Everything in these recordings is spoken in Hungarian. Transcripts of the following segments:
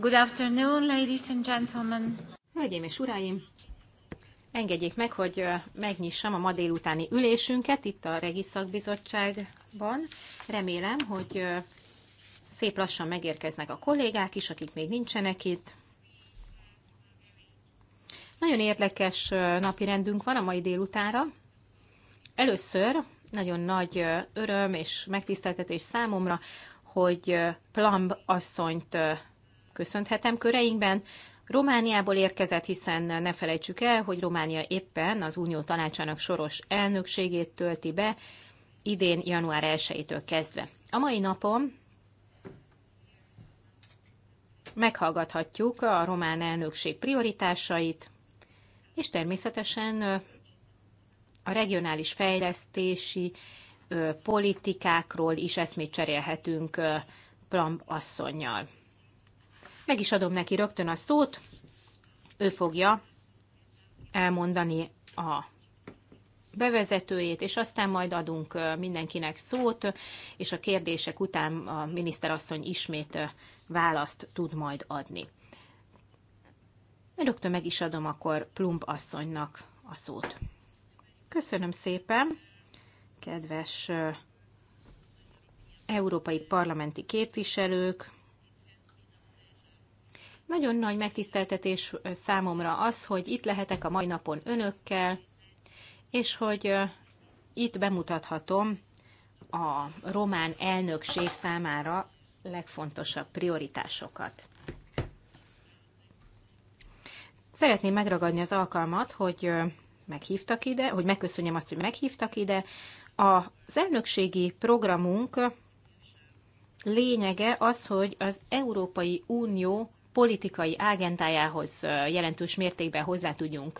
Good afternoon, ladies and gentlemen. Hölgyeim és uraim, engedjék meg, hogy megnyissam a ma délutáni ülésünket itt a Regiszakbizottságban. Remélem, hogy szép lassan megérkeznek a kollégák is, akik még nincsenek itt. Nagyon érdekes napi rendünk van a mai délutára. Először nagyon nagy öröm és megtiszteltetés számomra, hogy Plamb asszonyt köszönhetem köreinkben. Romániából érkezett, hiszen ne felejtsük el, hogy Románia éppen az Unió tanácsának soros elnökségét tölti be, idén január 1-től kezdve. A mai napon meghallgathatjuk a román elnökség prioritásait, és természetesen a regionális fejlesztési politikákról is eszmét cserélhetünk Plamb asszonynal. Meg is adom neki rögtön a szót, ő fogja elmondani a bevezetőjét, és aztán majd adunk mindenkinek szót, és a kérdések után a miniszterasszony ismét választ tud majd adni. Rögtön meg is adom akkor Plump asszonynak a szót. Köszönöm szépen, kedves európai parlamenti képviselők, nagyon nagy megtiszteltetés számomra az, hogy itt lehetek a mai napon önökkel, és hogy itt bemutathatom a román elnökség számára legfontosabb prioritásokat. Szeretném megragadni az alkalmat, hogy meghívtak ide, hogy megköszönjem azt, hogy meghívtak ide. Az elnökségi programunk lényege az, hogy az Európai Unió politikai ágentájához jelentős mértékben hozzá tudjunk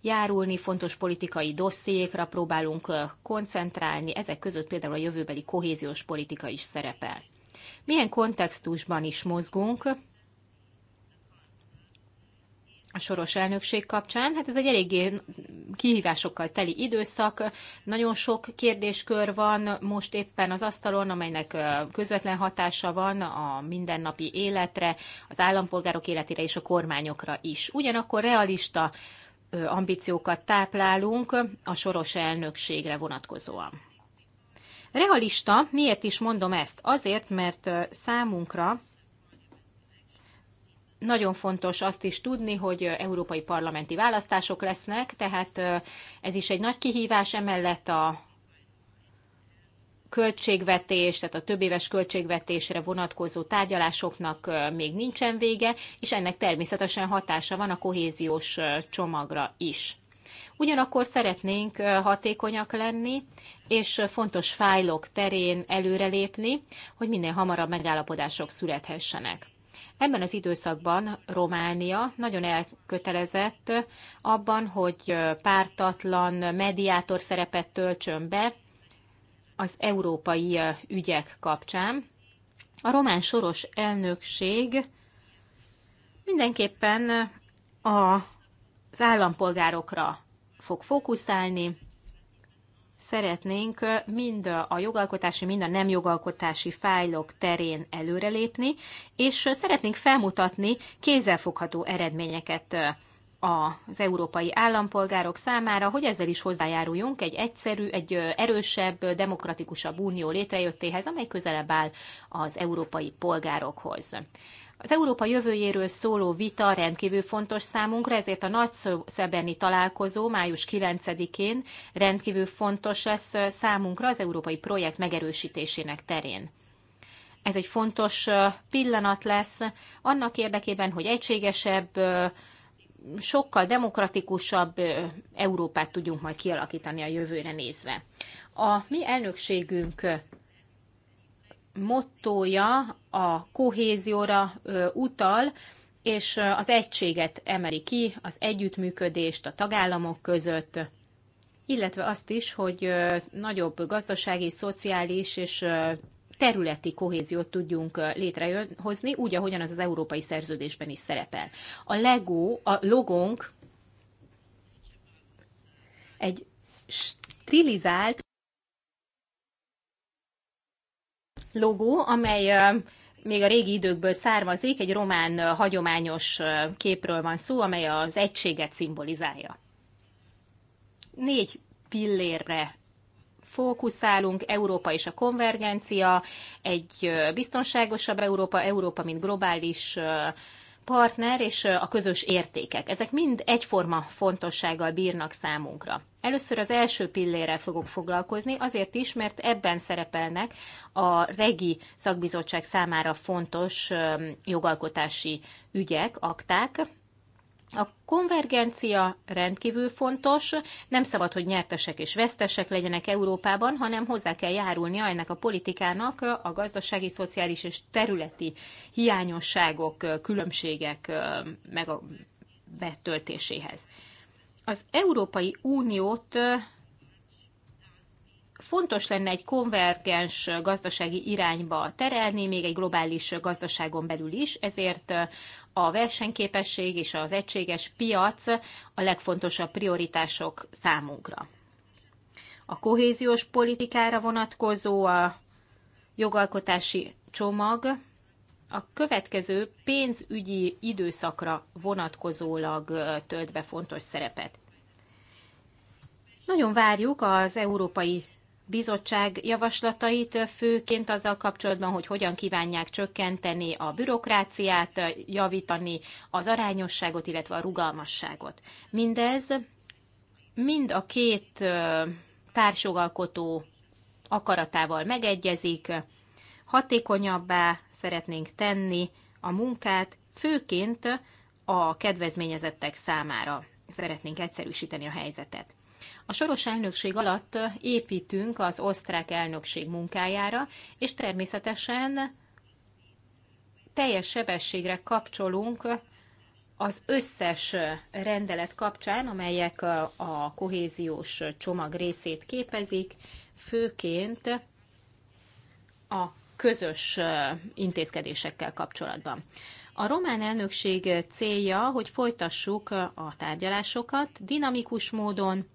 járulni, fontos politikai dossziékra próbálunk koncentrálni, ezek között például a jövőbeli kohéziós politika is szerepel. Milyen kontextusban is mozgunk, a soros elnökség kapcsán. Hát ez egy eléggé kihívásokkal teli időszak. Nagyon sok kérdéskör van most éppen az asztalon, amelynek közvetlen hatása van a mindennapi életre, az állampolgárok életére és a kormányokra is. Ugyanakkor realista ambíciókat táplálunk a soros elnökségre vonatkozóan. Realista, miért is mondom ezt? Azért, mert számunkra nagyon fontos azt is tudni, hogy európai parlamenti választások lesznek, tehát ez is egy nagy kihívás, emellett a költségvetés, tehát a több éves költségvetésre vonatkozó tárgyalásoknak még nincsen vége, és ennek természetesen hatása van a kohéziós csomagra is. Ugyanakkor szeretnénk hatékonyak lenni, és fontos fájlok terén előrelépni, hogy minél hamarabb megállapodások születhessenek. Ebben az időszakban Románia nagyon elkötelezett abban, hogy pártatlan mediátor szerepet töltsön be az európai ügyek kapcsán. A román soros elnökség mindenképpen a az állampolgárokra fog fókuszálni, szeretnénk mind a jogalkotási, mind a nem jogalkotási fájlok terén előrelépni, és szeretnénk felmutatni kézzelfogható eredményeket az európai állampolgárok számára, hogy ezzel is hozzájáruljunk egy egyszerű, egy erősebb, demokratikusabb unió létrejöttéhez, amely közelebb áll az európai polgárokhoz. Az Európa jövőjéről szóló vita rendkívül fontos számunkra, ezért a szebeni találkozó május 9-én rendkívül fontos lesz számunkra az európai projekt megerősítésének terén. Ez egy fontos pillanat lesz annak érdekében, hogy egységesebb, sokkal demokratikusabb Európát tudjunk majd kialakítani a jövőre nézve. A mi elnökségünk mottója a kohézióra utal, és az egységet emeli ki, az együttműködést a tagállamok között, illetve azt is, hogy nagyobb gazdasági, szociális és területi kohéziót tudjunk létrehozni, úgy, ahogyan az az európai szerződésben is szerepel. A LEGO, a logónk egy stilizált logó, amely még a régi időkből származik, egy román hagyományos képről van szó, amely az egységet szimbolizálja. Négy pillérre fókuszálunk, Európa és a konvergencia, egy biztonságosabb Európa, Európa, mint globális partner és a közös értékek. Ezek mind egyforma fontossággal bírnak számunkra. Először az első pillérrel fogok foglalkozni, azért is, mert ebben szerepelnek a regi szakbizottság számára fontos jogalkotási ügyek, akták, a konvergencia rendkívül fontos, nem szabad, hogy nyertesek és vesztesek legyenek Európában, hanem hozzá kell járulnia ennek a politikának a gazdasági, szociális és területi hiányosságok, különbségek meg a betöltéséhez. Az Európai Uniót fontos lenne egy konvergens gazdasági irányba terelni, még egy globális gazdaságon belül is, ezért a versenyképesség és az egységes piac a legfontosabb prioritások számunkra. A kohéziós politikára vonatkozó a jogalkotási csomag a következő pénzügyi időszakra vonatkozólag tölt be fontos szerepet. Nagyon várjuk az Európai bizottság javaslatait, főként azzal kapcsolatban, hogy hogyan kívánják csökkenteni a bürokráciát, javítani az arányosságot, illetve a rugalmasságot. Mindez mind a két társjogalkotó akaratával megegyezik, hatékonyabbá szeretnénk tenni a munkát, főként a kedvezményezettek számára szeretnénk egyszerűsíteni a helyzetet. A soros elnökség alatt építünk az osztrák elnökség munkájára, és természetesen teljes sebességre kapcsolunk az összes rendelet kapcsán, amelyek a kohéziós csomag részét képezik, főként a közös intézkedésekkel kapcsolatban. A román elnökség célja, hogy folytassuk a tárgyalásokat dinamikus módon,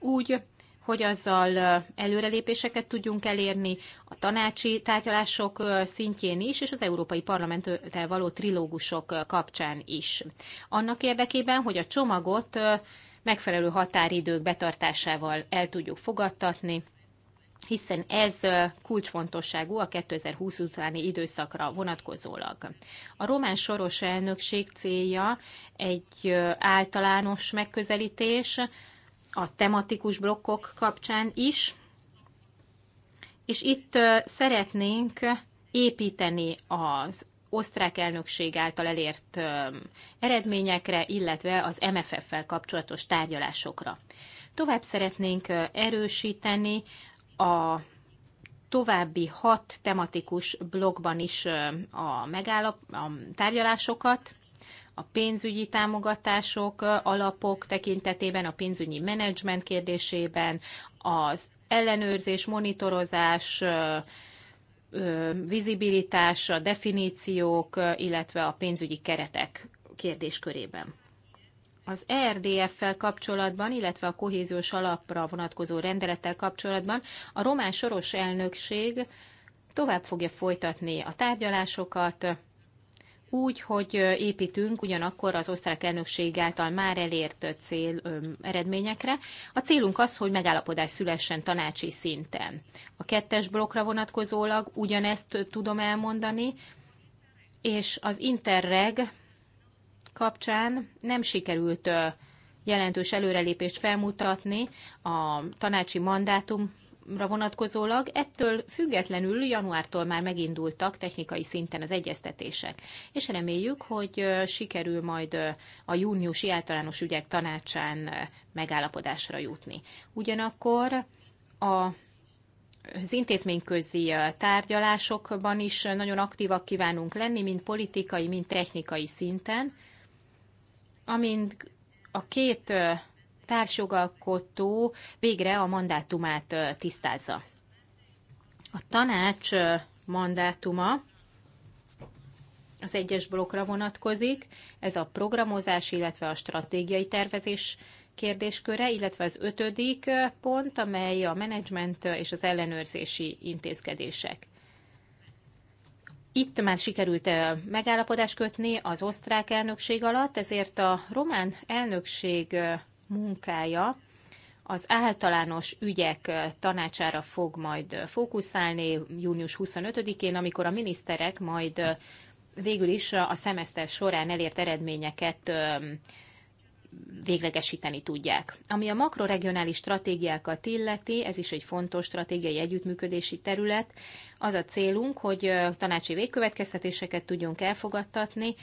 úgy, hogy azzal előrelépéseket tudjunk elérni a tanácsi tárgyalások szintjén is, és az Európai Parlamenttel való trilógusok kapcsán is. Annak érdekében, hogy a csomagot megfelelő határidők betartásával el tudjuk fogadtatni, hiszen ez kulcsfontosságú a 2020 utáni időszakra vonatkozólag. A román soros elnökség célja egy általános megközelítés, a tematikus blokkok kapcsán is, és itt szeretnénk építeni az osztrák elnökség által elért eredményekre, illetve az MFF-fel kapcsolatos tárgyalásokra. Tovább szeretnénk erősíteni a további hat tematikus blogban is a, megállap, a tárgyalásokat, a pénzügyi támogatások, alapok tekintetében, a pénzügyi menedzsment kérdésében, az ellenőrzés, monitorozás, vizibilitás, a definíciók, illetve a pénzügyi keretek kérdéskörében. Az ERDF-fel kapcsolatban, illetve a kohéziós alapra vonatkozó rendelettel kapcsolatban a román soros elnökség tovább fogja folytatni a tárgyalásokat, úgy, hogy építünk ugyanakkor az osztrák elnökség által már elért cél ö, eredményekre. A célunk az, hogy megállapodás szülessen tanácsi szinten. A kettes blokkra vonatkozólag ugyanezt tudom elmondani, és az Interreg kapcsán nem sikerült jelentős előrelépést felmutatni a tanácsi mandátum vonatkozólag, ettől függetlenül januártól már megindultak technikai szinten az egyeztetések, és reméljük, hogy sikerül majd a júniusi általános ügyek tanácsán megállapodásra jutni. Ugyanakkor a az intézményközi tárgyalásokban is nagyon aktívak kívánunk lenni, mind politikai, mind technikai szinten, amint a két társjogalkotó végre a mandátumát tisztázza. A tanács mandátuma az egyes blokkra vonatkozik, ez a programozás, illetve a stratégiai tervezés kérdésköre, illetve az ötödik pont, amely a menedzsment és az ellenőrzési intézkedések. Itt már sikerült megállapodást kötni az osztrák elnökség alatt, ezért a román elnökség munkája az általános ügyek tanácsára fog majd fókuszálni június 25-én, amikor a miniszterek majd végül is a szemeszter során elért eredményeket véglegesíteni tudják. Ami a makroregionális stratégiákat illeti, ez is egy fontos stratégiai együttműködési terület. Az a célunk, hogy tanácsi végkövetkeztetéseket tudjunk elfogadtatni,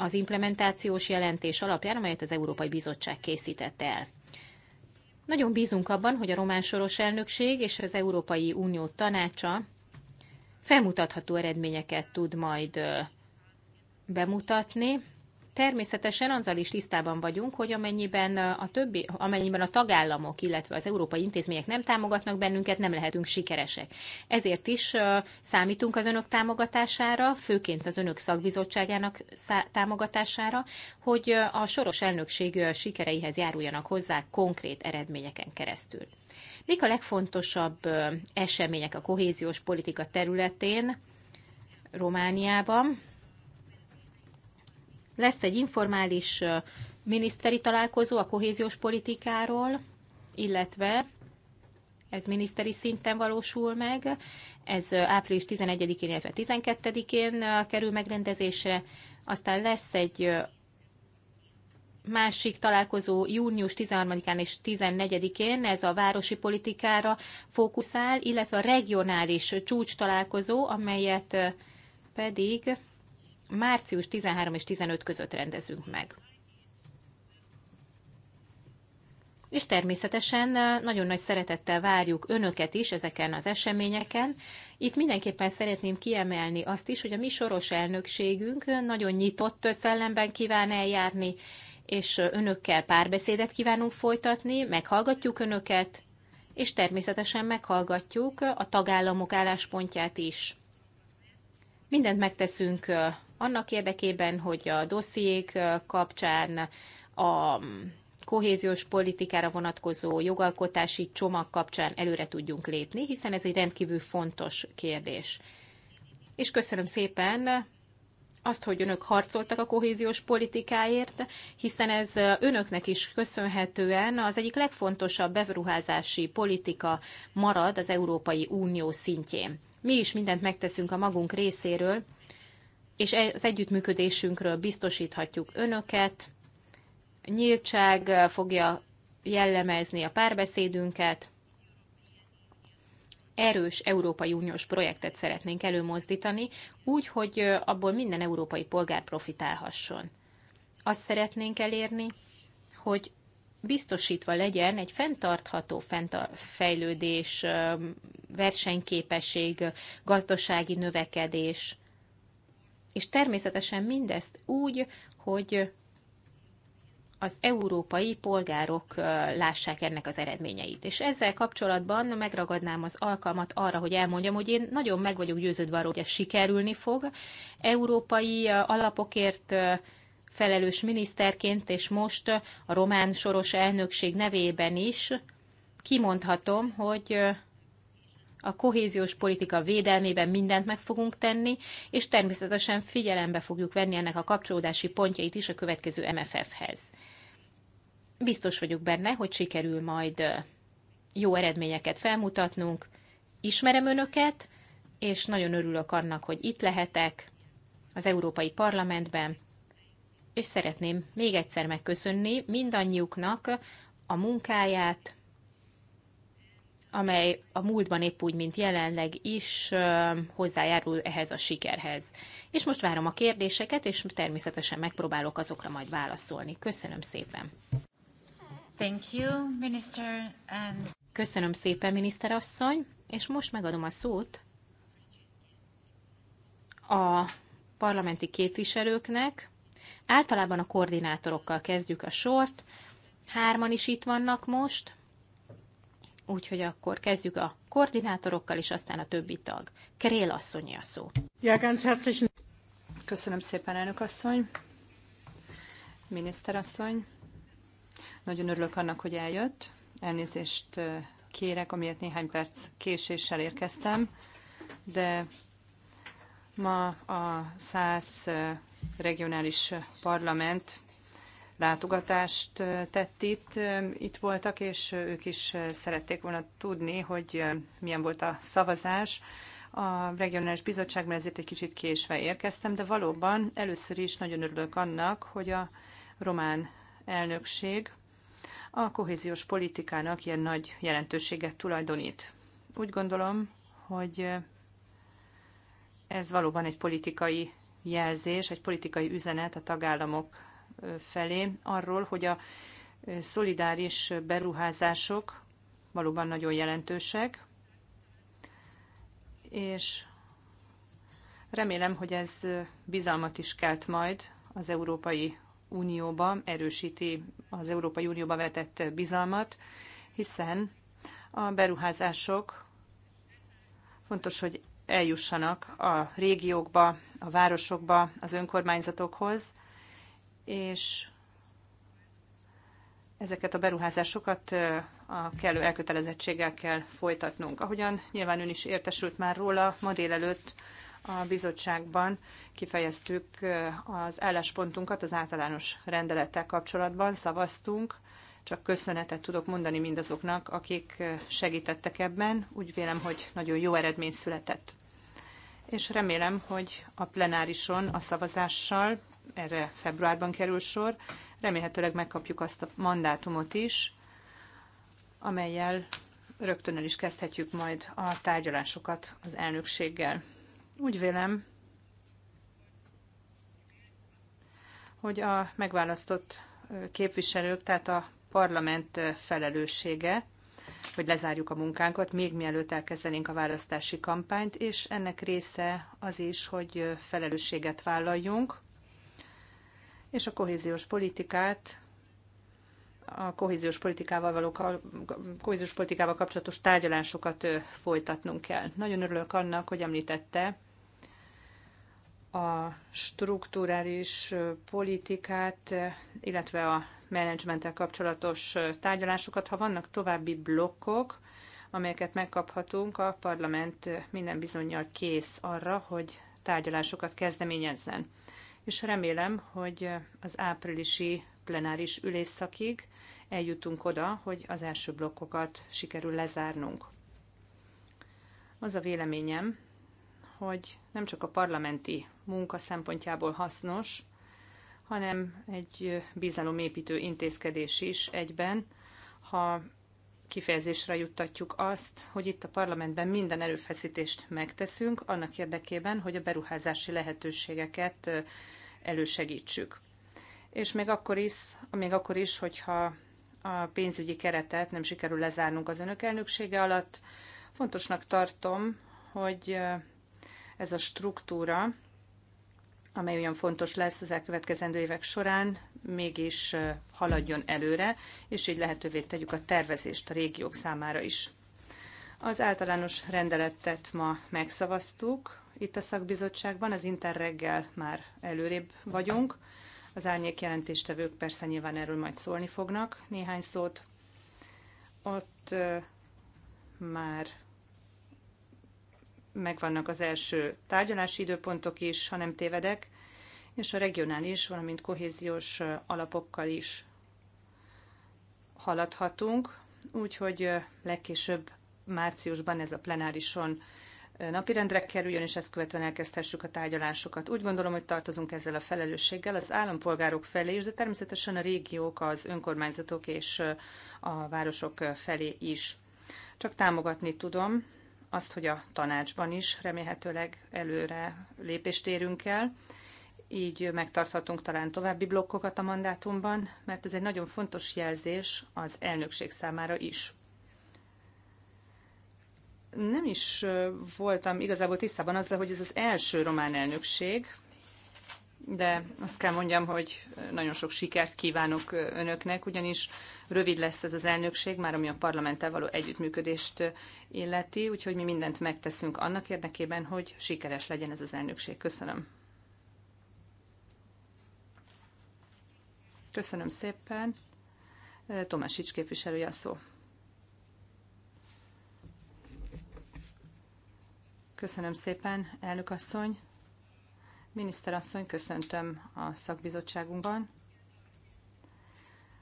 az implementációs jelentés alapján, amelyet az Európai Bizottság készített el. Nagyon bízunk abban, hogy a román soros elnökség és az Európai Unió tanácsa felmutatható eredményeket tud majd bemutatni Természetesen azzal is tisztában vagyunk, hogy amennyiben a, többi, amennyiben a tagállamok, illetve az európai intézmények nem támogatnak bennünket, nem lehetünk sikeresek. Ezért is számítunk az önök támogatására, főként az önök szakbizottságának támogatására, hogy a soros elnökség sikereihez járuljanak hozzá konkrét eredményeken keresztül. Mik a legfontosabb események a kohéziós politika területén Romániában? Lesz egy informális miniszteri találkozó a kohéziós politikáról, illetve ez miniszteri szinten valósul meg, ez április 11-én, illetve 12-én kerül megrendezésre, aztán lesz egy másik találkozó június 13-án és 14-én, ez a városi politikára fókuszál, illetve a regionális csúcs találkozó, amelyet pedig március 13 és 15 között rendezünk meg. És természetesen eh, nagyon nagy szeretettel várjuk önöket is ezeken az eseményeken. Itt mindenképpen szeretném kiemelni azt is, hogy a mi soros elnökségünk eh, nagyon nyitott szellemben kíván eljárni, és eh, önökkel párbeszédet kívánunk folytatni, meghallgatjuk önöket, és természetesen meghallgatjuk a tagállamok álláspontját is. Mindent megteszünk annak érdekében, hogy a dossziék kapcsán a mm, kohéziós politikára vonatkozó jogalkotási csomag kapcsán előre tudjunk lépni, hiszen ez egy rendkívül fontos kérdés. És köszönöm szépen azt, hogy önök harcoltak a kohéziós politikáért, hiszen ez önöknek is köszönhetően az egyik legfontosabb beruházási politika marad az Európai Unió szintjén. Mi is mindent megteszünk a magunk részéről, és e- az együttműködésünkről biztosíthatjuk önöket. Nyíltság fogja jellemezni a párbeszédünket. Erős Európai Uniós projektet szeretnénk előmozdítani, úgy, hogy abból minden európai polgár profitálhasson. Azt szeretnénk elérni, hogy biztosítva legyen egy fenntartható fejlődés, versenyképesség, gazdasági növekedés, és természetesen mindezt úgy, hogy az európai polgárok lássák ennek az eredményeit. És ezzel kapcsolatban megragadnám az alkalmat arra, hogy elmondjam, hogy én nagyon meg vagyok győződve arról, hogy ez sikerülni fog. Európai alapokért felelős miniszterként, és most a román soros elnökség nevében is kimondhatom, hogy a kohéziós politika védelmében mindent meg fogunk tenni, és természetesen figyelembe fogjuk venni ennek a kapcsolódási pontjait is a következő MFF-hez. Biztos vagyok benne, hogy sikerül majd jó eredményeket felmutatnunk. Ismerem önöket, és nagyon örülök annak, hogy itt lehetek az Európai Parlamentben, és szeretném még egyszer megköszönni mindannyiuknak a munkáját, amely a múltban épp úgy, mint jelenleg is hozzájárul ehhez a sikerhez. És most várom a kérdéseket, és természetesen megpróbálok azokra majd válaszolni. Köszönöm szépen! Thank you, minister, and... Köszönöm szépen, miniszterasszony, és most megadom a szót a parlamenti képviselőknek. Általában a koordinátorokkal kezdjük a sort. Hárman is itt vannak most. Úgyhogy akkor kezdjük a koordinátorokkal, és aztán a többi tag. Krél asszonyi a szó. Ja, ganz herzlichen. Köszönöm szépen, elnök asszony, miniszter asszony. Nagyon örülök annak, hogy eljött. Elnézést kérek, amiért néhány perc késéssel érkeztem, de ma a 100 regionális parlament látogatást tett itt, itt voltak, és ők is szerették volna tudni, hogy milyen volt a szavazás a regionális bizottság, mert ezért egy kicsit késve érkeztem, de valóban először is nagyon örülök annak, hogy a román elnökség a kohéziós politikának ilyen nagy jelentőséget tulajdonít. Úgy gondolom, hogy ez valóban egy politikai jelzés, egy politikai üzenet a tagállamok felé arról, hogy a szolidáris beruházások valóban nagyon jelentősek, és remélem, hogy ez bizalmat is kelt majd az Európai Unióba, erősíti az Európai Unióba vetett bizalmat, hiszen a beruházások fontos, hogy eljussanak a régiókba, a városokba, az önkormányzatokhoz, és ezeket a beruházásokat a kellő elkötelezettséggel kell folytatnunk. Ahogyan nyilván ön is értesült már róla, ma délelőtt a bizottságban kifejeztük az álláspontunkat az általános rendelettel kapcsolatban, szavaztunk, csak köszönetet tudok mondani mindazoknak, akik segítettek ebben. Úgy vélem, hogy nagyon jó eredmény született. És remélem, hogy a plenárison a szavazással erre februárban kerül sor. Remélhetőleg megkapjuk azt a mandátumot is, amelyel rögtön el is kezdhetjük majd a tárgyalásokat az elnökséggel. Úgy vélem, hogy a megválasztott képviselők, tehát a parlament felelőssége, hogy lezárjuk a munkánkat, még mielőtt elkezdenénk a választási kampányt, és ennek része az is, hogy felelősséget vállaljunk és a kohéziós politikát a kohéziós politikával való kohéziós politikával kapcsolatos tárgyalásokat folytatnunk kell. Nagyon örülök annak, hogy említette a strukturális politikát, illetve a menedzsmenttel kapcsolatos tárgyalásokat. Ha vannak további blokkok, amelyeket megkaphatunk, a parlament minden bizonyal kész arra, hogy tárgyalásokat kezdeményezzen és remélem, hogy az áprilisi plenáris ülésszakig eljutunk oda, hogy az első blokkokat sikerül lezárnunk. Az a véleményem, hogy nem csak a parlamenti munka szempontjából hasznos, hanem egy bizalomépítő intézkedés is egyben, ha kifejezésre juttatjuk azt, hogy itt a parlamentben minden erőfeszítést megteszünk annak érdekében, hogy a beruházási lehetőségeket elősegítsük. És még akkor is, még akkor is hogyha a pénzügyi keretet nem sikerül lezárnunk az önök elnöksége alatt, fontosnak tartom, hogy ez a struktúra, amely olyan fontos lesz az elkövetkezendő évek során, mégis haladjon előre, és így lehetővé tegyük a tervezést a régiók számára is. Az általános rendeletet ma megszavaztuk, itt a szakbizottságban, az Interreggel már előrébb vagyunk. Az árnyék jelentéstevők persze nyilván erről majd szólni fognak néhány szót. Ott már megvannak az első tárgyalási időpontok is, ha nem tévedek, és a regionális, valamint kohéziós alapokkal is haladhatunk, úgyhogy legkésőbb márciusban ez a plenárison napirendre kerüljön, és ezt követően elkezdhessük a tárgyalásokat. Úgy gondolom, hogy tartozunk ezzel a felelősséggel az állampolgárok felé is, de természetesen a régiók, az önkormányzatok és a városok felé is. Csak támogatni tudom azt, hogy a tanácsban is remélhetőleg előre lépést érünk el, így megtarthatunk talán további blokkokat a mandátumban, mert ez egy nagyon fontos jelzés az elnökség számára is nem is voltam igazából tisztában azzal, hogy ez az első román elnökség, de azt kell mondjam, hogy nagyon sok sikert kívánok önöknek, ugyanis rövid lesz ez az elnökség, már ami a parlamenttel való együttműködést illeti, úgyhogy mi mindent megteszünk annak érdekében, hogy sikeres legyen ez az elnökség. Köszönöm. Köszönöm szépen. Sics képviselője a szó. Köszönöm szépen, elnök asszony. Miniszter asszony, köszöntöm a szakbizottságunkban.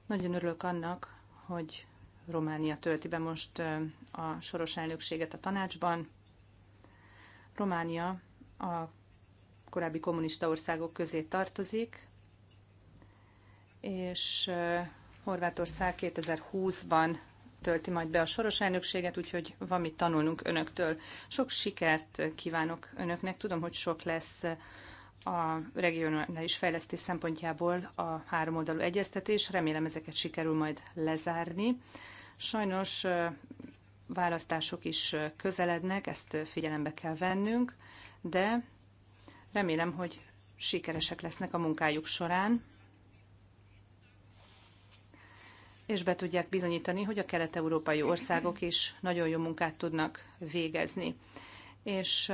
Nagyon örülök annak, hogy Románia tölti be most a soros elnökséget a tanácsban. Románia a korábbi kommunista országok közé tartozik, és Horvátország 2020-ban tölti majd be a soros elnökséget, úgyhogy van mit tanulnunk önöktől. Sok sikert kívánok önöknek. Tudom, hogy sok lesz a regionális fejlesztés szempontjából a háromoldalú egyeztetés. Remélem ezeket sikerül majd lezárni. Sajnos választások is közelednek, ezt figyelembe kell vennünk, de remélem, hogy sikeresek lesznek a munkájuk során és be tudják bizonyítani, hogy a kelet-európai országok is nagyon jó munkát tudnak végezni. És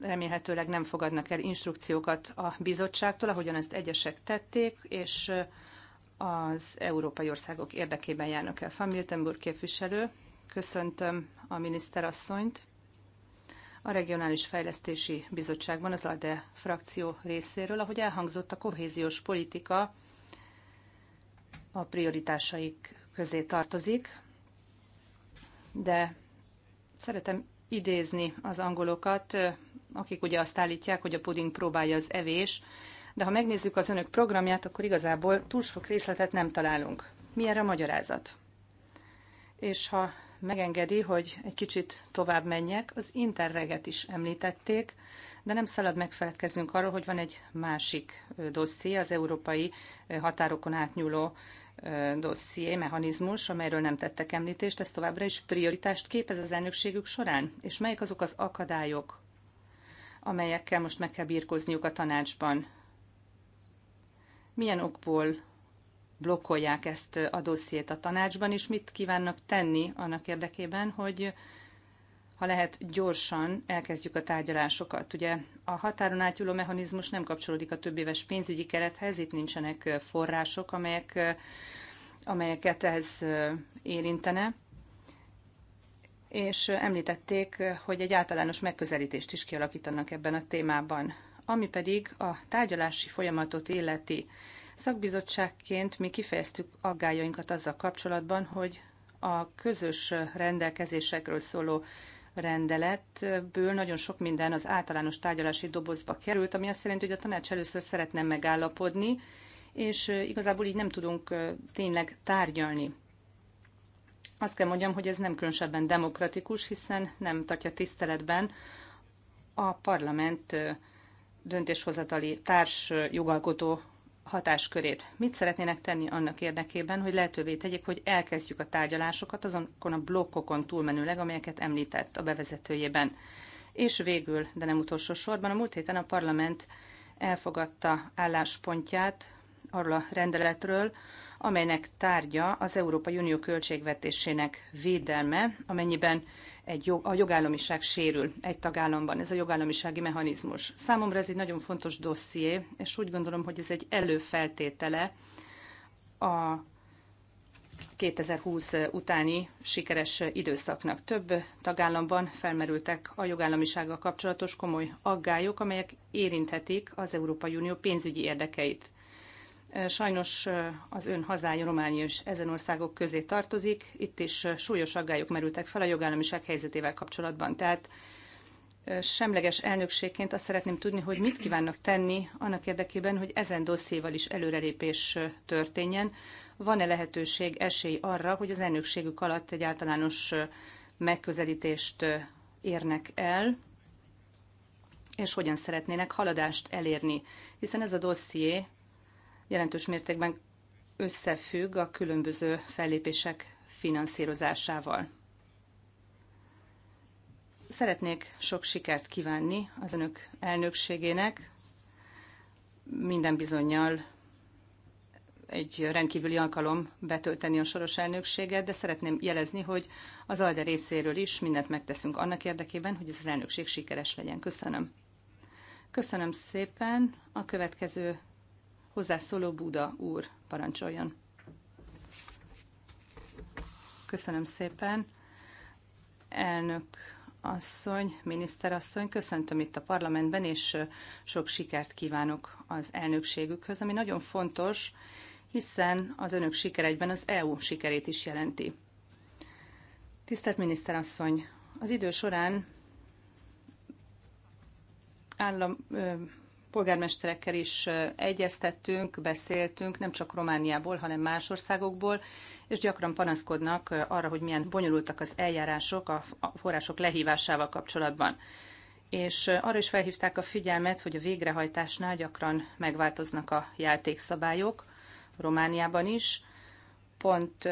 remélhetőleg nem fogadnak el instrukciókat a bizottságtól, ahogyan ezt egyesek tették, és az európai országok érdekében járnak el. Van Miltenburg képviselő, köszöntöm a miniszterasszonyt. A Regionális Fejlesztési Bizottságban az ALDE frakció részéről, ahogy elhangzott, a kohéziós politika a prioritásaik közé tartozik, de szeretem idézni az angolokat, akik ugye azt állítják, hogy a puding próbálja az evés, de ha megnézzük az önök programját, akkor igazából túl sok részletet nem találunk. Mi erre a magyarázat? És ha megengedi, hogy egy kicsit tovább menjek, az Interreget is említették, de nem szabad megfeledkeznünk arról, hogy van egy másik dosszi, az európai határokon átnyúló dosszié, mechanizmus, amelyről nem tettek említést, ez továbbra is prioritást képez az elnökségük során? És melyek azok az akadályok, amelyekkel most meg kell birkózniuk a tanácsban? Milyen okból blokkolják ezt a dossziét a tanácsban, és mit kívánnak tenni annak érdekében, hogy ha lehet gyorsan elkezdjük a tárgyalásokat. Ugye a határon átnyúló mechanizmus nem kapcsolódik a több éves pénzügyi kerethez, itt nincsenek források, amelyek, amelyeket ez érintene. És említették, hogy egy általános megközelítést is kialakítanak ebben a témában. Ami pedig a tárgyalási folyamatot illeti. Szakbizottságként mi kifejeztük aggájainkat azzal kapcsolatban, hogy a közös rendelkezésekről szóló rendeletből nagyon sok minden az általános tárgyalási dobozba került, ami azt jelenti, hogy a tanács először szeretne megállapodni, és igazából így nem tudunk tényleg tárgyalni. Azt kell mondjam, hogy ez nem különösebben demokratikus, hiszen nem tartja tiszteletben a parlament döntéshozatali társ jogalkotó hatáskörét. Mit szeretnének tenni annak érdekében, hogy lehetővé tegyék, hogy elkezdjük a tárgyalásokat azon a blokkokon túlmenőleg, amelyeket említett a bevezetőjében. És végül, de nem utolsó sorban, a múlt héten a parlament elfogadta álláspontját arról a rendeletről, amelynek tárgya az Európai Unió költségvetésének védelme, amennyiben egy jog, a jogállamiság sérül egy tagállamban. Ez a jogállamisági mechanizmus. Számomra ez egy nagyon fontos dosszié, és úgy gondolom, hogy ez egy előfeltétele a 2020 utáni sikeres időszaknak. Több tagállamban felmerültek a jogállamisággal kapcsolatos komoly aggályok, amelyek érinthetik az Európai Unió pénzügyi érdekeit. Sajnos az ön hazája Románia is ezen országok közé tartozik. Itt is súlyos aggályok merültek fel a jogállamiság helyzetével kapcsolatban. Tehát semleges elnökségként azt szeretném tudni, hogy mit kívánnak tenni annak érdekében, hogy ezen dosszéval is előrelépés történjen. Van-e lehetőség, esély arra, hogy az elnökségük alatt egy általános megközelítést érnek el, és hogyan szeretnének haladást elérni? Hiszen ez a dosszié jelentős mértékben összefügg a különböző fellépések finanszírozásával. Szeretnék sok sikert kívánni az önök elnökségének. Minden bizonyal egy rendkívüli alkalom betölteni a soros elnökséget, de szeretném jelezni, hogy az ALDE részéről is mindent megteszünk annak érdekében, hogy ez az elnökség sikeres legyen. Köszönöm. Köszönöm szépen. A következő Hozzászóló Buda úr, parancsoljon. Köszönöm szépen. Elnök asszony, miniszterasszony, köszöntöm itt a parlamentben, és sok sikert kívánok az elnökségükhöz, ami nagyon fontos, hiszen az önök sikereiben az EU sikerét is jelenti. Tisztelt miniszterasszony, az idő során állam, polgármesterekkel is egyeztettünk, beszéltünk, nem csak Romániából, hanem más országokból, és gyakran panaszkodnak arra, hogy milyen bonyolultak az eljárások a források lehívásával kapcsolatban. És arra is felhívták a figyelmet, hogy a végrehajtásnál gyakran megváltoznak a játékszabályok, Romániában is. Pont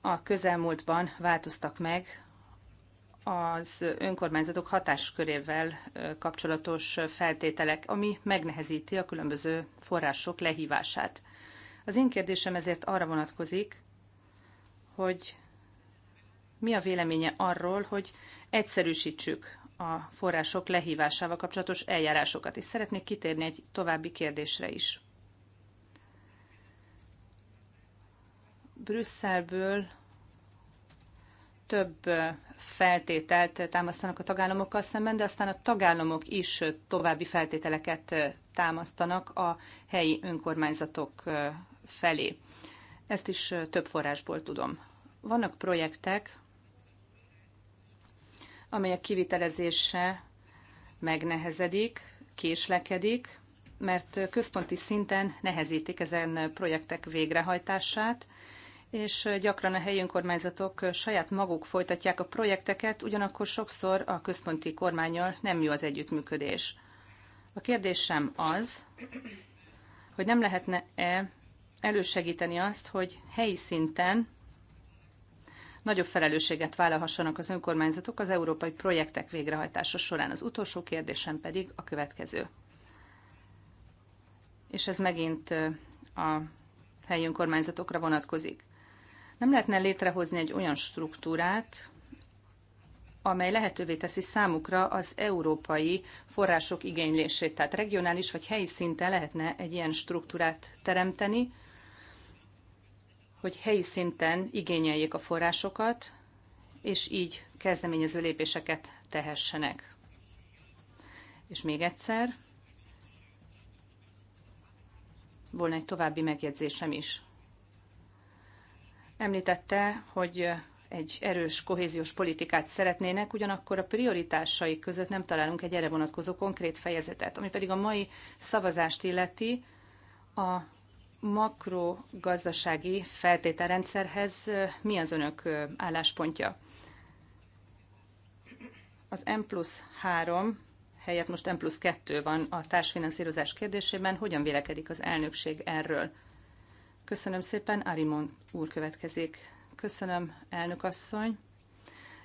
a közelmúltban változtak meg az önkormányzatok hatáskörével kapcsolatos feltételek, ami megnehezíti a különböző források lehívását. Az én kérdésem ezért arra vonatkozik, hogy mi a véleménye arról, hogy egyszerűsítsük a források lehívásával kapcsolatos eljárásokat, és szeretnék kitérni egy további kérdésre is. Brüsszelből több feltételt támasztanak a tagállamokkal szemben, de aztán a tagállamok is további feltételeket támasztanak a helyi önkormányzatok felé. Ezt is több forrásból tudom. Vannak projektek, amelyek kivitelezése megnehezedik, késlekedik, mert központi szinten nehezítik ezen projektek végrehajtását, és gyakran a helyi önkormányzatok saját maguk folytatják a projekteket, ugyanakkor sokszor a központi kormányjal nem jó az együttműködés. A kérdésem az, hogy nem lehetne-e elősegíteni azt, hogy helyi szinten nagyobb felelősséget vállalhassanak az önkormányzatok az európai projektek végrehajtása során. Az utolsó kérdésem pedig a következő. És ez megint a helyi önkormányzatokra vonatkozik. Nem lehetne létrehozni egy olyan struktúrát, amely lehetővé teszi számukra az európai források igénylését. Tehát regionális vagy helyi szinten lehetne egy ilyen struktúrát teremteni, hogy helyi szinten igényeljék a forrásokat, és így kezdeményező lépéseket tehessenek. És még egyszer, volna egy további megjegyzésem is. Említette, hogy egy erős kohéziós politikát szeretnének, ugyanakkor a prioritásai között nem találunk egy erre vonatkozó konkrét fejezetet. Ami pedig a mai szavazást illeti, a makrogazdasági feltételrendszerhez mi az önök álláspontja? Az M plusz 3 helyett most M plusz 2 van a társfinanszírozás kérdésében. Hogyan vélekedik az elnökség erről? Köszönöm szépen, Arimon úr következik. Köszönöm, elnök asszony.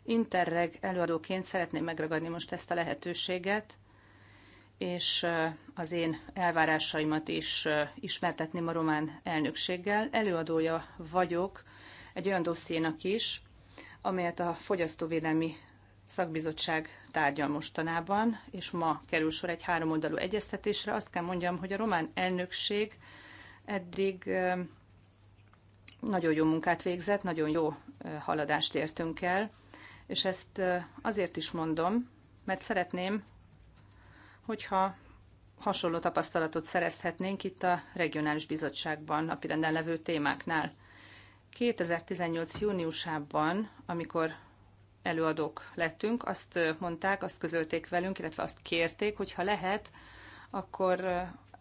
Interreg előadóként szeretném megragadni most ezt a lehetőséget, és az én elvárásaimat is ismertetném a román elnökséggel. Előadója vagyok egy olyan dossziénak is, amelyet a Fogyasztóvédelmi Szakbizottság tárgyal mostanában, és ma kerül sor egy háromoldalú egyeztetésre. Azt kell mondjam, hogy a román elnökség Eddig nagyon jó munkát végzett, nagyon jó haladást értünk el, és ezt azért is mondom, mert szeretném, hogyha hasonló tapasztalatot szerezhetnénk itt a regionális bizottságban napirenden levő témáknál. 2018. júniusában, amikor előadók lettünk, azt mondták, azt közölték velünk, illetve azt kérték, hogy ha lehet, akkor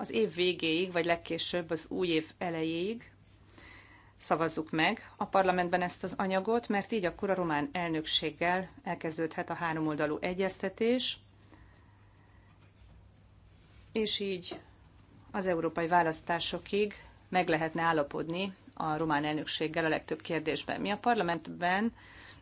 az év végéig, vagy legkésőbb az új év elejéig szavazzuk meg a parlamentben ezt az anyagot, mert így akkor a román elnökséggel elkezdődhet a háromoldalú egyeztetés, és így az európai választásokig meg lehetne állapodni a román elnökséggel a legtöbb kérdésben. Mi a parlamentben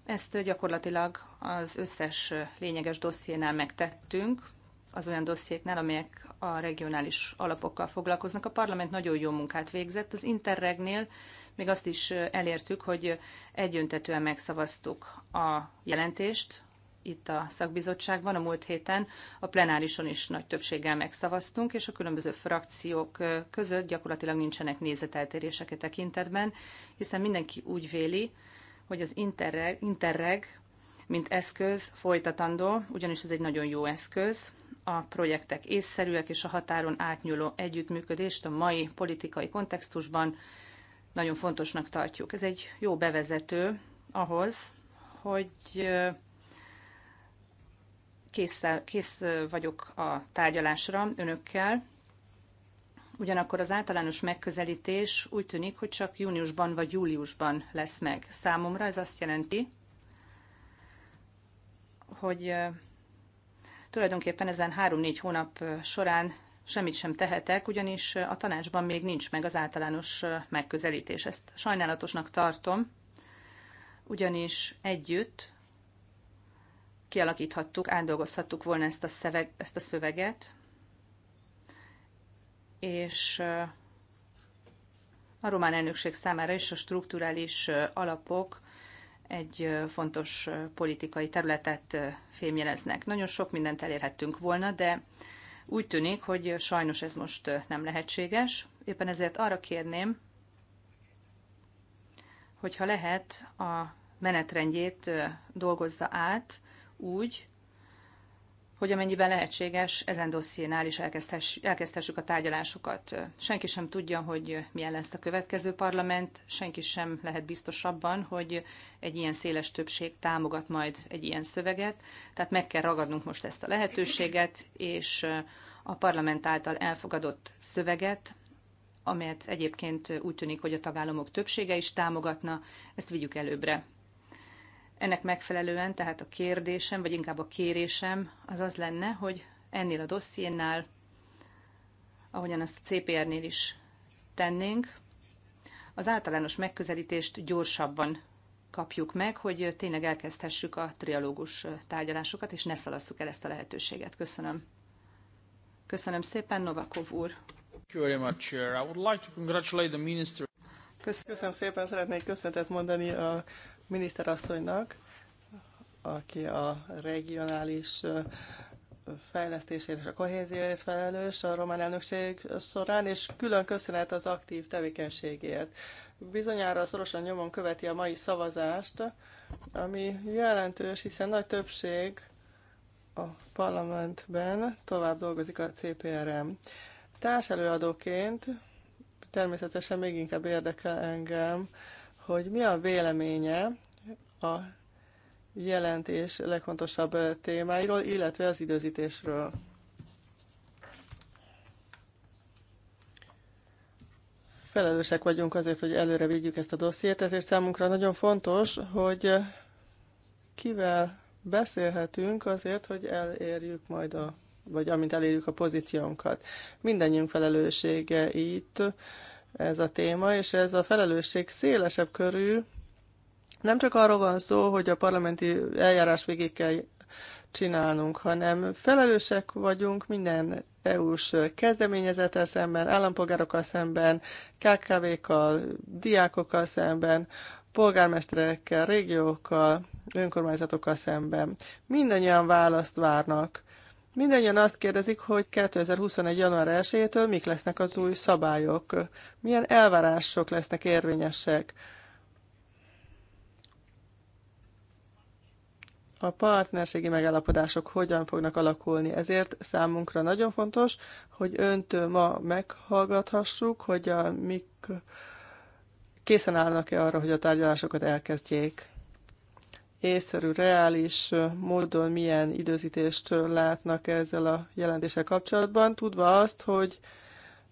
ezt gyakorlatilag az összes lényeges dossziénál megtettünk, az olyan dossziéknál, amelyek a regionális alapokkal foglalkoznak. A parlament nagyon jó munkát végzett. Az Interregnél még azt is elértük, hogy egyöntetően megszavaztuk a jelentést itt a szakbizottságban a múlt héten, a plenárison is nagy többséggel megszavaztunk, és a különböző frakciók között gyakorlatilag nincsenek nézeteltérések a e tekintetben, hiszen mindenki úgy véli, hogy az Interreg, Interreg mint eszköz folytatandó, ugyanis ez egy nagyon jó eszköz, a projektek észszerűek és a határon átnyúló együttműködést a mai politikai kontextusban nagyon fontosnak tartjuk. Ez egy jó bevezető ahhoz, hogy kész, kész vagyok a tárgyalásra önökkel. Ugyanakkor az általános megközelítés úgy tűnik, hogy csak júniusban vagy júliusban lesz meg. Számomra ez azt jelenti, hogy tulajdonképpen ezen három-négy hónap során semmit sem tehetek, ugyanis a tanácsban még nincs meg az általános megközelítés. Ezt sajnálatosnak tartom, ugyanis együtt kialakíthattuk, átdolgozhattuk volna ezt a, szöveg, ezt a szöveget, és a román elnökség számára is a strukturális alapok egy fontos politikai területet fémjeleznek. Nagyon sok mindent elérhettünk volna, de úgy tűnik, hogy sajnos ez most nem lehetséges. Éppen ezért arra kérném, hogyha lehet, a menetrendjét dolgozza át úgy, hogy amennyiben lehetséges, ezen dossziénál is elkezdhessük a tárgyalásokat. Senki sem tudja, hogy milyen lesz a következő parlament, senki sem lehet biztos abban, hogy egy ilyen széles többség támogat majd egy ilyen szöveget, tehát meg kell ragadnunk most ezt a lehetőséget, és a parlament által elfogadott szöveget, amelyet egyébként úgy tűnik, hogy a tagállamok többsége is támogatna, ezt vigyük előbbre. Ennek megfelelően tehát a kérdésem, vagy inkább a kérésem az az lenne, hogy ennél a dossziénál, ahogyan azt a CPR-nél is tennénk, az általános megközelítést gyorsabban kapjuk meg, hogy tényleg elkezdhessük a trialógus tárgyalásokat, és ne szalasszuk el ezt a lehetőséget. Köszönöm. Köszönöm szépen, Novakov úr. Köszönöm szépen, szeretnék köszönetet mondani a miniszterasszonynak, aki a regionális fejlesztésért és a kohézióért felelős a román elnökség során, és külön köszönet az aktív tevékenységért. Bizonyára szorosan nyomon követi a mai szavazást, ami jelentős, hiszen nagy többség a parlamentben tovább dolgozik a CPRM. Társelőadóként természetesen még inkább érdekel engem hogy mi a véleménye a jelentés legfontosabb témáiról, illetve az időzítésről. Felelősek vagyunk azért, hogy előre vigyük ezt a dossziét, ezért számunkra nagyon fontos, hogy kivel beszélhetünk azért, hogy elérjük majd a, vagy amint elérjük a pozíciónkat. Mindennyiunk felelőssége itt, ez a téma, és ez a felelősség szélesebb körű. Nem csak arról van szó, hogy a parlamenti eljárás végig kell csinálnunk, hanem felelősek vagyunk minden EU-s kezdeményezettel szemben, állampolgárokkal szemben, KKV-kkal, diákokkal szemben, polgármesterekkel, régiókkal, önkormányzatokkal szemben. Mindannyian választ várnak Mindennyian azt kérdezik, hogy 2021. január 1-től mik lesznek az új szabályok, milyen elvárások lesznek érvényesek. A partnerségi megállapodások hogyan fognak alakulni. Ezért számunkra nagyon fontos, hogy öntől ma meghallgathassuk, hogy a mik készen állnak-e arra, hogy a tárgyalásokat elkezdjék észszerű, reális módon milyen időzítést látnak ezzel a jelentéssel kapcsolatban, tudva azt, hogy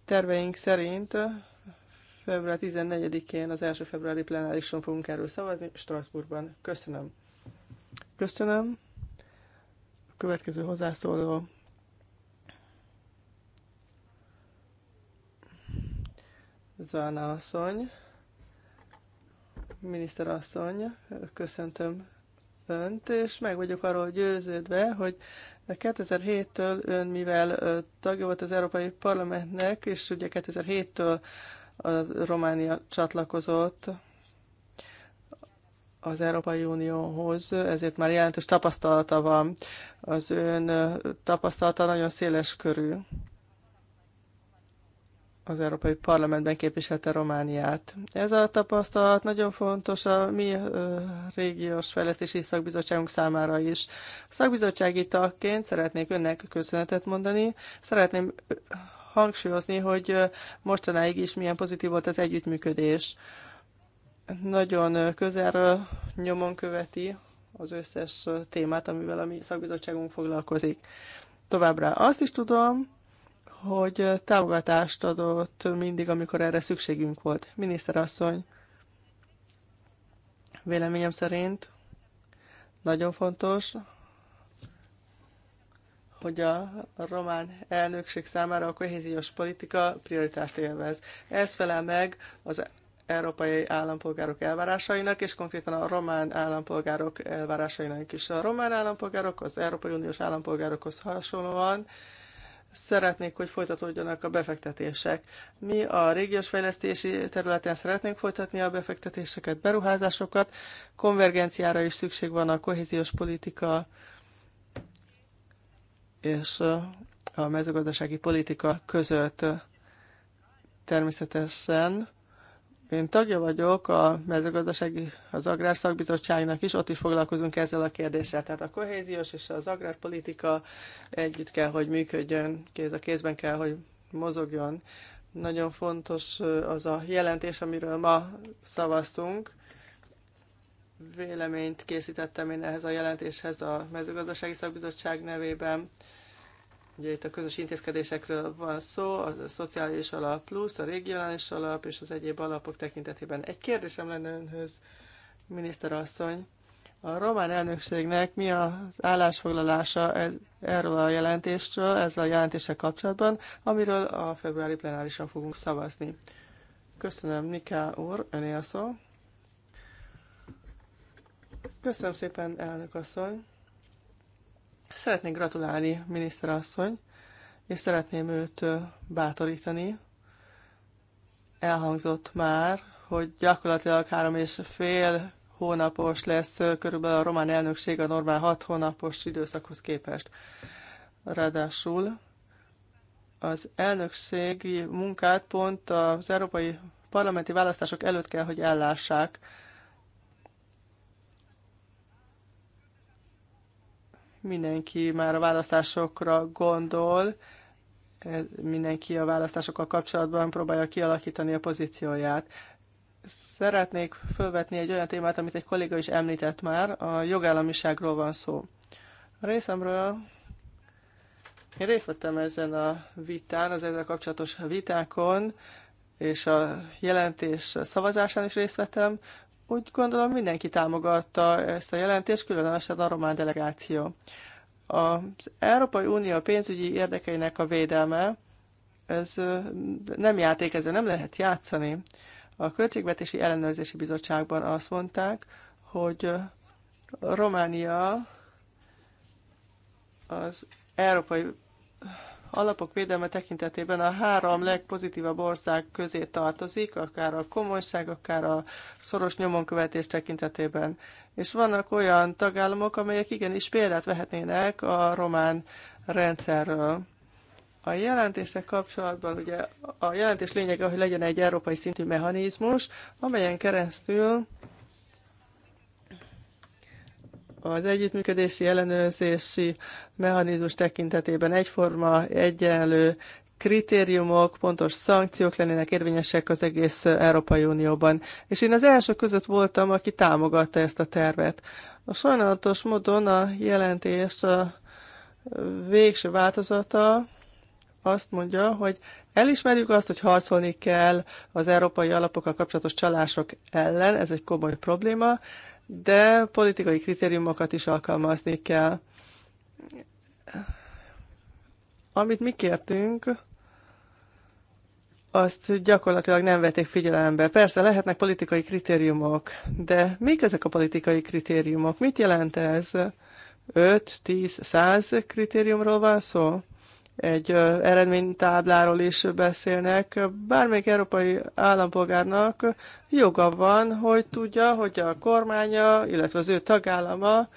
terveink szerint február 14-én az első februári plenárison fogunk erről szavazni Strasbourgban. Köszönöm. Köszönöm. A következő hozzászóló. Zana asszony, miniszter asszony, köszöntöm önt, és meg vagyok arról győződve, hogy 2007-től ön, mivel tagja volt az Európai Parlamentnek, és ugye 2007-től a Románia csatlakozott az Európai Unióhoz, ezért már jelentős tapasztalata van. Az ön tapasztalata nagyon széles körű az Európai Parlamentben képviselte Romániát. Ez a tapasztalat nagyon fontos a mi régiós fejlesztési szakbizottságunk számára is. A szakbizottsági tagként szeretnék önnek köszönetet mondani. Szeretném hangsúlyozni, hogy mostanáig is milyen pozitív volt az együttműködés. Nagyon közelről nyomon követi az összes témát, amivel a mi szakbizottságunk foglalkozik. Továbbra azt is tudom, hogy támogatást adott mindig, amikor erre szükségünk volt. Miniszterasszony, véleményem szerint nagyon fontos, hogy a román elnökség számára a kohéziós politika prioritást élvez. Ez felel meg az európai állampolgárok elvárásainak, és konkrétan a román állampolgárok elvárásainak is. A román állampolgárok az Európai Uniós állampolgárokhoz hasonlóan szeretnék, hogy folytatódjanak a befektetések. Mi a régiós fejlesztési területen szeretnénk folytatni a befektetéseket, beruházásokat, konvergenciára is szükség van a kohéziós politika és a mezőgazdasági politika között természetesen én tagja vagyok a mezőgazdasági, az Agrárszakbizottságnak is, ott is foglalkozunk ezzel a kérdéssel. Tehát a kohéziós és az agrárpolitika együtt kell, hogy működjön, kéz a kézben kell, hogy mozogjon. Nagyon fontos az a jelentés, amiről ma szavaztunk. Véleményt készítettem én ehhez a jelentéshez a mezőgazdasági szakbizottság nevében. Ugye itt a közös intézkedésekről van szó, a szociális alap plusz, a regionális alap és az egyéb alapok tekintetében. Egy kérdésem lenne önhöz, miniszterasszony. A román elnökségnek mi az állásfoglalása ez, erről a jelentésről, ezzel a jelentéssel kapcsolatban, amiről a februári plenárison fogunk szavazni. Köszönöm, Niká úr, öné a szó. Köszönöm szépen, elnök asszony. Szeretnék gratulálni miniszterasszony, és szeretném őt bátorítani. Elhangzott már, hogy gyakorlatilag három és fél hónapos lesz körülbelül a román elnökség a normál hat hónapos időszakhoz képest. Ráadásul az elnökségi munkát pont az európai parlamenti választások előtt kell, hogy ellássák. Mindenki már a választásokra gondol, mindenki a választásokkal kapcsolatban próbálja kialakítani a pozícióját. Szeretnék felvetni egy olyan témát, amit egy kolléga is említett már, a jogállamiságról van szó. A részemről én részt vettem ezen a vitán, az ezzel kapcsolatos vitákon, és a jelentés szavazásán is részt vettem. Úgy gondolom mindenki támogatta ezt a jelentést, különösen a román delegáció. Az Európai Unió pénzügyi érdekeinek a védelme, ez nem játék, ezzel nem lehet játszani. A Költségvetési Ellenőrzési Bizottságban azt mondták, hogy Románia az Európai alapok védelme tekintetében a három legpozitívabb ország közé tartozik, akár a komolyság, akár a szoros nyomonkövetés tekintetében. És vannak olyan tagállamok, amelyek igenis példát vehetnének a román rendszerről. A jelentések kapcsolatban ugye a jelentés lényege, hogy legyen egy európai szintű mechanizmus, amelyen keresztül az együttműködési ellenőrzési mechanizmus tekintetében egyforma, egyenlő kritériumok, pontos szankciók lennének érvényesek az egész Európai Unióban. És én az első között voltam, aki támogatta ezt a tervet. A sajnálatos módon a jelentés a végső változata azt mondja, hogy elismerjük azt, hogy harcolni kell az európai alapokkal kapcsolatos csalások ellen, ez egy komoly probléma, de politikai kritériumokat is alkalmazni kell. Amit mi kértünk, azt gyakorlatilag nem vették figyelembe. Persze lehetnek politikai kritériumok, de mik ezek a politikai kritériumok? Mit jelent ez? 5, 10, 100 kritériumról van szó? egy eredménytábláról is beszélnek. Bármelyik európai állampolgárnak joga van, hogy tudja, hogy a kormánya, illetve az ő tagállama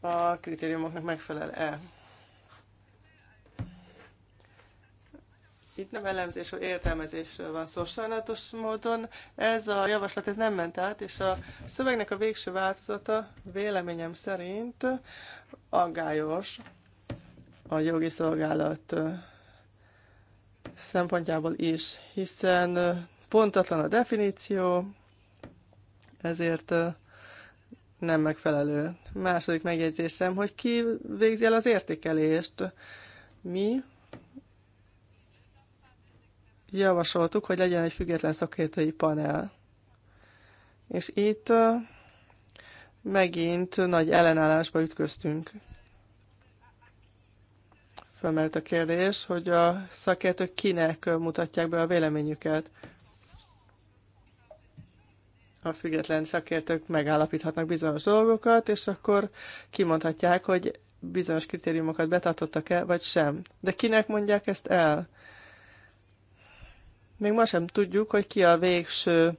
a kritériumoknak megfelel-e. Itt nem elemzésről, értelmezésről van szó. Sajnálatos módon ez a javaslat ez nem ment át, és a szövegnek a végső változata véleményem szerint aggályos a jogi szolgálat szempontjából is, hiszen pontatlan a definíció, ezért nem megfelelő. Második megjegyzésem, hogy ki végzi el az értékelést. Mi javasoltuk, hogy legyen egy független szakértői panel. És itt megint nagy ellenállásba ütköztünk. Felmerült a kérdés, hogy a szakértők kinek mutatják be a véleményüket. A független szakértők megállapíthatnak bizonyos dolgokat, és akkor kimondhatják, hogy bizonyos kritériumokat betartottak-e, vagy sem. De kinek mondják ezt el? Még ma sem tudjuk, hogy ki a végső,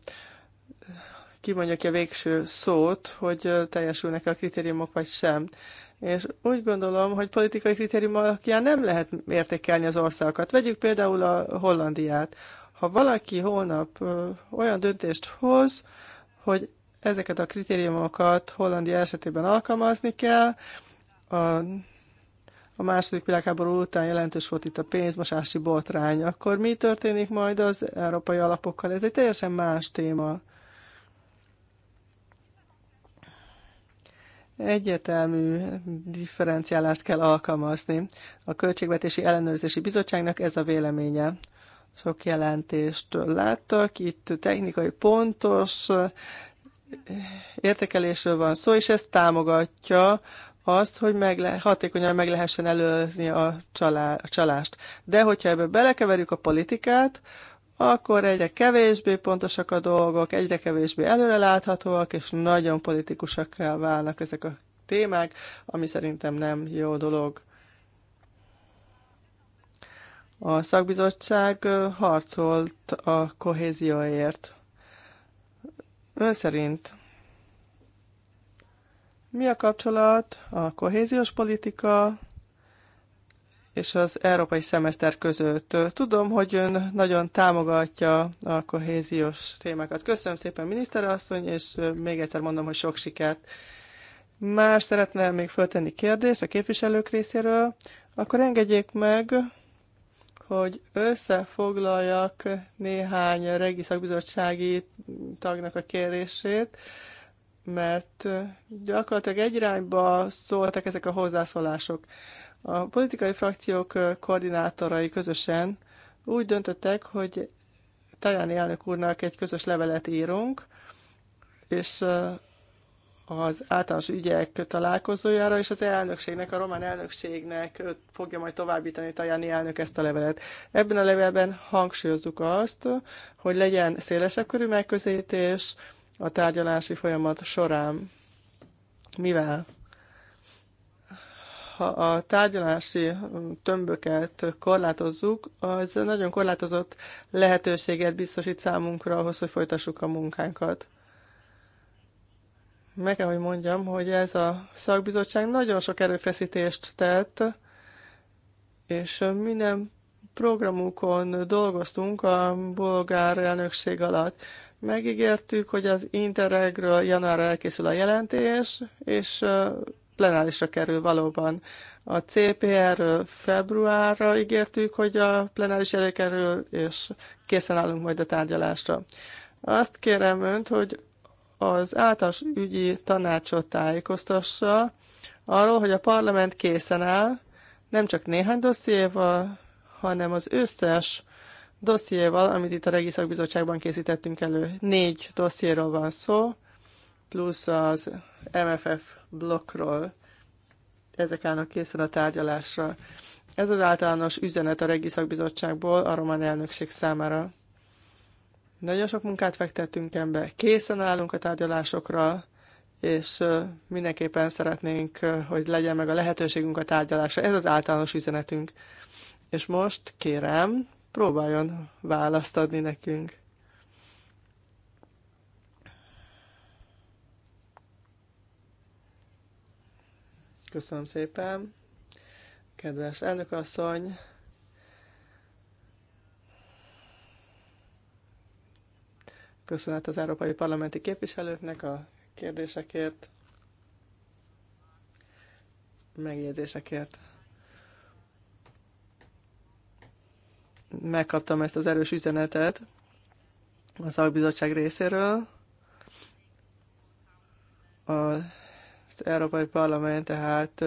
ki mondja ki a végső szót, hogy teljesülnek -e a kritériumok, vagy sem. És úgy gondolom, hogy politikai kritérium alapján nem lehet értékelni az országokat. Vegyük például a Hollandiát. Ha valaki holnap olyan döntést hoz, hogy ezeket a kritériumokat Hollandia esetében alkalmazni kell, a a második világháború után jelentős volt itt a pénzmosási botrány, akkor mi történik majd az európai alapokkal? Ez egy teljesen más téma. Egyetelmű differenciálást kell alkalmazni. A Költségvetési Ellenőrzési Bizottságnak ez a véleménye. Sok jelentést láttak, itt technikai pontos értékelésről van szó, és ez támogatja azt, hogy meg le, hatékonyan meg lehessen előzni a, csalá, a csalást. De hogyha ebbe belekeverjük a politikát, akkor egyre kevésbé pontosak a dolgok, egyre kevésbé előreláthatóak, és nagyon politikusakká válnak ezek a témák, ami szerintem nem jó dolog. A szakbizottság harcolt a kohézióért. Ön szerint mi a kapcsolat a kohéziós politika és az európai szemeszter között. Tudom, hogy ön nagyon támogatja a kohéziós témákat. Köszönöm szépen, miniszterasszony, és még egyszer mondom, hogy sok sikert. Más szeretne még föltenni kérdést a képviselők részéről, akkor engedjék meg, hogy összefoglaljak néhány regi szakbizottsági tagnak a kérését, mert gyakorlatilag egy irányba szóltak ezek a hozzászólások. A politikai frakciók koordinátorai közösen úgy döntöttek, hogy Tajani elnök úrnak egy közös levelet írunk, és az általános ügyek találkozójára, és az elnökségnek, a román elnökségnek fogja majd továbbítani Tajani elnök ezt a levelet. Ebben a levelben hangsúlyozzuk azt, hogy legyen szélesebb körű megközelítés a tárgyalási folyamat során. Mivel ha a tárgyalási hm, tömböket korlátozzuk, az nagyon korlátozott lehetőséget biztosít számunkra ahhoz, hogy folytassuk a munkánkat. Meg kell, hogy mondjam, hogy ez a szakbizottság nagyon sok erőfeszítést tett, és minden programukon dolgoztunk a bolgár elnökség alatt. Megígértük, hogy az Interregről január elkészül a jelentés, és plenárisra kerül valóban. A CPR februárra ígértük, hogy a plenáris elé kerül, és készen állunk majd a tárgyalásra. Azt kérem önt, hogy az általános ügyi tanácsot tájékoztassa arról, hogy a parlament készen áll, nem csak néhány dossziéval, hanem az összes dossziéval, amit itt a Regiszakbizottságban készítettünk elő. Négy dossziéról van szó, plusz az MFF blokkról. Ezek állnak készen a tárgyalásra. Ez az általános üzenet a Regi Szakbizottságból a román elnökség számára. Nagyon sok munkát fektettünk ebbe, készen állunk a tárgyalásokra, és mindenképpen szeretnénk, hogy legyen meg a lehetőségünk a tárgyalásra. Ez az általános üzenetünk. És most kérem, próbáljon választ adni nekünk. Köszönöm szépen. Kedves elnökasszony, köszönet az európai parlamenti képviselőknek a kérdésekért, megjegyzésekért. Megkaptam ezt az erős üzenetet a szakbizottság részéről. A Európai Parlament tehát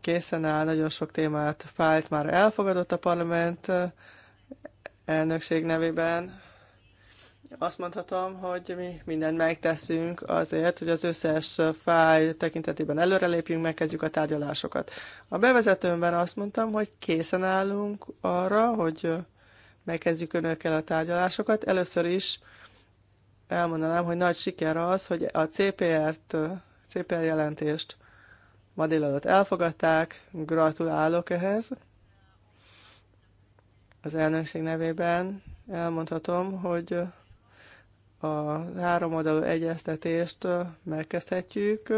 készen áll, nagyon sok témát Fájt már elfogadott a parlament elnökség nevében. Azt mondhatom, hogy mi mindent megteszünk azért, hogy az összes fáj tekintetében előrelépjünk, megkezdjük a tárgyalásokat. A bevezetőmben azt mondtam, hogy készen állunk arra, hogy megkezdjük önökkel a tárgyalásokat. Először is elmondanám, hogy nagy siker az, hogy a CPR-t, CPR jelentést ma délelőtt elfogadták, gratulálok ehhez. Az elnökség nevében elmondhatom, hogy a három oldalú egyeztetést megkezdhetjük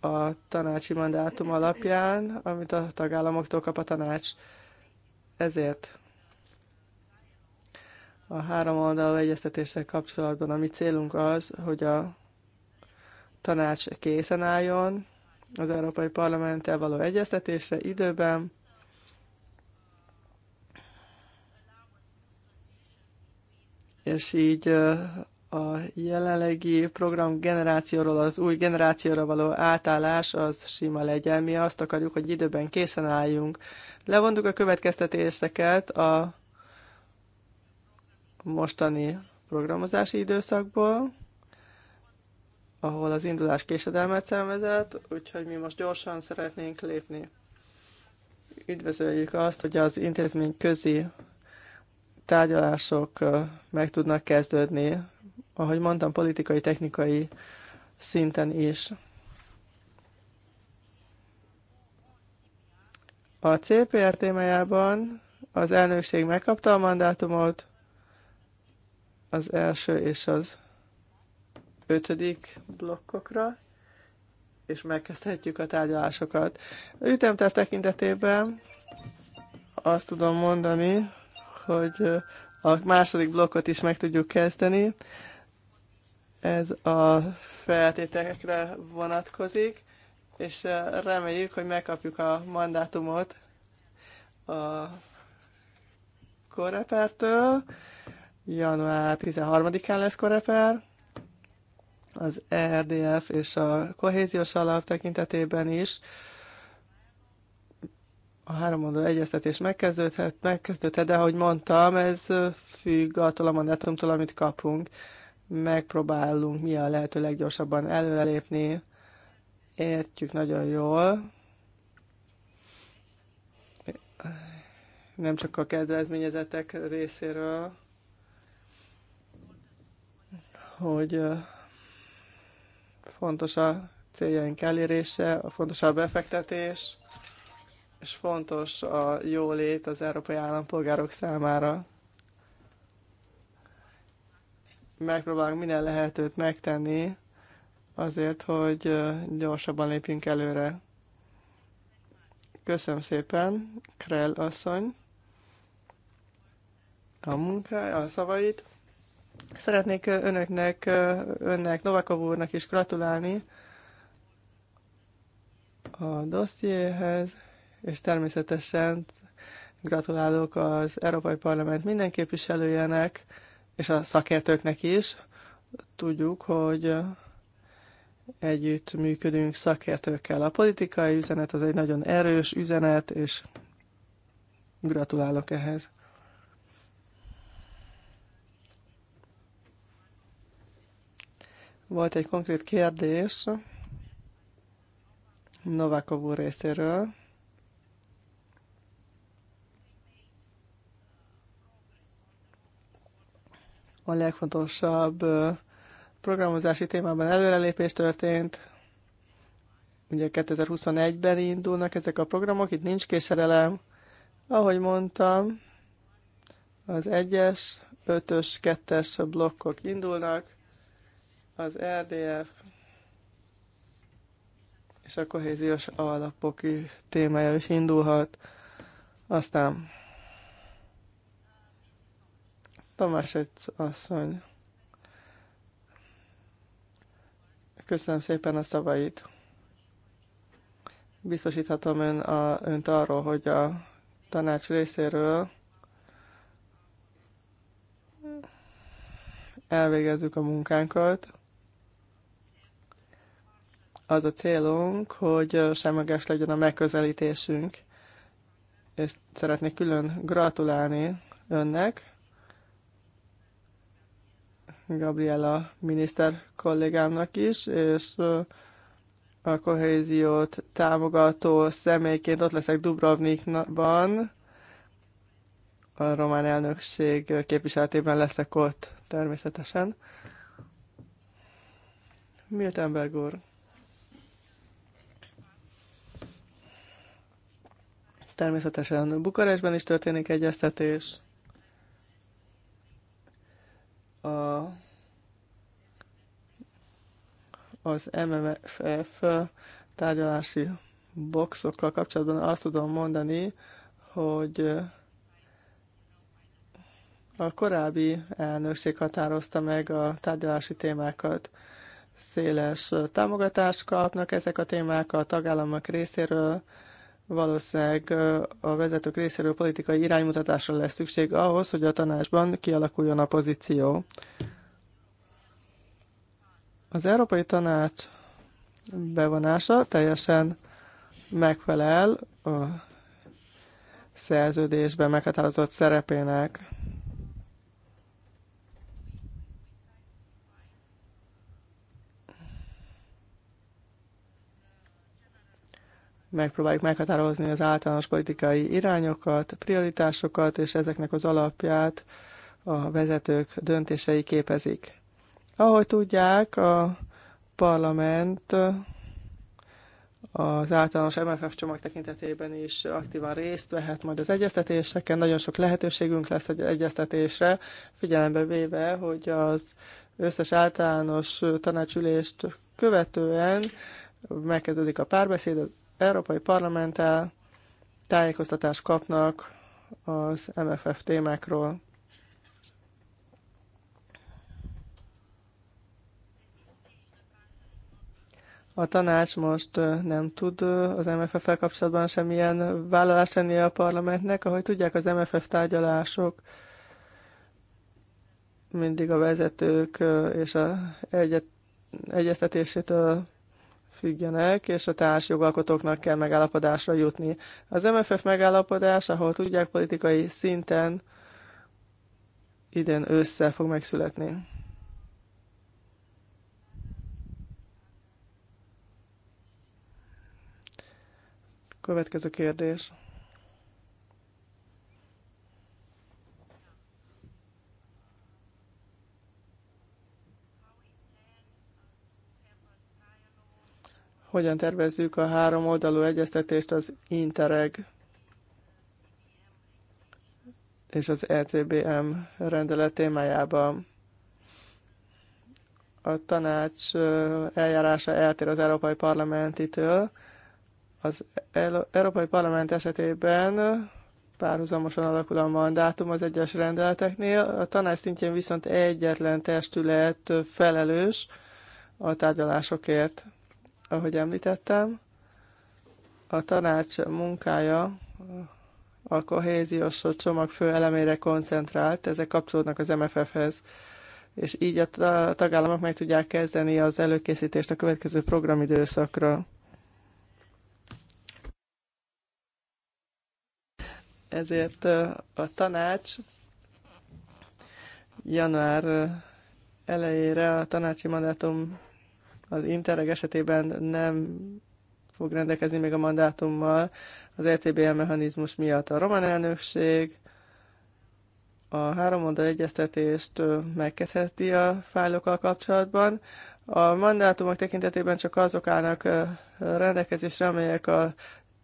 a tanácsi mandátum alapján, amit a tagállamoktól kap a tanács. Ezért a három oldalú egyeztetéssel kapcsolatban a mi célunk az, hogy a tanács készen álljon az Európai Parlamenttel való egyeztetésre időben, és így a jelenlegi program generációról az új generációra való átállás az sima legyen. Mi azt akarjuk, hogy időben készen álljunk. Levontuk a következtetéseket a mostani programozási időszakból, ahol az indulás késedelmet szenvedett, úgyhogy mi most gyorsan szeretnénk lépni. Üdvözöljük azt, hogy az intézmény közi tárgyalások meg tudnak kezdődni, ahogy mondtam, politikai, technikai szinten is. A CPR témájában az elnökség megkapta a mandátumot, az első és az ötödik blokkokra, és megkezdhetjük a tárgyalásokat. Ütemter tekintetében azt tudom mondani, hogy a második blokkot is meg tudjuk kezdeni. Ez a feltételekre vonatkozik, és reméljük, hogy megkapjuk a mandátumot a korepertől, január 13-án lesz korepel, az RDF és a kohéziós alap tekintetében is a mondó egyeztetés megkezdődhet, megkezdődhet, de ahogy mondtam, ez függ attól a mandátumtól, amit kapunk. Megpróbálunk mi a lehető leggyorsabban előrelépni. Értjük nagyon jól. Nem csak a kedvezményezetek részéről, hogy fontos a céljaink elérése, a fontos a befektetés, és fontos a jólét az európai állampolgárok számára. Megpróbálunk minden lehetőt megtenni azért, hogy gyorsabban lépjünk előre. Köszönöm szépen, Krell asszony, a munkája, a szavait. Szeretnék önöknek, önnek, Novakov úrnak is gratulálni a dossziéhez, és természetesen gratulálok az Európai Parlament minden képviselőjének, és a szakértőknek is. Tudjuk, hogy együtt működünk szakértőkkel. A politikai üzenet az egy nagyon erős üzenet, és gratulálok ehhez. Volt egy konkrét kérdés Novákov úr részéről. A legfontosabb programozási témában előrelépés történt. Ugye 2021-ben indulnak ezek a programok, itt nincs késedelem. Ahogy mondtam, az 1-es, 5-ös, 2-es blokkok indulnak az RDF és a kohéziós alapok témája is indulhat. Aztán Tamás egy asszony. Köszönöm szépen a szavait. Biztosíthatom ön a, önt arról, hogy a tanács részéről elvégezzük a munkánkat. Az a célunk, hogy semleges legyen a megközelítésünk, és szeretnék külön gratulálni önnek, Gabriela miniszter kollégámnak is, és a kohéziót támogató személyként ott leszek Dubrovnikban, a román elnökség képviseletében leszek ott természetesen. Miltenberg úr. Természetesen Bukarestben is történik egyeztetés. A, az MMFF tárgyalási boxokkal kapcsolatban azt tudom mondani, hogy a korábbi elnökség határozta meg a tárgyalási témákat. Széles támogatást kapnak ezek a témák a tagállamok részéről, valószínűleg a vezetők részéről politikai iránymutatásra lesz szükség ahhoz, hogy a tanácsban kialakuljon a pozíció. Az Európai Tanács bevonása teljesen megfelel a szerződésben meghatározott szerepének. megpróbáljuk meghatározni az általános politikai irányokat, prioritásokat, és ezeknek az alapját a vezetők döntései képezik. Ahogy tudják, a parlament az általános MFF csomag tekintetében is aktívan részt vehet majd az egyeztetéseken. Nagyon sok lehetőségünk lesz egy egyeztetésre, figyelembe véve, hogy az összes általános tanácsülést követően megkezdődik a párbeszéd Európai Parlamenttel tájékoztatást kapnak az MFF témákról. A tanács most nem tud az MFF-fel kapcsolatban semmilyen vállalást tenni a parlamentnek. Ahogy tudják, az MFF tárgyalások mindig a vezetők és a egyet, egyeztetését függenek, és a jogalkotóknak kell megállapodásra jutni. Az MFF megállapodás, ahol tudják politikai szinten, idén össze fog megszületni. Következő kérdés. hogyan tervezzük a három oldalú egyeztetést az Interreg és az ECBM rendelet témájában. A tanács eljárása eltér az Európai Parlamentitől. Az Európai Parlament esetében párhuzamosan alakul a mandátum az egyes rendeleteknél, a tanács szintjén viszont egyetlen testület felelős a tárgyalásokért ahogy említettem, a tanács munkája a kohéziós csomag fő elemére koncentrált, ezek kapcsolódnak az MFF-hez, és így a tagállamok meg tudják kezdeni az előkészítést a következő programidőszakra. Ezért a tanács január elejére a tanácsi mandátum az Interreg esetében nem fog rendelkezni még a mandátummal az ECBL mechanizmus miatt a román elnökség, a három oldal egyeztetést megkezdheti a fájlokkal kapcsolatban. A mandátumok tekintetében csak azok állnak rendelkezésre, amelyek a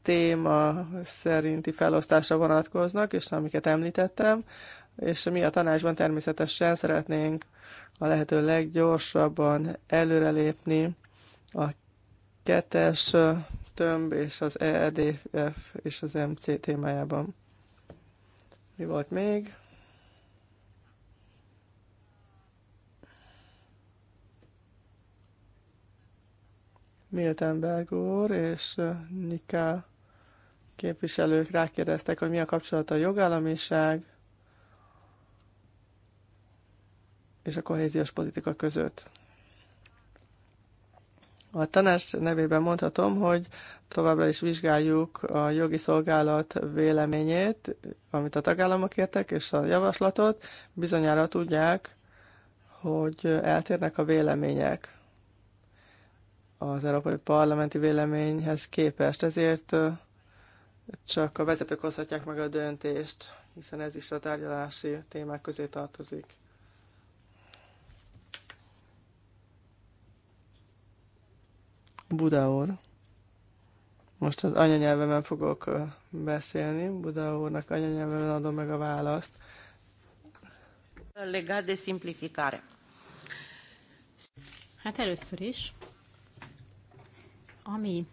téma szerinti felosztásra vonatkoznak, és amiket említettem, és mi a tanácsban természetesen szeretnénk a lehető leggyorsabban előrelépni a kettes tömb és az EDF e és az MC témájában. Mi volt még? Miltenberg úr és Nika képviselők rákérdeztek, hogy mi a kapcsolat a jogállamiság és a kohéziós politika között. A tanács nevében mondhatom, hogy továbbra is vizsgáljuk a jogi szolgálat véleményét, amit a tagállamok értek, és a javaslatot. Bizonyára tudják, hogy eltérnek a vélemények az Európai Parlamenti véleményhez képest. Ezért csak a vezetők hozhatják meg a döntést, hiszen ez is a tárgyalási témák közé tartozik. Buda úr. Most az anyanyelvemen fogok beszélni. Buda úrnak anyanyelvemen adom meg a választ. Legat de simplificare. Hát először is, ami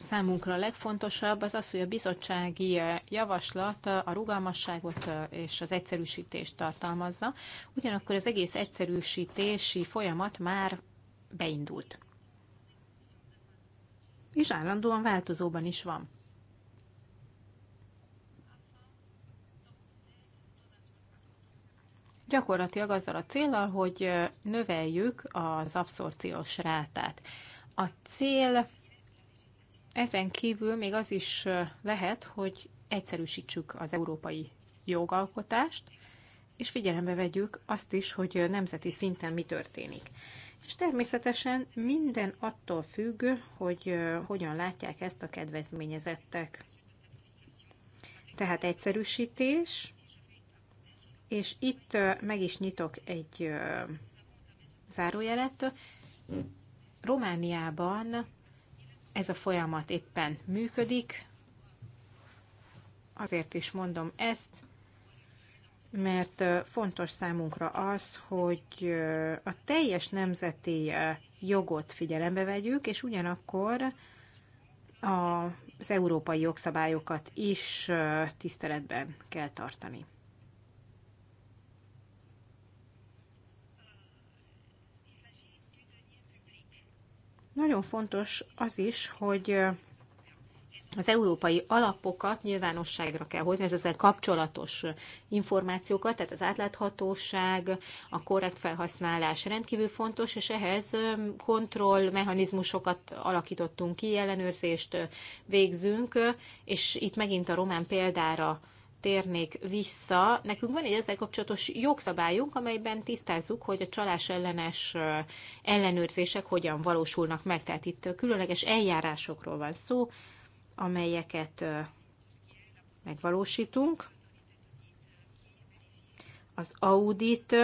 számunkra a legfontosabb az az, hogy a bizottsági javaslat a rugalmasságot és az egyszerűsítést tartalmazza. Ugyanakkor az egész egyszerűsítési folyamat már beindult. És állandóan változóban is van. Gyakorlatilag azzal a célral, hogy növeljük az abszorciós rátát. A cél ezen kívül még az is lehet, hogy egyszerűsítsük az európai jogalkotást, és figyelembe vegyük azt is, hogy nemzeti szinten mi történik. És természetesen minden attól függ, hogy hogyan látják ezt a kedvezményezettek. Tehát egyszerűsítés, és itt meg is nyitok egy zárójelet. Romániában ez a folyamat éppen működik, azért is mondom ezt, mert fontos számunkra az, hogy a teljes nemzeti jogot figyelembe vegyük, és ugyanakkor az európai jogszabályokat is tiszteletben kell tartani. Nagyon fontos az is, hogy az európai alapokat nyilvánosságra kell hozni, ez ezzel kapcsolatos információkat, tehát az átláthatóság, a korrekt felhasználás rendkívül fontos, és ehhez kontrollmechanizmusokat alakítottunk ki, ellenőrzést végzünk, és itt megint a román példára térnék vissza. Nekünk van egy ezzel kapcsolatos jogszabályunk, amelyben tisztázzuk, hogy a csalás ellenes ellenőrzések hogyan valósulnak meg. Tehát itt különleges eljárásokról van szó, amelyeket megvalósítunk. Az audit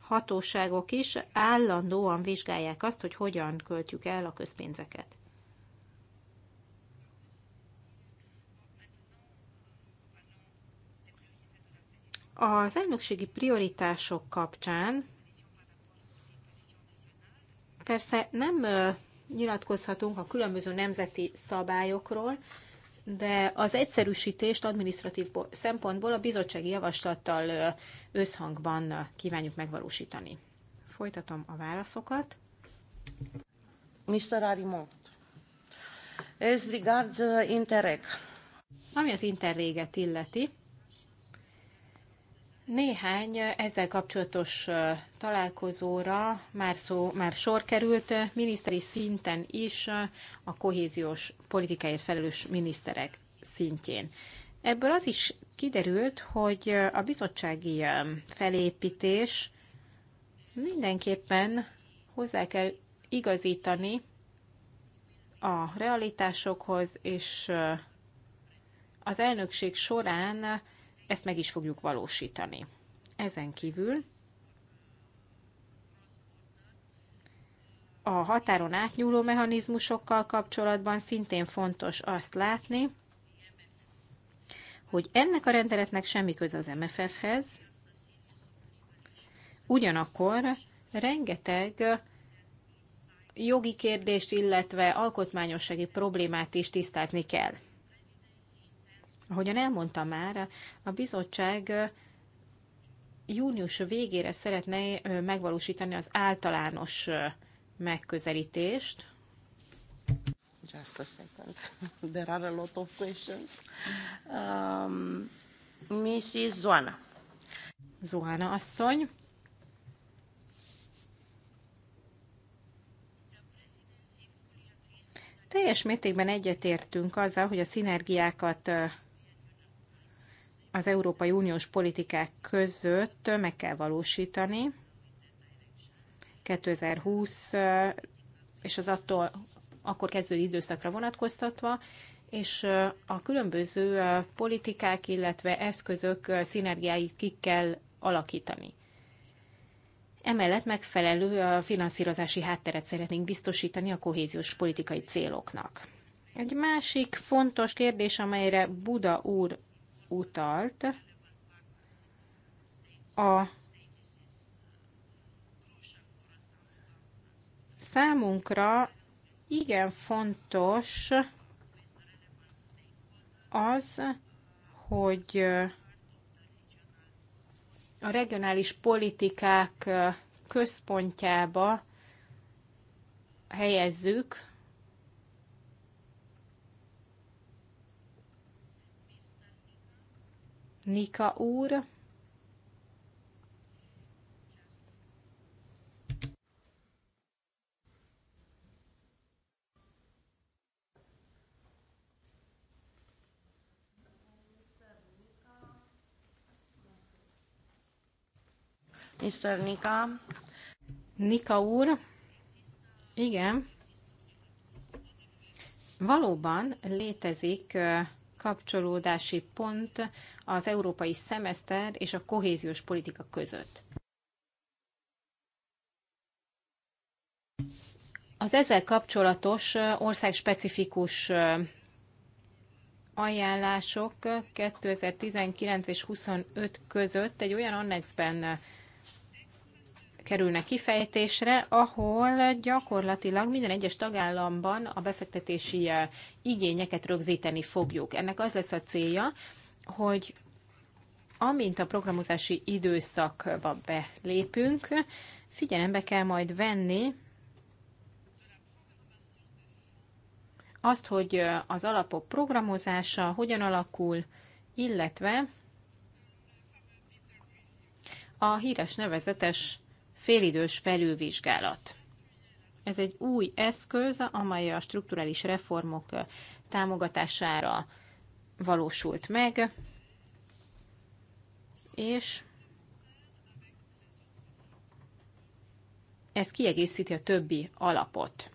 hatóságok is állandóan vizsgálják azt, hogy hogyan költjük el a közpénzeket. Az elnökségi prioritások kapcsán persze nem nyilatkozhatunk a különböző nemzeti szabályokról, de az egyszerűsítést adminisztratív szempontból a bizottsági javaslattal összhangban kívánjuk megvalósítani. Folytatom a válaszokat. Mr. Arimont. Ez regards Interreg. Ami az Interreget illeti, néhány ezzel kapcsolatos találkozóra már, szó, már sor került miniszteri szinten is a kohéziós politikáért felelős miniszterek szintjén. Ebből az is kiderült, hogy a bizottsági felépítés mindenképpen hozzá kell igazítani a realitásokhoz, és az elnökség során ezt meg is fogjuk valósítani. Ezen kívül a határon átnyúló mechanizmusokkal kapcsolatban szintén fontos azt látni, hogy ennek a rendeletnek semmi köze az MFF-hez, ugyanakkor rengeteg jogi kérdést, illetve alkotmányossági problémát is tisztázni kell. Ahogyan elmondta már, a bizottság június végére szeretné megvalósítani az általános megközelítést. Just a second. There are a lot of questions. Um, Mrs. Zoana. Zoana asszony. Teljes mértékben egyetértünk azzal, hogy a szinergiákat az Európai Uniós politikák között meg kell valósítani 2020 és az attól akkor kezdődő időszakra vonatkoztatva, és a különböző politikák, illetve eszközök szinergiáit ki kell alakítani. Emellett megfelelő finanszírozási hátteret szeretnénk biztosítani a kohéziós politikai céloknak. Egy másik fontos kérdés, amelyre Buda úr utalt. A számunkra igen fontos az, hogy a regionális politikák központjába helyezzük Nika úr. Mr. Nika. Nika úr, igen, valóban létezik kapcsolódási pont az európai szemeszter és a kohéziós politika között. Az ezzel kapcsolatos országspecifikus ajánlások 2019 és 25 között egy olyan annexben kerülnek kifejtésre, ahol gyakorlatilag minden egyes tagállamban a befektetési eh, igényeket rögzíteni fogjuk. Ennek az lesz a célja, hogy amint a programozási időszakba belépünk, figyelembe kell majd venni azt, hogy eh, az alapok programozása hogyan alakul, illetve a híres nevezetes félidős felülvizsgálat. Ez egy új eszköz, amely a strukturális reformok támogatására valósult meg, és ez kiegészíti a többi alapot.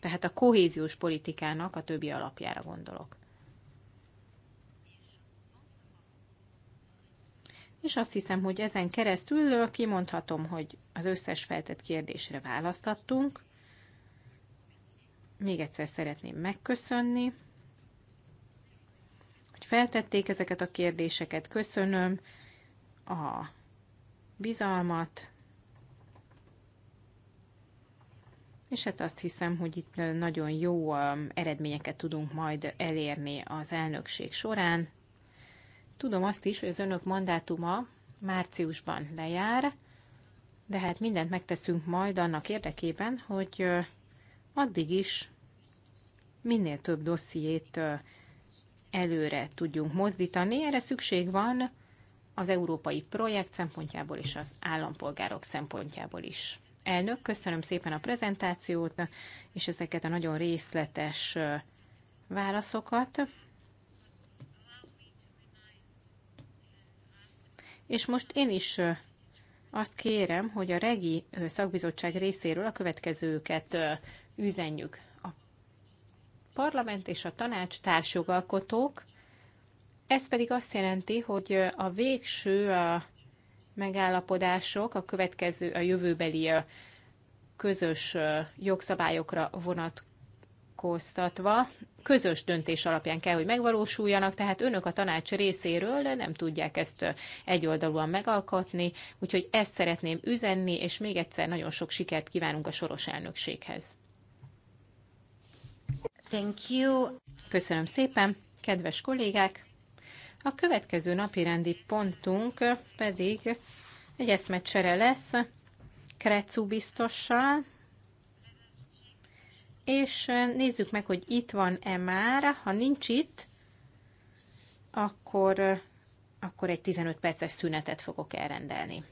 Tehát a kohéziós politikának a többi alapjára gondolok. és azt hiszem, hogy ezen keresztül kimondhatom, hogy az összes feltett kérdésre választattunk. Még egyszer szeretném megköszönni, hogy feltették ezeket a kérdéseket. Köszönöm a bizalmat, és hát azt hiszem, hogy itt nagyon jó um, eredményeket tudunk majd elérni az elnökség során. Tudom azt is, hogy az önök mandátuma márciusban lejár, de hát mindent megteszünk majd annak érdekében, hogy addig is minél több dossziét előre tudjunk mozdítani. Erre szükség van az európai projekt szempontjából és az állampolgárok szempontjából is. Elnök, köszönöm szépen a prezentációt és ezeket a nagyon részletes válaszokat. És most én is azt kérem, hogy a regi szakbizottság részéről a következőket üzenjük. A parlament és a tanács társjogalkotók, ez pedig azt jelenti, hogy a végső a megállapodások a következő, a jövőbeli közös jogszabályokra vonatkozó tájékoztatva, közös döntés alapján kell, hogy megvalósuljanak, tehát önök a tanács részéről nem tudják ezt egyoldalúan megalkotni, úgyhogy ezt szeretném üzenni, és még egyszer nagyon sok sikert kívánunk a soros elnökséghez. Thank you. Köszönöm szépen, kedves kollégák! A következő napirendi pontunk pedig egy eszmecsere lesz Krecu biztossal, és nézzük meg, hogy itt van-e már. Ha nincs itt, akkor, akkor egy 15 perces szünetet fogok elrendelni.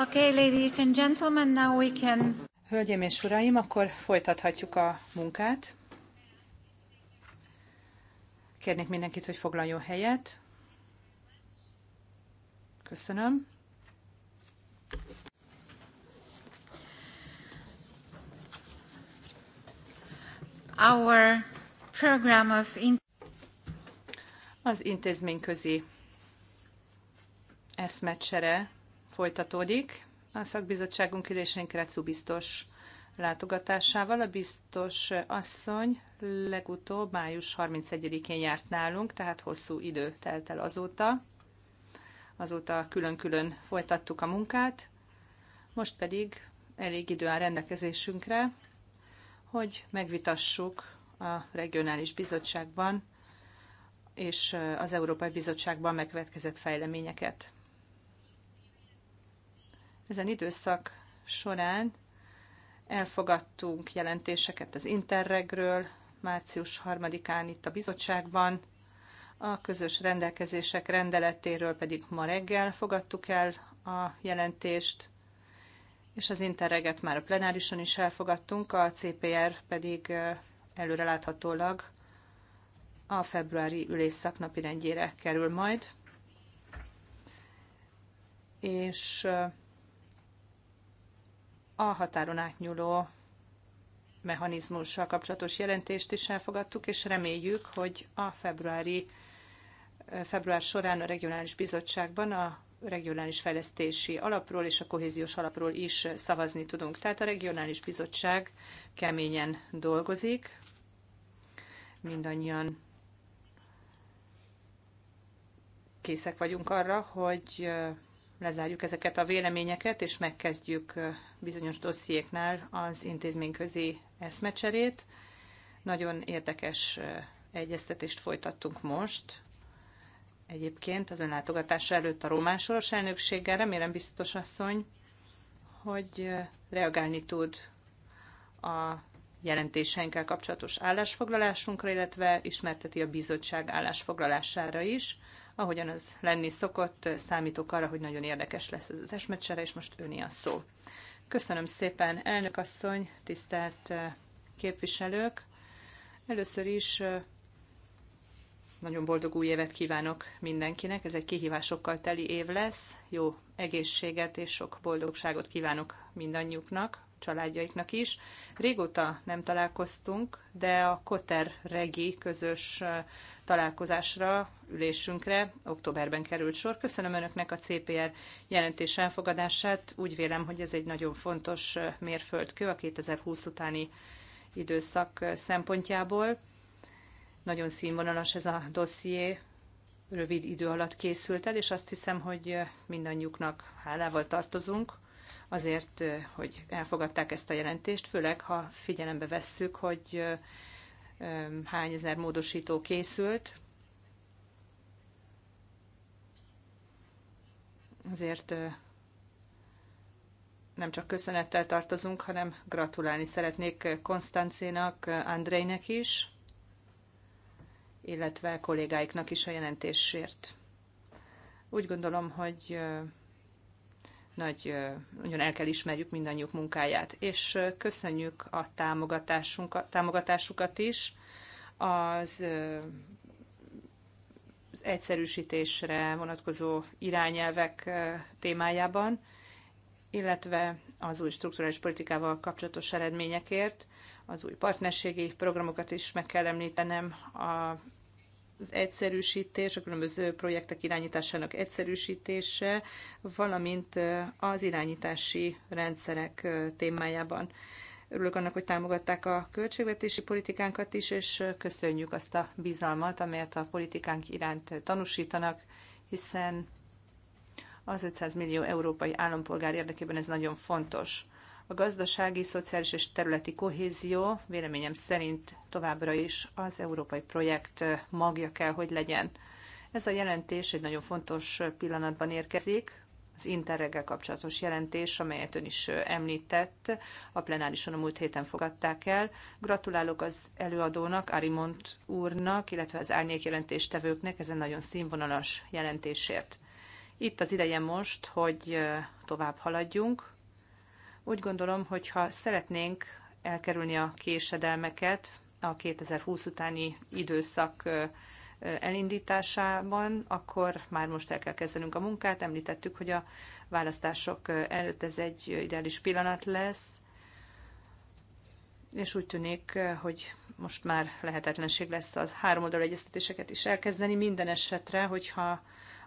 Okay, ladies and gentlemen, now we can... Hölgyeim és uraim, akkor folytathatjuk a munkát. Kérnék mindenkit, hogy foglaljon helyet. Köszönöm. Our program of in- az intézményközi eszmecsere folytatódik a szakbizottságunk ülésén Kretszú biztos látogatásával. A biztos asszony legutóbb május 31-én járt nálunk, tehát hosszú idő telt el azóta. Azóta külön-külön folytattuk a munkát, most pedig elég idő áll rendelkezésünkre, hogy megvitassuk a regionális bizottságban és az Európai Bizottságban megvetkezett fejleményeket. Ezen időszak során elfogadtunk jelentéseket az Interregről, március 3-án itt a bizottságban, a közös rendelkezések rendeletéről pedig ma reggel fogadtuk el a jelentést, és az Interreget már a plenárison is elfogadtunk, a CPR pedig előreláthatólag a februári ülésszak napirendjére kerül majd. És a határon átnyúló mechanizmussal kapcsolatos jelentést is elfogadtuk, és reméljük, hogy a februári, február során a regionális bizottságban a regionális fejlesztési alapról és a kohéziós alapról is szavazni tudunk. Tehát a regionális bizottság keményen dolgozik, mindannyian készek vagyunk arra, hogy lezárjuk ezeket a véleményeket, és megkezdjük bizonyos dossziéknál az intézményközi eszmecserét. Nagyon érdekes egyeztetést folytattunk most. Egyébként az önlátogatása előtt a román soros elnökséggel remélem biztos asszony, hogy reagálni tud a jelentéseinkkel kapcsolatos állásfoglalásunkra, illetve ismerteti a bizottság állásfoglalására is Ahogyan az lenni szokott, számítok arra, hogy nagyon érdekes lesz ez az esmecsere, és most öné a szó. Köszönöm szépen, elnök asszony, tisztelt képviselők! Először is nagyon boldog új évet kívánok mindenkinek. Ez egy kihívásokkal teli év lesz. Jó egészséget és sok boldogságot kívánok mindannyiuknak családjaiknak is. Régóta nem találkoztunk, de a Koter Regi közös találkozásra, ülésünkre októberben került sor. Köszönöm Önöknek a CPR jelentés elfogadását. Úgy vélem, hogy ez egy nagyon fontos mérföldkő a 2020 utáni időszak szempontjából. Nagyon színvonalas ez a dosszié, rövid idő alatt készült el, és azt hiszem, hogy mindannyiuknak hálával tartozunk azért, hogy elfogadták ezt a jelentést, főleg ha figyelembe vesszük, hogy hány ezer módosító készült. Azért nem csak köszönettel tartozunk, hanem gratulálni szeretnék Konstancénak, Andrejnek is, illetve kollégáiknak is a jelentésért. Úgy gondolom, hogy nagy, nagyon el kell ismerjük mindannyiuk munkáját, és köszönjük a támogatásunkat, támogatásukat is az, az egyszerűsítésre vonatkozó irányelvek témájában, illetve az új strukturális politikával kapcsolatos eredményekért, az új partnerségi programokat is meg kell említenem, a az egyszerűsítés, a különböző projektek irányításának egyszerűsítése, valamint az irányítási rendszerek témájában. Örülök annak, hogy támogatták a költségvetési politikánkat is, és köszönjük azt a bizalmat, amelyet a politikánk iránt tanúsítanak, hiszen az 500 millió európai állampolgár érdekében ez nagyon fontos. A gazdasági, szociális és területi kohézió véleményem szerint továbbra is az európai projekt magja kell, hogy legyen. Ez a jelentés egy nagyon fontos pillanatban érkezik, az Interreggel kapcsolatos jelentés, amelyet ön is említett, a plenárison a múlt héten fogadták el. Gratulálok az előadónak, Arimont úrnak, illetve az árnyék jelentéstevőknek ezen nagyon színvonalas jelentésért. Itt az ideje most, hogy tovább haladjunk, úgy gondolom, hogy ha szeretnénk elkerülni a késedelmeket a 2020 utáni időszak elindításában, akkor már most el kell kezdenünk a munkát. Említettük, hogy a választások előtt ez egy ideális pillanat lesz, és úgy tűnik, hogy most már lehetetlenség lesz az három oldalú egyeztetéseket is elkezdeni. Minden esetre, hogyha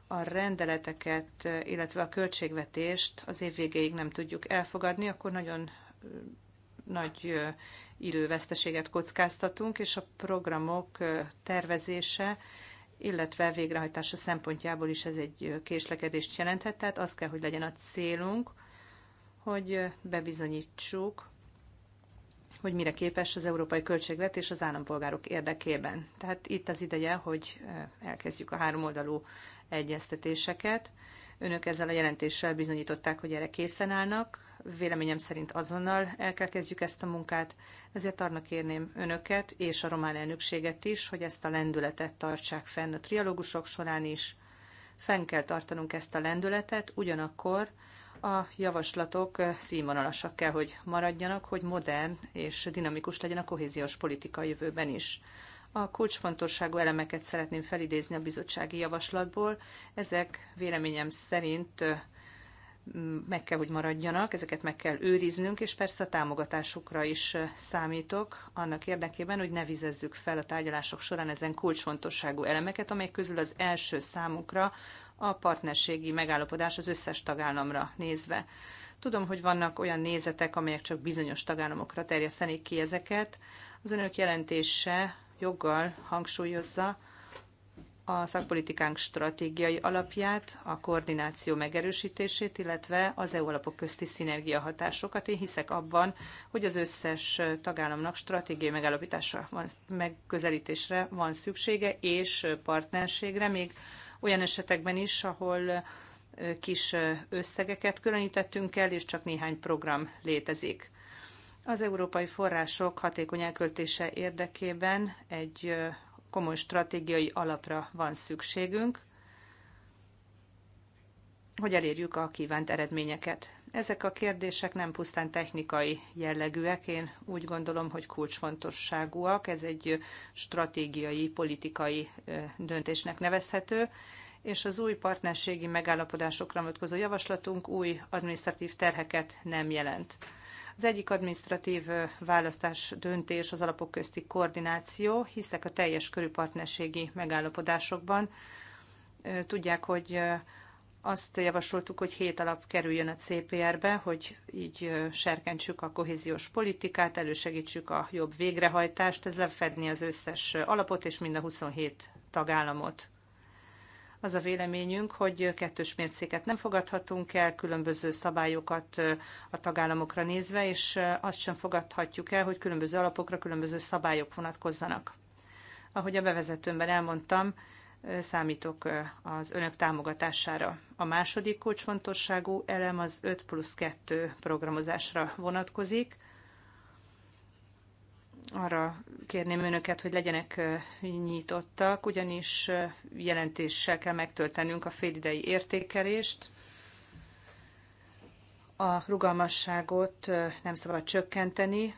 a rendeleteket, illetve a költségvetést az év végéig nem tudjuk elfogadni, akkor nagyon nagy időveszteséget kockáztatunk, és a programok tervezése, illetve végrehajtása szempontjából is ez egy késlekedést jelenthet. Tehát az kell, hogy legyen a célunk, hogy bebizonyítsuk, hogy mire képes az európai költségvetés az állampolgárok érdekében. Tehát itt az ideje, hogy elkezdjük a háromoldalú egyeztetéseket. Önök ezzel a jelentéssel bizonyították, hogy erre készen állnak. Véleményem szerint azonnal el kell kezdjük ezt a munkát, ezért arra kérném önöket és a román elnökséget is, hogy ezt a lendületet tartsák fenn a trialógusok során is. Fenn kell tartanunk ezt a lendületet, ugyanakkor a javaslatok színvonalasak kell, hogy maradjanak, hogy modern és dinamikus legyen a kohéziós politika jövőben is. A kulcsfontosságú elemeket szeretném felidézni a bizottsági javaslatból. Ezek véleményem szerint meg kell, hogy maradjanak, ezeket meg kell őriznünk, és persze a támogatásukra is számítok, annak érdekében, hogy ne vizezzük fel a tárgyalások során ezen kulcsfontosságú elemeket, amelyek közül az első számukra a partnerségi megállapodás az összes tagállamra nézve. Tudom, hogy vannak olyan nézetek, amelyek csak bizonyos tagállamokra terjesztenék ki ezeket. Az önök jelentése joggal hangsúlyozza a szakpolitikánk stratégiai alapját, a koordináció megerősítését, illetve az EU alapok közti szinergia hatásokat. Én hiszek abban, hogy az összes tagállamnak stratégiai megállapításra van, megközelítésre van szüksége, és partnerségre, még olyan esetekben is, ahol kis összegeket különítettünk el, és csak néhány program létezik. Az európai források hatékony elköltése érdekében egy komoly stratégiai alapra van szükségünk, hogy elérjük a kívánt eredményeket. Ezek a kérdések nem pusztán technikai jellegűek, én úgy gondolom, hogy kulcsfontosságúak, ez egy stratégiai, politikai döntésnek nevezhető, és az új partnerségi megállapodásokra vonatkozó javaslatunk új administratív terheket nem jelent. Az egyik administratív választás döntés az alapok közti koordináció, hiszek a teljes körű partnerségi megállapodásokban. Tudják, hogy azt javasoltuk, hogy hét alap kerüljön a CPR-be, hogy így serkentsük a kohéziós politikát, elősegítsük a jobb végrehajtást, ez lefedni az összes alapot és mind a 27 tagállamot. Az a véleményünk, hogy kettős mércéket nem fogadhatunk el, különböző szabályokat a tagállamokra nézve, és azt sem fogadhatjuk el, hogy különböző alapokra különböző szabályok vonatkozzanak. Ahogy a bevezetőmben elmondtam, számítok az önök támogatására. A második kulcsfontosságú elem az 5 plusz 2 programozásra vonatkozik arra kérném önöket, hogy legyenek nyitottak, ugyanis jelentéssel kell megtöltenünk a félidei értékelést. A rugalmasságot nem szabad csökkenteni,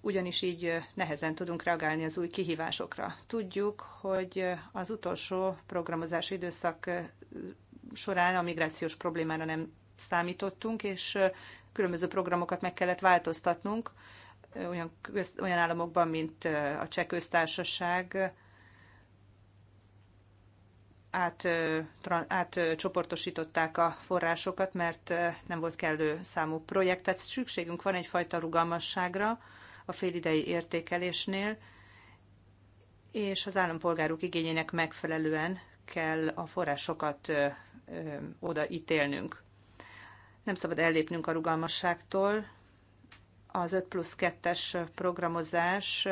ugyanis így nehezen tudunk reagálni az új kihívásokra. Tudjuk, hogy az utolsó programozási időszak során a migrációs problémára nem számítottunk, és különböző programokat meg kellett változtatnunk, olyan, köz, olyan államokban, mint a cseh köztársaság át, a forrásokat, mert nem volt kellő számú projekt. Tehát szükségünk van egyfajta rugalmasságra a félidei értékelésnél, és az állampolgárok igényének megfelelően kell a forrásokat odaítélnünk. Nem szabad ellépnünk a rugalmasságtól, az 5 plusz 2-es programozás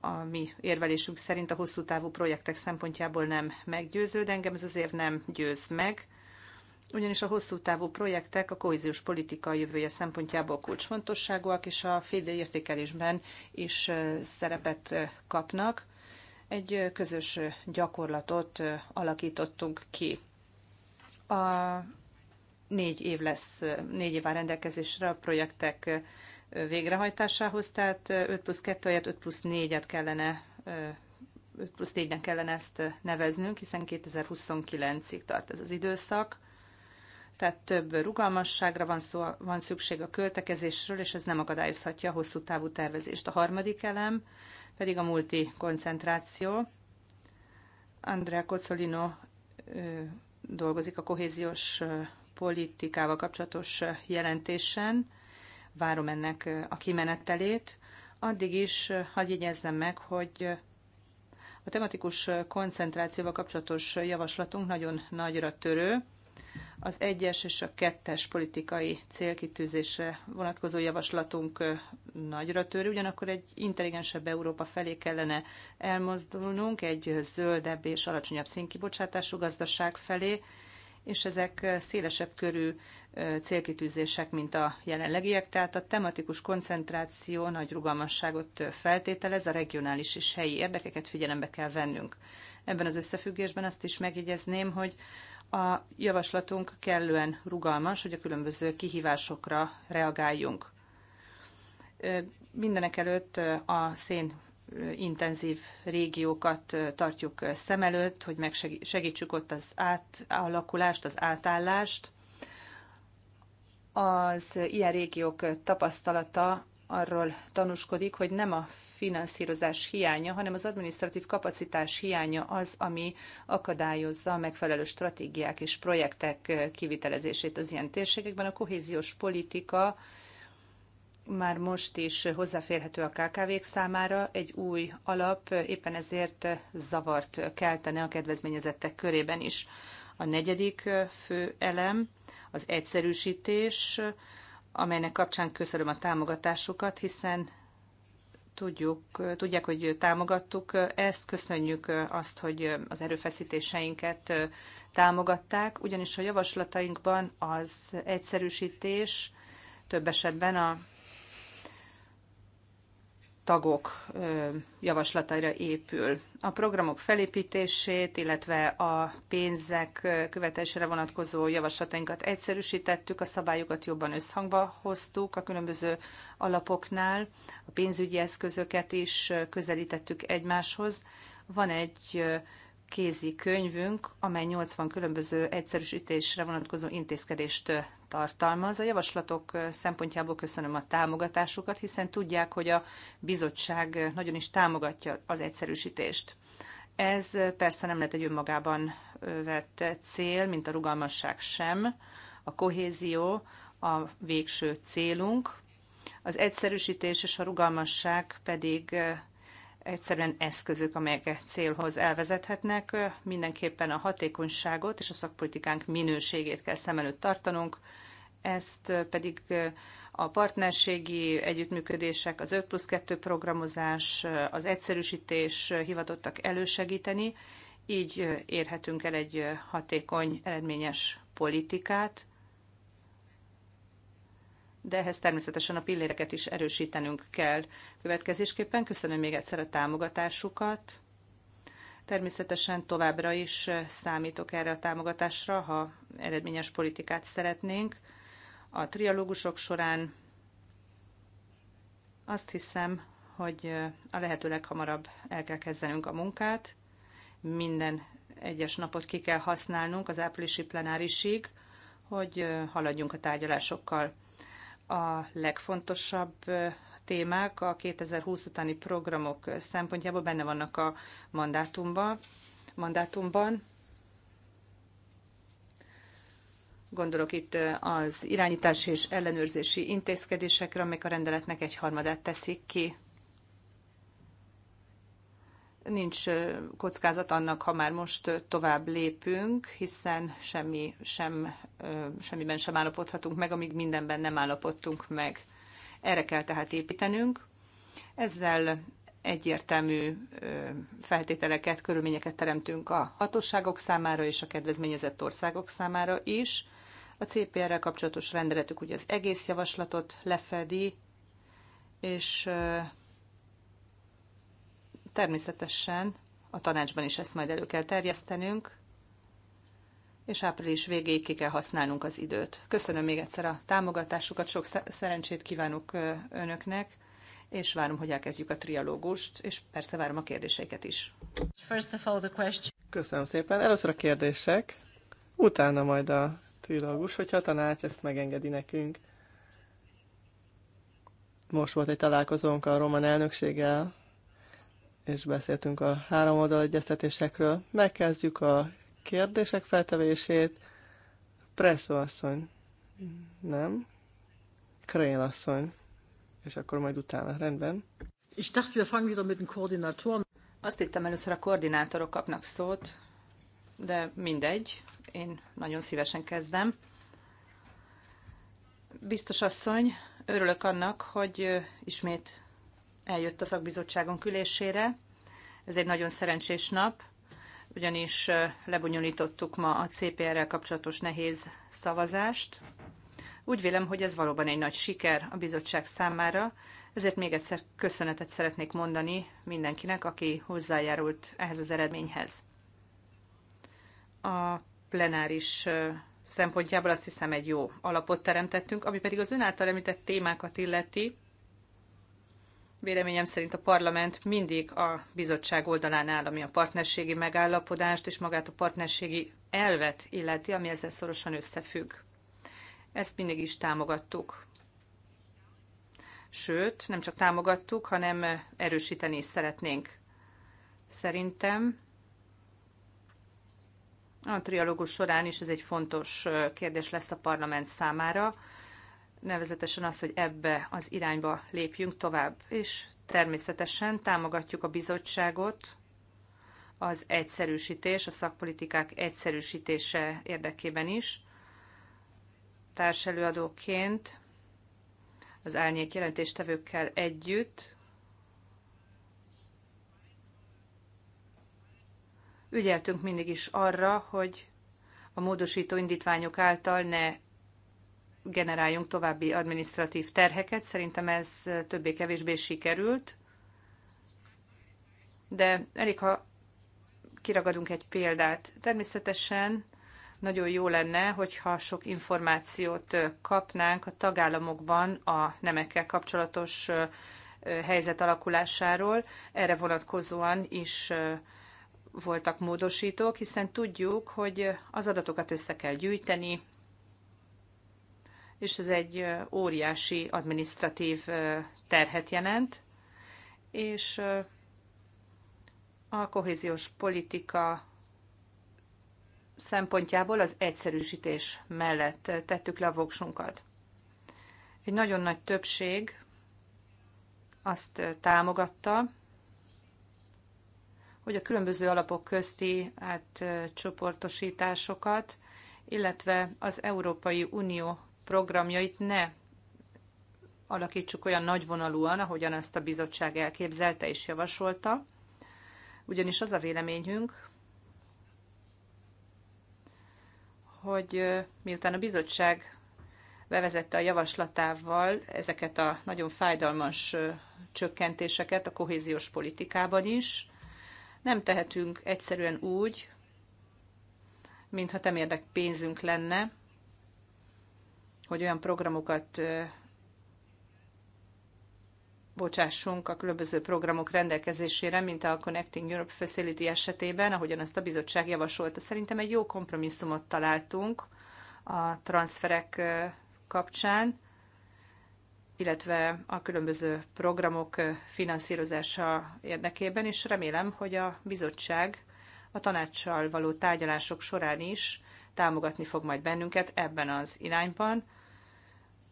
a mi érvelésünk szerint a hosszú távú projektek szempontjából nem meggyőző, de engem ez azért nem győz meg, ugyanis a hosszú távú projektek a kohéziós politika jövője szempontjából kulcsfontosságúak, és a félidei értékelésben is szerepet kapnak. Egy közös gyakorlatot alakítottunk ki. A négy év lesz, négy év áll rendelkezésre a projektek végrehajtásához, tehát 5 plusz 2 helyett 5 plusz 4-et kellene 5 plusz 4-nek kellene ezt neveznünk, hiszen 2029-ig tart ez az időszak. Tehát több rugalmasságra van, szó, van szükség a költekezésről, és ez nem akadályozhatja a hosszú távú tervezést. A harmadik elem pedig a multi koncentráció. Andrea Cozzolino dolgozik a kohéziós politikával kapcsolatos jelentésen, várom ennek a kimenettelét. Addig is hagyj jegyezzem meg, hogy a tematikus koncentrációval kapcsolatos javaslatunk nagyon nagyra törő. Az egyes és a kettes politikai célkitűzésre vonatkozó javaslatunk nagyra törő, ugyanakkor egy intelligensebb Európa felé kellene elmozdulnunk, egy zöldebb és alacsonyabb színkibocsátású gazdaság felé, és ezek szélesebb körű célkitűzések, mint a jelenlegiek, tehát a tematikus koncentráció nagy rugalmasságot feltételez, a regionális és helyi érdekeket figyelembe kell vennünk. Ebben az összefüggésben azt is megjegyezném, hogy a javaslatunk kellően rugalmas, hogy a különböző kihívásokra reagáljunk. Mindenek előtt a szén intenzív régiókat tartjuk szem előtt, hogy megsegítsük ott az átalakulást, az átállást. Az ilyen régiók tapasztalata arról tanúskodik, hogy nem a finanszírozás hiánya, hanem az administratív kapacitás hiánya az, ami akadályozza a megfelelő stratégiák és projektek kivitelezését az ilyen térségekben. A kohéziós politika már most is hozzáférhető a KKV-k számára, egy új alap éppen ezért zavart keltene a kedvezményezettek körében is. A negyedik fő elem az egyszerűsítés, amelynek kapcsán köszönöm a támogatásukat, hiszen tudjuk, tudják, hogy támogattuk ezt, köszönjük azt, hogy az erőfeszítéseinket támogatták, ugyanis a javaslatainkban az egyszerűsítés több esetben a tagok javaslataira épül. A programok felépítését, illetve a pénzek követésére vonatkozó javaslatainkat egyszerűsítettük, a szabályokat jobban összhangba hoztuk a különböző alapoknál, a pénzügyi eszközöket is közelítettük egymáshoz. Van egy kézi könyvünk, amely 80 különböző egyszerűsítésre vonatkozó intézkedést tartalmaz. A javaslatok szempontjából köszönöm a támogatásukat, hiszen tudják, hogy a bizottság nagyon is támogatja az egyszerűsítést. Ez persze nem lett egy önmagában vett cél, mint a rugalmasság sem. A kohézió a végső célunk, az egyszerűsítés és a rugalmasság pedig egyszerűen eszközök, amelyek e célhoz elvezethetnek. Mindenképpen a hatékonyságot és a szakpolitikánk minőségét kell szem előtt tartanunk, ezt pedig a partnerségi együttműködések, az 5 plusz 2 programozás, az egyszerűsítés hivatottak elősegíteni, így érhetünk el egy hatékony, eredményes politikát, de ehhez természetesen a pilléreket is erősítenünk kell. Következésképpen köszönöm még egyszer a támogatásukat. Természetesen továbbra is számítok erre a támogatásra, ha eredményes politikát szeretnénk a trialógusok során. Azt hiszem, hogy a lehető leghamarabb el kell kezdenünk a munkát. Minden egyes napot ki kell használnunk az áprilisi plenárisig, hogy haladjunk a tárgyalásokkal. A legfontosabb témák a 2020 utáni programok szempontjából benne vannak a mandátumban, mandátumban Gondolok itt az irányítási és ellenőrzési intézkedésekre, amelyek a rendeletnek egy harmadát teszik ki. Nincs kockázat annak, ha már most tovább lépünk, hiszen semmi, sem, semmiben sem állapodhatunk meg, amíg mindenben nem állapodtunk meg. Erre kell tehát építenünk. Ezzel egyértelmű feltételeket, körülményeket teremtünk a hatóságok számára és a kedvezményezett országok számára is, a CPR-rel kapcsolatos rendeletük ugye az egész javaslatot lefedi, és természetesen a tanácsban is ezt majd elő kell terjesztenünk, és április végéig ki kell használnunk az időt. Köszönöm még egyszer a támogatásukat, sok szerencsét kívánok önöknek, és várom, hogy elkezdjük a trialógust, és persze várom a kérdéseiket is. First of all the question. Köszönöm szépen. Először a kérdések, utána majd a trilógus, hogyha a tanács ezt megengedi nekünk. Most volt egy találkozónk a román elnökséggel, és beszéltünk a három oldal egyeztetésekről. Megkezdjük a kérdések feltevését. Presszó asszony. Nem. Krél asszony. És akkor majd utána. Rendben. Ich dachte, wir fangen wieder mit den Koordinatoren. Azt hittem először a koordinátorok kapnak szót, de mindegy. Én nagyon szívesen kezdem. Biztos asszony, örülök annak, hogy ismét eljött a szakbizottságon külésére. Ez egy nagyon szerencsés nap, ugyanis lebonyolítottuk ma a CPR-rel kapcsolatos nehéz szavazást. Úgy vélem, hogy ez valóban egy nagy siker a bizottság számára, ezért még egyszer köszönetet szeretnék mondani mindenkinek, aki hozzájárult ehhez az eredményhez. A plenáris szempontjából azt hiszem egy jó alapot teremtettünk, ami pedig az ön által említett témákat illeti. Véleményem szerint a parlament mindig a bizottság oldalán áll, ami a partnerségi megállapodást és magát a partnerségi elvet illeti, ami ezzel szorosan összefügg. Ezt mindig is támogattuk. Sőt, nem csak támogattuk, hanem erősíteni is szeretnénk. Szerintem a trialógus során is ez egy fontos kérdés lesz a parlament számára, nevezetesen az, hogy ebbe az irányba lépjünk tovább. És természetesen támogatjuk a bizottságot az egyszerűsítés, a szakpolitikák egyszerűsítése érdekében is. Társelőadóként az árnyék jelentéstevőkkel együtt ügyeltünk mindig is arra, hogy a módosító indítványok által ne generáljunk további administratív terheket. Szerintem ez többé-kevésbé sikerült, de elég, ha kiragadunk egy példát. Természetesen nagyon jó lenne, hogyha sok információt kapnánk a tagállamokban a nemekkel kapcsolatos helyzet alakulásáról. Erre vonatkozóan is voltak módosítók, hiszen tudjuk, hogy az adatokat össze kell gyűjteni, és ez egy óriási administratív terhet jelent, és a kohéziós politika szempontjából az egyszerűsítés mellett tettük le a voksunkat. Egy nagyon nagy többség azt támogatta, hogy a különböző alapok közti hát, csoportosításokat, illetve az Európai Unió programjait ne alakítsuk olyan nagyvonalúan, ahogyan ezt a bizottság elképzelte és javasolta, ugyanis az a véleményünk, hogy miután a bizottság bevezette a javaslatával ezeket a nagyon fájdalmas csökkentéseket a kohéziós politikában is, nem tehetünk egyszerűen úgy, mintha temérdek pénzünk lenne, hogy olyan programokat bocsássunk a különböző programok rendelkezésére, mint a Connecting Europe Facility esetében, ahogyan azt a bizottság javasolta. Szerintem egy jó kompromisszumot találtunk a transferek kapcsán, illetve a különböző programok finanszírozása érdekében, és remélem, hogy a bizottság a tanácssal való tárgyalások során is támogatni fog majd bennünket ebben az irányban.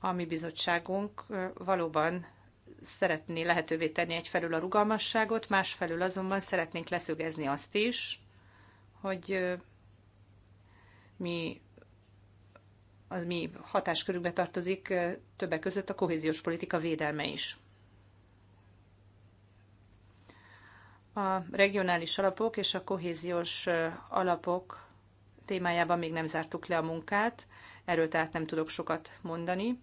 A mi bizottságunk valóban szeretné lehetővé tenni egyfelül a rugalmasságot, másfelül azonban szeretnénk leszögezni azt is, hogy mi az mi hatáskörükbe tartozik többek között a kohéziós politika védelme is. A regionális alapok és a kohéziós alapok témájában még nem zártuk le a munkát, erről tehát nem tudok sokat mondani.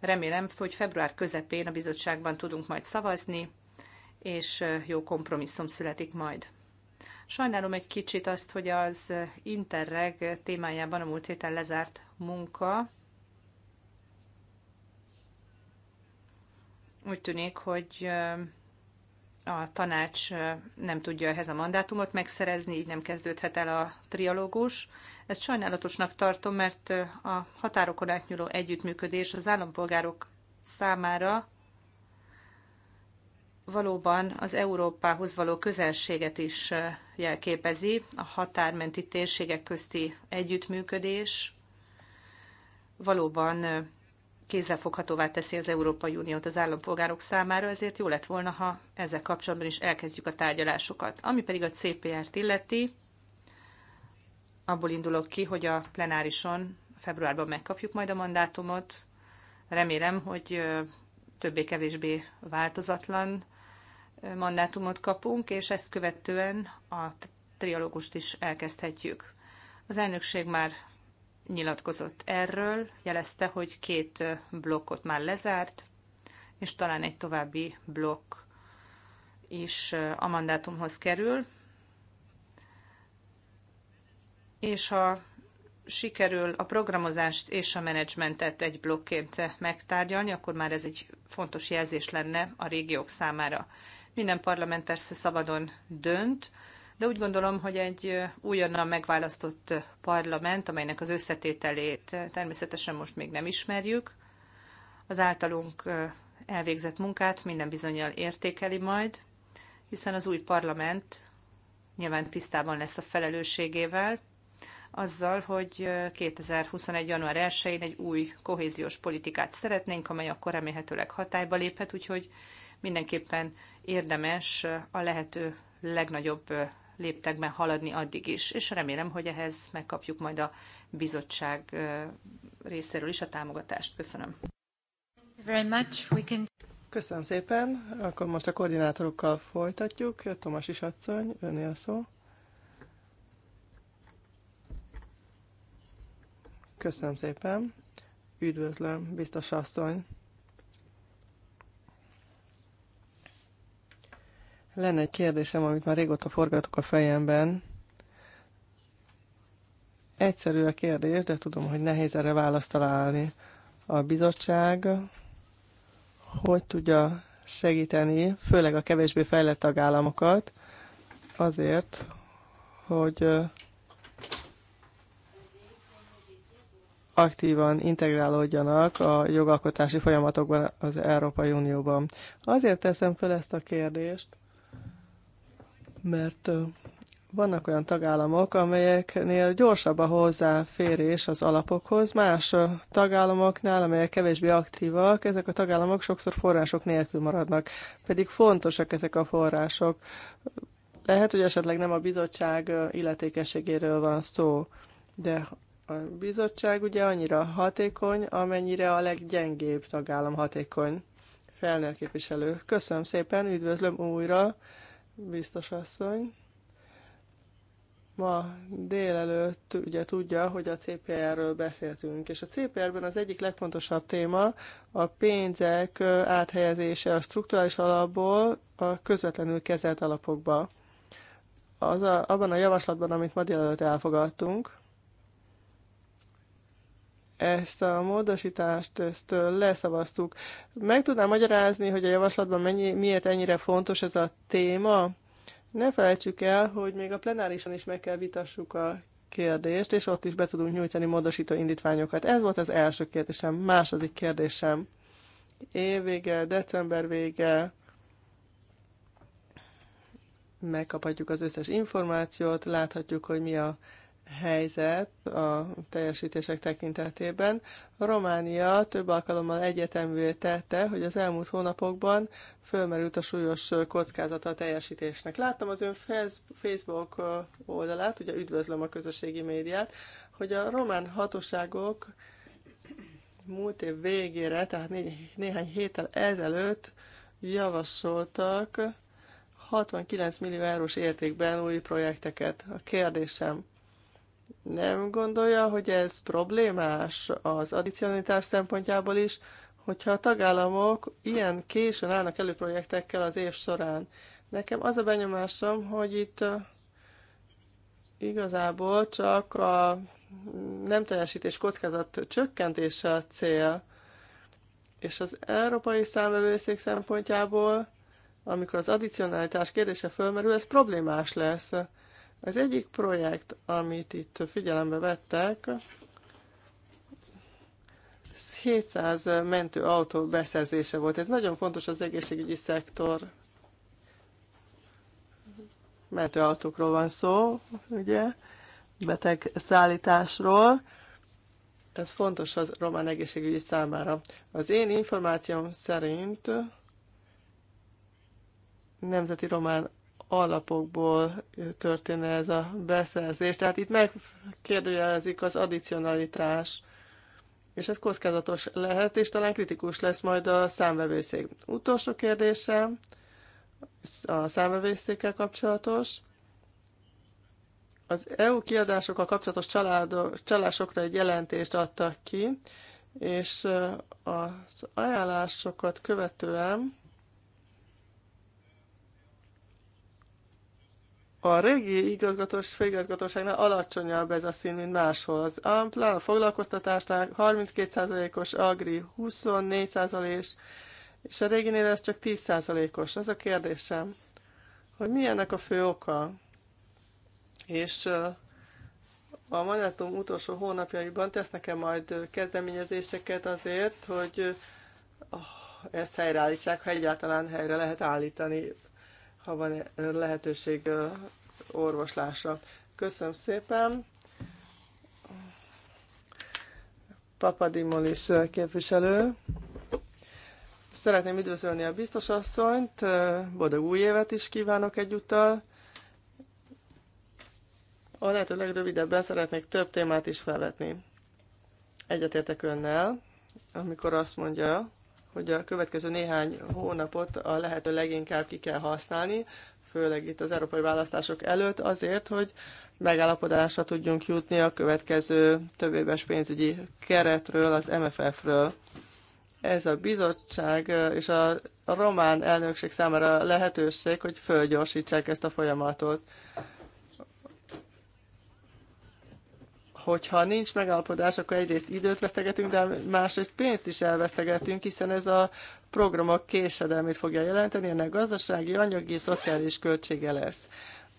Remélem, hogy február közepén a bizottságban tudunk majd szavazni, és jó kompromisszum születik majd. Sajnálom egy kicsit azt, hogy az Interreg témájában a múlt héten lezárt munka úgy tűnik, hogy a tanács nem tudja ehhez a mandátumot megszerezni, így nem kezdődhet el a trialógus. Ezt sajnálatosnak tartom, mert a határokon átnyúló együttműködés az állampolgárok számára valóban az Európához való közelséget is jelképezi, a határmenti térségek közti együttműködés valóban kézzelfoghatóvá teszi az Európai Uniót az állampolgárok számára, ezért jó lett volna, ha ezzel kapcsolatban is elkezdjük a tárgyalásokat. Ami pedig a CPR-t illeti, abból indulok ki, hogy a plenárison februárban megkapjuk majd a mandátumot. Remélem, hogy többé-kevésbé változatlan mandátumot kapunk, és ezt követően a trialógust is elkezdhetjük. Az elnökség már nyilatkozott erről, jelezte, hogy két blokkot már lezárt, és talán egy további blokk is a mandátumhoz kerül. És ha sikerül a programozást és a menedzsmentet egy blokként megtárgyalni, akkor már ez egy fontos jelzés lenne a régiók számára. Minden parlament persze szabadon dönt, de úgy gondolom, hogy egy újonnan megválasztott parlament, amelynek az összetételét természetesen most még nem ismerjük, az általunk elvégzett munkát minden bizonyal értékeli majd, hiszen az új parlament nyilván tisztában lesz a felelősségével, azzal, hogy 2021. január 1-én egy új kohéziós politikát szeretnénk, amely akkor remélhetőleg hatályba léphet, úgyhogy mindenképpen érdemes a lehető legnagyobb léptekben haladni addig is, és remélem, hogy ehhez megkapjuk majd a bizottság részéről is a támogatást. Köszönöm. Köszönöm szépen. Akkor most a koordinátorokkal folytatjuk. Tomas is adszony, öné a szó. Köszönöm szépen. Üdvözlöm, biztos asszony. Lenne egy kérdésem, amit már régóta forgatok a fejemben. Egyszerű a kérdés, de tudom, hogy nehéz erre választ találni. A bizottság hogy tudja segíteni, főleg a kevésbé fejlett tagállamokat, azért, hogy aktívan integrálódjanak a jogalkotási folyamatokban az Európai Unióban. Azért teszem fel ezt a kérdést, mert vannak olyan tagállamok, amelyeknél gyorsabb a hozzáférés az alapokhoz, más tagállamoknál, amelyek kevésbé aktívak, ezek a tagállamok sokszor források nélkül maradnak, pedig fontosak ezek a források. Lehet, hogy esetleg nem a bizottság illetékességéről van szó, de a bizottság ugye annyira hatékony, amennyire a leggyengébb tagállam hatékony. Felner képviselő. Köszönöm szépen, üdvözlöm újra biztos asszony. Ma délelőtt ugye tudja, hogy a CPR-ről beszéltünk, és a CPR-ben az egyik legfontosabb téma a pénzek áthelyezése a struktúrális alapból a közvetlenül kezelt alapokba. Az a, abban a javaslatban, amit ma délelőtt elfogadtunk, ezt a módosítást, ezt leszavaztuk. Meg tudnám magyarázni, hogy a javaslatban mennyi, miért ennyire fontos ez a téma? Ne felejtsük el, hogy még a plenárisan is meg kell vitassuk a kérdést, és ott is be tudunk nyújtani módosító indítványokat. Ez volt az első kérdésem. Második kérdésem. Évvége, december vége, megkaphatjuk az összes információt, láthatjuk, hogy mi a helyzet a teljesítések tekintetében. Románia több alkalommal egyeteművé tette, hogy az elmúlt hónapokban fölmerült a súlyos kockázata a teljesítésnek. Láttam az ön Facebook oldalát, ugye üdvözlöm a közösségi médiát, hogy a román hatóságok múlt év végére, tehát né- néhány héttel ezelőtt javasoltak 69 millió eurós értékben új projekteket. A kérdésem, nem gondolja, hogy ez problémás az addicionalitás szempontjából is, hogyha a tagállamok ilyen későn állnak elő projektekkel az év során. Nekem az a benyomásom, hogy itt igazából csak a nem teljesítés kockázat csökkentése a cél, és az európai számvevőszék szempontjából, amikor az addicionalitás kérdése fölmerül, ez problémás lesz az egyik projekt, amit itt figyelembe vettek, 700 mentőautó beszerzése volt. Ez nagyon fontos az egészségügyi szektor. Mentőautókról van szó, ugye, beteg szállításról. Ez fontos az román egészségügyi számára. Az én információm szerint Nemzeti Román alapokból történne ez a beszerzés. Tehát itt megkérdőjelezik az addicionalitás, és ez kockázatos lehet, és talán kritikus lesz majd a számvevőszék. Utolsó kérdésem a számvevőszékkel kapcsolatos. Az EU kiadásokkal kapcsolatos családo, csalásokra egy jelentést adtak ki, és az ajánlásokat követően a régi igazgatós, főigazgatóságnál alacsonyabb ez a szín, mint máshol az, plán a foglalkoztatásnál 32%-os, agri 24%-os, és a réginél ez csak 10%-os. Az a kérdésem, hogy mi ennek a fő oka? És a Manetum utolsó hónapjaiban tesznek-e majd kezdeményezéseket azért, hogy ezt helyreállítsák, ha egyáltalán helyre lehet állítani ha van lehetőség orvoslásra. Köszönöm szépen. is képviselő. Szeretném üdvözölni a biztosasszonyt, boldog új évet is kívánok egyúttal. A lehető legrövidebben szeretnék több témát is felvetni. Egyetértek önnel, amikor azt mondja, hogy a következő néhány hónapot a lehető leginkább ki kell használni, főleg itt az európai választások előtt, azért, hogy megállapodásra tudjunk jutni a következő többéves pénzügyi keretről, az MFF-ről. Ez a bizottság és a román elnökség számára lehetőség, hogy fölgyorsítsák ezt a folyamatot. hogyha nincs megállapodás, akkor egyrészt időt vesztegetünk, de másrészt pénzt is elvesztegetünk, hiszen ez a programok késedelmét fogja jelenteni, ennek gazdasági, anyagi, szociális költsége lesz.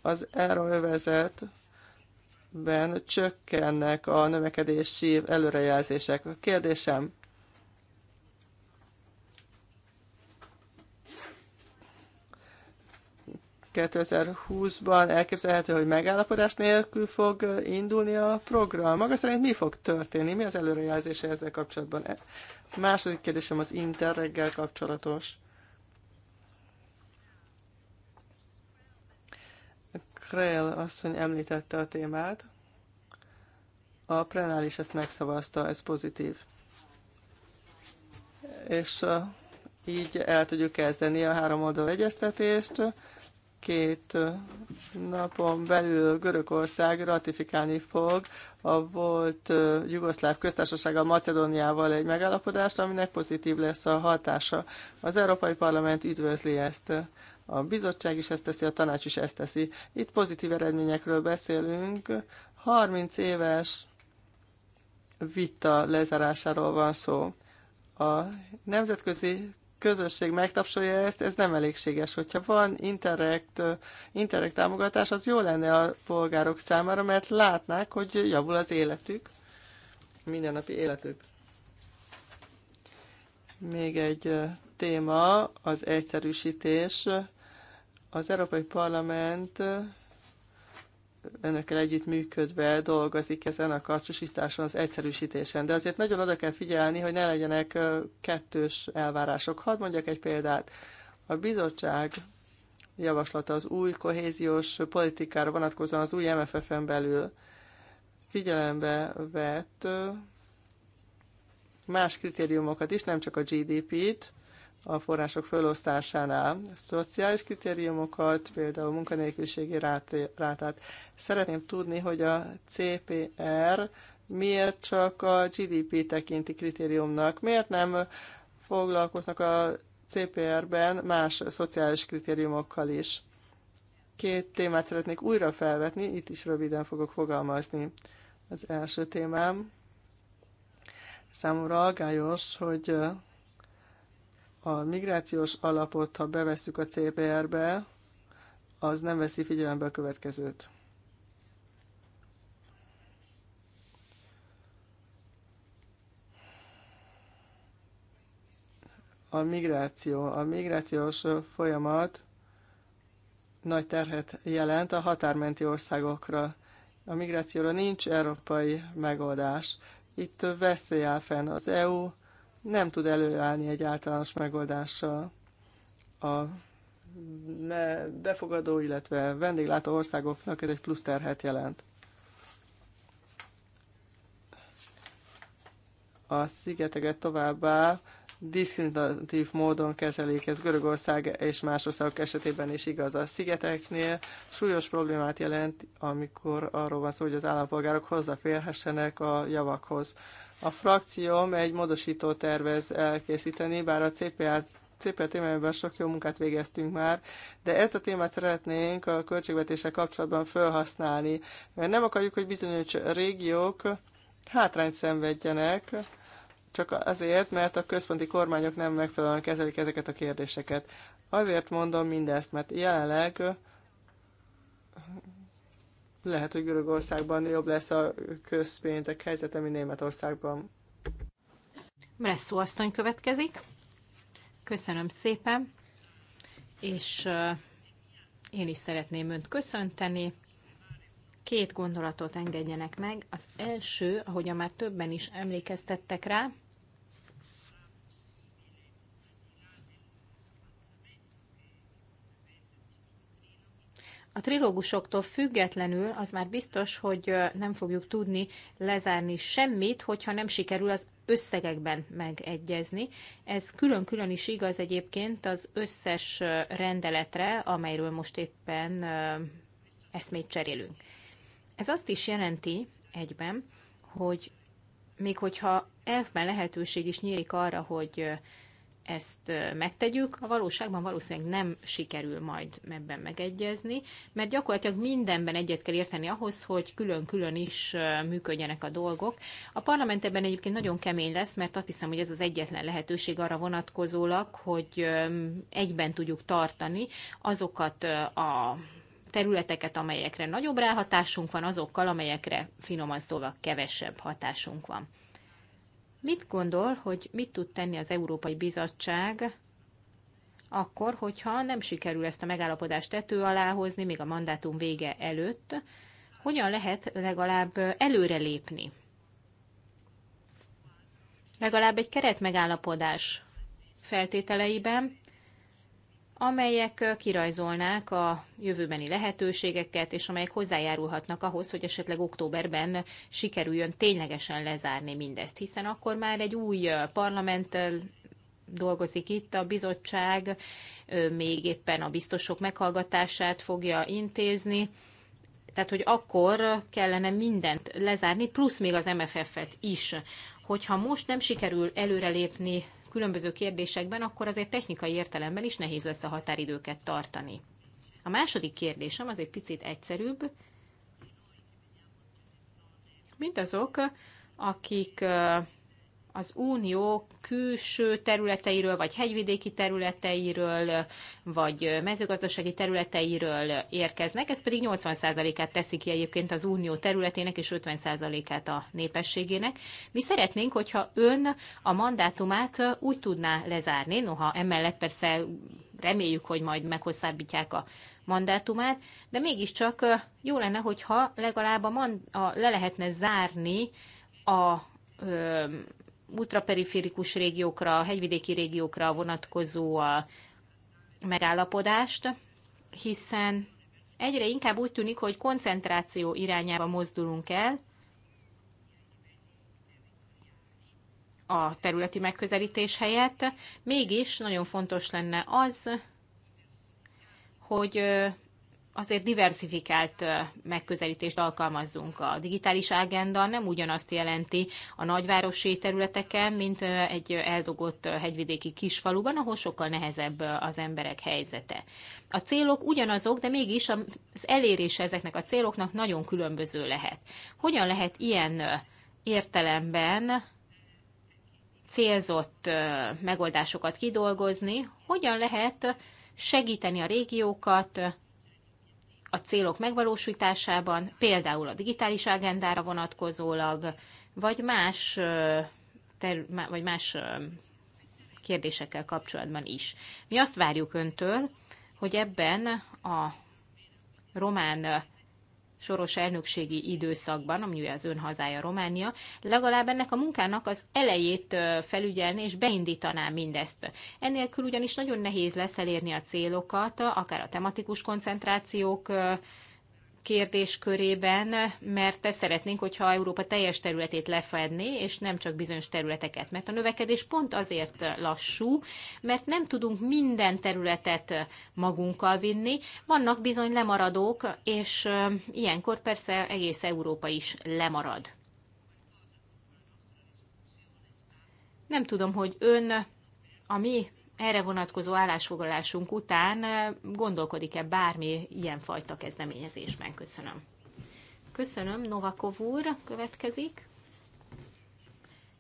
Az euróövezet ben csökkennek a növekedési előrejelzések. A kérdésem, 2020-ban elképzelhető, hogy megállapodás nélkül fog indulni a program. Maga szerint mi fog történni? Mi az előrejelzése ezzel kapcsolatban? A e, második kérdésem az Interreggel kapcsolatos. Krell asszony említette a témát. A plenáris ezt megszavazta, ez pozitív. És így el tudjuk kezdeni a három oldal egyeztetést két napon belül Görögország ratifikálni fog a volt Jugoszláv köztársasága Macedóniával egy megállapodást, aminek pozitív lesz a hatása. Az Európai Parlament üdvözli ezt. A bizottság is ezt teszi, a tanács is ezt teszi. Itt pozitív eredményekről beszélünk. 30 éves vita lezárásáról van szó. A nemzetközi közösség megtapsolja ezt, ez nem elégséges. Hogyha van interrekt, interrekt támogatás, az jó lenne a polgárok számára, mert látnák, hogy javul az életük, mindennapi életük. Még egy téma, az egyszerűsítés. Az Európai Parlament önökkel működve dolgozik ezen a karcsúsításon, az egyszerűsítésen. De azért nagyon oda kell figyelni, hogy ne legyenek kettős elvárások. Hadd mondjak egy példát. A bizottság javaslata az új kohéziós politikára vonatkozóan az új MFF-en belül figyelembe vett más kritériumokat is, nem csak a GDP-t, a források felosztásánál, Szociális kritériumokat, például munkanélküliségi rátát. Szeretném tudni, hogy a CPR miért csak a GDP tekinti kritériumnak, miért nem foglalkoznak a CPR-ben más szociális kritériumokkal is. Két témát szeretnék újra felvetni, itt is röviden fogok fogalmazni. Az első témám számomra aggályos, hogy a migrációs alapot, ha bevesszük a CPR-be, az nem veszi figyelembe a következőt. A migráció. A migrációs folyamat nagy terhet jelent a határmenti országokra. A migrációra nincs európai megoldás. Itt veszély áll fenn az EU, nem tud előállni egy általános megoldással. A befogadó, illetve vendéglátó országoknak ez egy plusz terhet jelent. A szigeteket továbbá diszkriminatív módon kezelik, ez Görögország és más országok esetében is igaz. A szigeteknél súlyos problémát jelent, amikor arról van szó, hogy az állampolgárok hozzáférhessenek a javakhoz. A frakcióm egy módosító tervez elkészíteni, bár a CPR CPR témájában sok jó munkát végeztünk már, de ezt a témát szeretnénk a költségvetéssel kapcsolatban felhasználni, mert nem akarjuk, hogy bizonyos régiók hátrányt szenvedjenek, csak azért, mert a központi kormányok nem megfelelően kezelik ezeket a kérdéseket. Azért mondom mindezt, mert jelenleg lehet, hogy Görögországban jobb lesz a közpénzek helyzete, mint Németországban. Bresszó asszony következik. Köszönöm szépen, és én is szeretném Önt köszönteni. Két gondolatot engedjenek meg. Az első, ahogyan már többen is emlékeztettek rá, A trilógusoktól függetlenül az már biztos, hogy nem fogjuk tudni lezárni semmit, hogyha nem sikerül az összegekben megegyezni. Ez külön-külön is igaz egyébként az összes rendeletre, amelyről most éppen eszmét cserélünk. Ez azt is jelenti egyben, hogy még hogyha elfben lehetőség is nyílik arra, hogy ezt megtegyük, a valóságban valószínűleg nem sikerül majd ebben megegyezni, mert gyakorlatilag mindenben egyet kell érteni ahhoz, hogy külön-külön is működjenek a dolgok. A parlament ebben egyébként nagyon kemény lesz, mert azt hiszem, hogy ez az egyetlen lehetőség arra vonatkozólag, hogy egyben tudjuk tartani azokat a területeket, amelyekre nagyobb ráhatásunk van, azokkal, amelyekre finoman szóval kevesebb hatásunk van. Mit gondol, hogy mit tud tenni az Európai Bizottság akkor, hogyha nem sikerül ezt a megállapodást tető alá hozni, még a mandátum vége előtt, hogyan lehet legalább előrelépni? Legalább egy keretmegállapodás feltételeiben, amelyek kirajzolnák a jövőbeni lehetőségeket, és amelyek hozzájárulhatnak ahhoz, hogy esetleg októberben sikerüljön ténylegesen lezárni mindezt, hiszen akkor már egy új parlamenttel dolgozik itt a bizottság, még éppen a biztosok meghallgatását fogja intézni, tehát, hogy akkor kellene mindent lezárni, plusz még az MFF-et is. Hogyha most nem sikerül előrelépni különböző kérdésekben, akkor azért technikai értelemben is nehéz lesz a határidőket tartani. A második kérdésem az egy picit egyszerűbb, mint azok, akik az unió külső területeiről, vagy hegyvidéki területeiről, vagy mezőgazdasági területeiről érkeznek, ez pedig 80%-át teszi ki egyébként az unió területének és 50%-át a népességének. Mi szeretnénk, hogyha ön a mandátumát úgy tudná lezárni, noha emellett persze reméljük, hogy majd meghosszabbítják a mandátumát, de mégiscsak jó lenne, hogyha legalább a, man- a le lehetne zárni a ultraperiférikus régiókra, hegyvidéki régiókra vonatkozó megállapodást, hiszen egyre inkább úgy tűnik, hogy koncentráció irányába mozdulunk el a területi megközelítés helyett. Mégis nagyon fontos lenne az, hogy azért diversifikált megközelítést alkalmazzunk. A digitális agenda nem ugyanazt jelenti a nagyvárosi területeken, mint egy eldogott hegyvidéki kisfaluban, ahol sokkal nehezebb az emberek helyzete. A célok ugyanazok, de mégis az elérése ezeknek a céloknak nagyon különböző lehet. Hogyan lehet ilyen értelemben célzott megoldásokat kidolgozni, hogyan lehet segíteni a régiókat, a célok megvalósításában, például a digitális agendára vonatkozólag, vagy más, vagy más kérdésekkel kapcsolatban is. Mi azt várjuk öntől, hogy ebben a román soros elnökségi időszakban, ami az ön hazája Románia, legalább ennek a munkának az elejét felügyelni és beindítaná mindezt. Ennélkül ugyanis nagyon nehéz lesz elérni a célokat, akár a tematikus koncentrációk kérdéskörében, mert szeretnénk, hogyha Európa teljes területét lefedné, és nem csak bizonyos területeket. Mert a növekedés pont azért lassú, mert nem tudunk minden területet magunkkal vinni. Vannak bizony lemaradók, és ilyenkor persze egész Európa is lemarad. Nem tudom, hogy ön a mi erre vonatkozó állásfoglalásunk után gondolkodik-e bármi ilyenfajta kezdeményezésben? Köszönöm. Köszönöm, Novakov úr következik.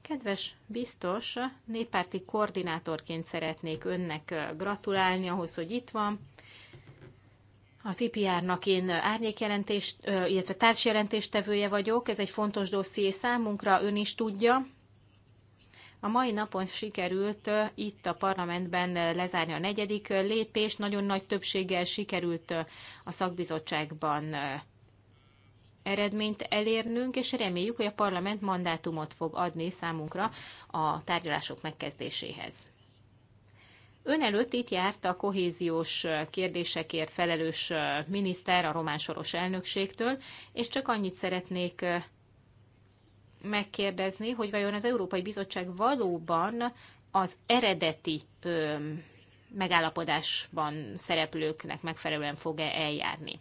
Kedves biztos, néppárti koordinátorként szeretnék önnek gratulálni ahhoz, hogy itt van. Az IPR-nak én árnyékjelentést, illetve társjelentéstevője vagyok, ez egy fontos dosszié számunkra, ön is tudja, a mai napon sikerült itt a parlamentben lezárni a negyedik lépést, nagyon nagy többséggel sikerült a szakbizottságban eredményt elérnünk, és reméljük, hogy a parlament mandátumot fog adni számunkra a tárgyalások megkezdéséhez. Ön előtt itt járt a kohéziós kérdésekért felelős miniszter a román soros elnökségtől, és csak annyit szeretnék megkérdezni, hogy vajon az Európai Bizottság valóban az eredeti ö, megállapodásban szereplőknek megfelelően fog-e eljárni.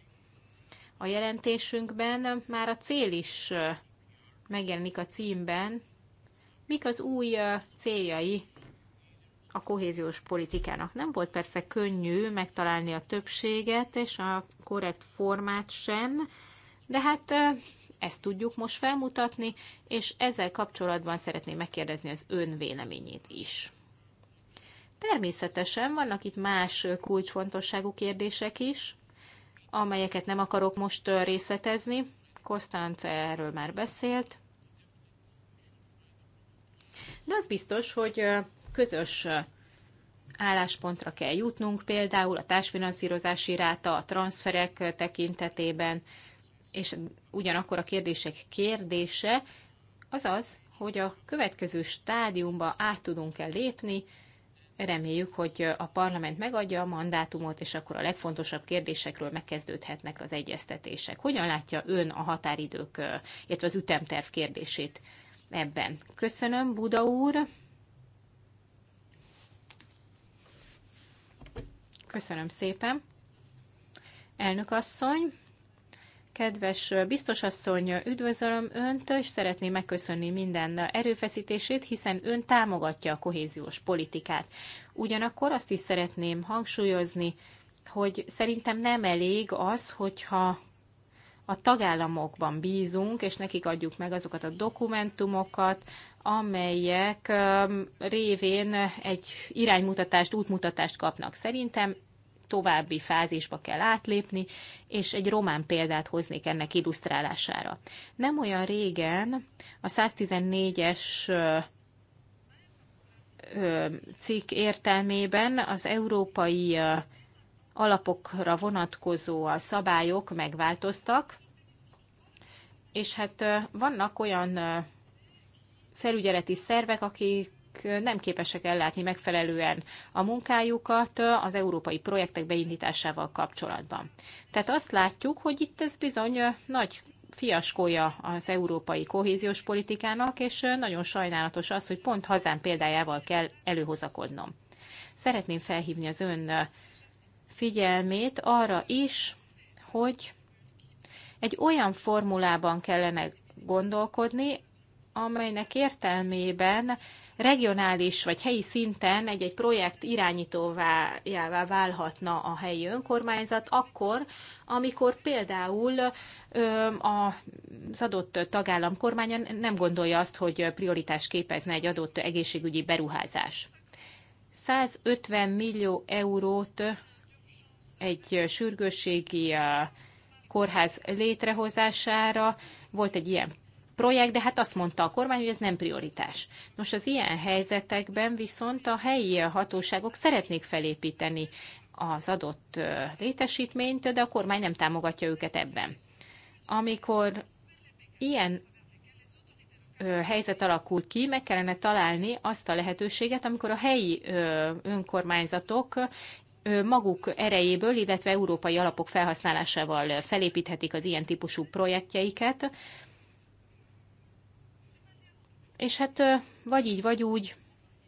A jelentésünkben már a cél is megjelenik a címben, mik az új céljai a kohéziós politikának. Nem volt persze könnyű megtalálni a többséget és a korrekt formát sem, de hát ezt tudjuk most felmutatni, és ezzel kapcsolatban szeretném megkérdezni az ön véleményét is. Természetesen vannak itt más kulcsfontosságú kérdések is, amelyeket nem akarok most részletezni. Kosztánc erről már beszélt. De az biztos, hogy közös álláspontra kell jutnunk, például a társfinanszírozási ráta, a transferek tekintetében, és ugyanakkor a kérdések kérdése az az, hogy a következő stádiumba át tudunk-e lépni, reméljük, hogy a parlament megadja a mandátumot, és akkor a legfontosabb kérdésekről megkezdődhetnek az egyeztetések. Hogyan látja ön a határidők, illetve az ütemterv kérdését ebben? Köszönöm, Buda úr! Köszönöm szépen! Elnök asszony! Kedves biztosasszony, üdvözlöm Önt, és szeretném megköszönni minden erőfeszítését, hiszen Ön támogatja a kohéziós politikát. Ugyanakkor azt is szeretném hangsúlyozni, hogy szerintem nem elég az, hogyha a tagállamokban bízunk, és nekik adjuk meg azokat a dokumentumokat, amelyek révén egy iránymutatást, útmutatást kapnak. Szerintem további fázisba kell átlépni, és egy román példát hoznék ennek illusztrálására. Nem olyan régen a 114-es cikk értelmében az európai alapokra vonatkozó a szabályok megváltoztak, és hát vannak olyan felügyeleti szervek, akik nem képesek ellátni megfelelően a munkájukat az európai projektek beindításával kapcsolatban. Tehát azt látjuk, hogy itt ez bizony nagy fiaskója az európai kohéziós politikának, és nagyon sajnálatos az, hogy pont hazán példájával kell előhozakodnom. Szeretném felhívni az ön figyelmét arra is, hogy egy olyan formulában kellene gondolkodni, amelynek értelmében regionális vagy helyi szinten egy-egy projekt irányítóvá válhatna a helyi önkormányzat, akkor, amikor például az adott tagállam kormánya nem gondolja azt, hogy prioritás képezne egy adott egészségügyi beruházás. 150 millió eurót egy sürgősségi kórház létrehozására volt egy ilyen projekt, de hát azt mondta a kormány, hogy ez nem prioritás. Nos, az ilyen helyzetekben viszont a helyi hatóságok szeretnék felépíteni az adott létesítményt, de a kormány nem támogatja őket ebben. Amikor ilyen helyzet alakul ki, meg kellene találni azt a lehetőséget, amikor a helyi önkormányzatok maguk erejéből, illetve európai alapok felhasználásával felépíthetik az ilyen típusú projektjeiket, és hát vagy így, vagy úgy,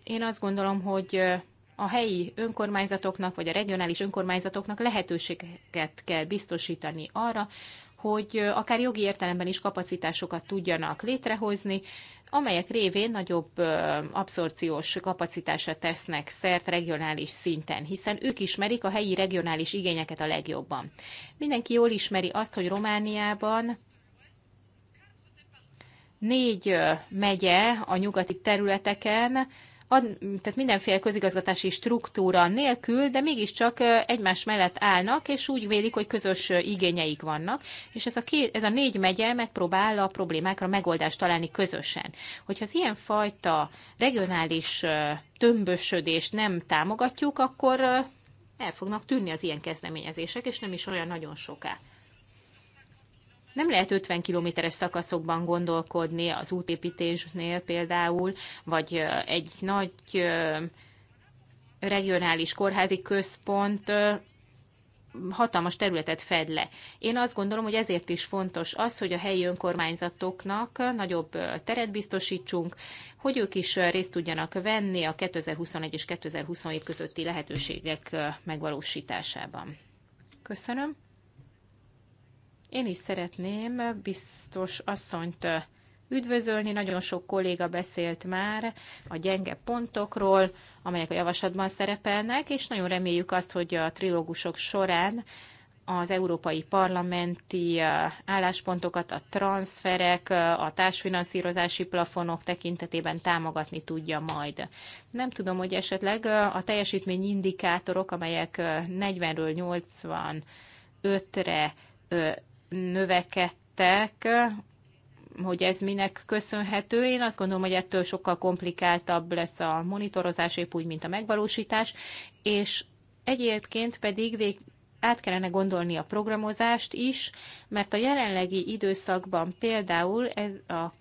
én azt gondolom, hogy a helyi önkormányzatoknak, vagy a regionális önkormányzatoknak lehetőséget kell biztosítani arra, hogy akár jogi értelemben is kapacitásokat tudjanak létrehozni, amelyek révén nagyobb abszorciós kapacitásra tesznek szert regionális szinten, hiszen ők ismerik a helyi regionális igényeket a legjobban. Mindenki jól ismeri azt, hogy Romániában négy megye a nyugati területeken, ad, tehát mindenféle közigazgatási struktúra nélkül, de mégiscsak egymás mellett állnak, és úgy vélik, hogy közös igényeik vannak, és ez a, két, ez a négy megye megpróbál a problémákra megoldást találni közösen. Hogyha az ilyenfajta regionális tömbösödést nem támogatjuk, akkor el fognak tűnni az ilyen kezdeményezések, és nem is olyan nagyon soká. Nem lehet 50 kilométeres szakaszokban gondolkodni az útépítésnél például, vagy egy nagy regionális kórházi központ hatalmas területet fed le. Én azt gondolom, hogy ezért is fontos az, hogy a helyi önkormányzatoknak nagyobb teret biztosítsunk, hogy ők is részt tudjanak venni a 2021 és 2027 közötti lehetőségek megvalósításában. Köszönöm. Én is szeretném biztos asszonyt üdvözölni. Nagyon sok kolléga beszélt már a gyenge pontokról, amelyek a javaslatban szerepelnek, és nagyon reméljük azt, hogy a trilógusok során az európai parlamenti álláspontokat, a transferek, a társfinanszírozási plafonok tekintetében támogatni tudja majd. Nem tudom, hogy esetleg a teljesítményindikátorok, amelyek 40-ről 85-re növekedtek, hogy ez minek köszönhető. Én azt gondolom, hogy ettől sokkal komplikáltabb lesz a monitorozás, épp úgy, mint a megvalósítás, és egyébként pedig vég, át kellene gondolni a programozást is, mert a jelenlegi időszakban például ez a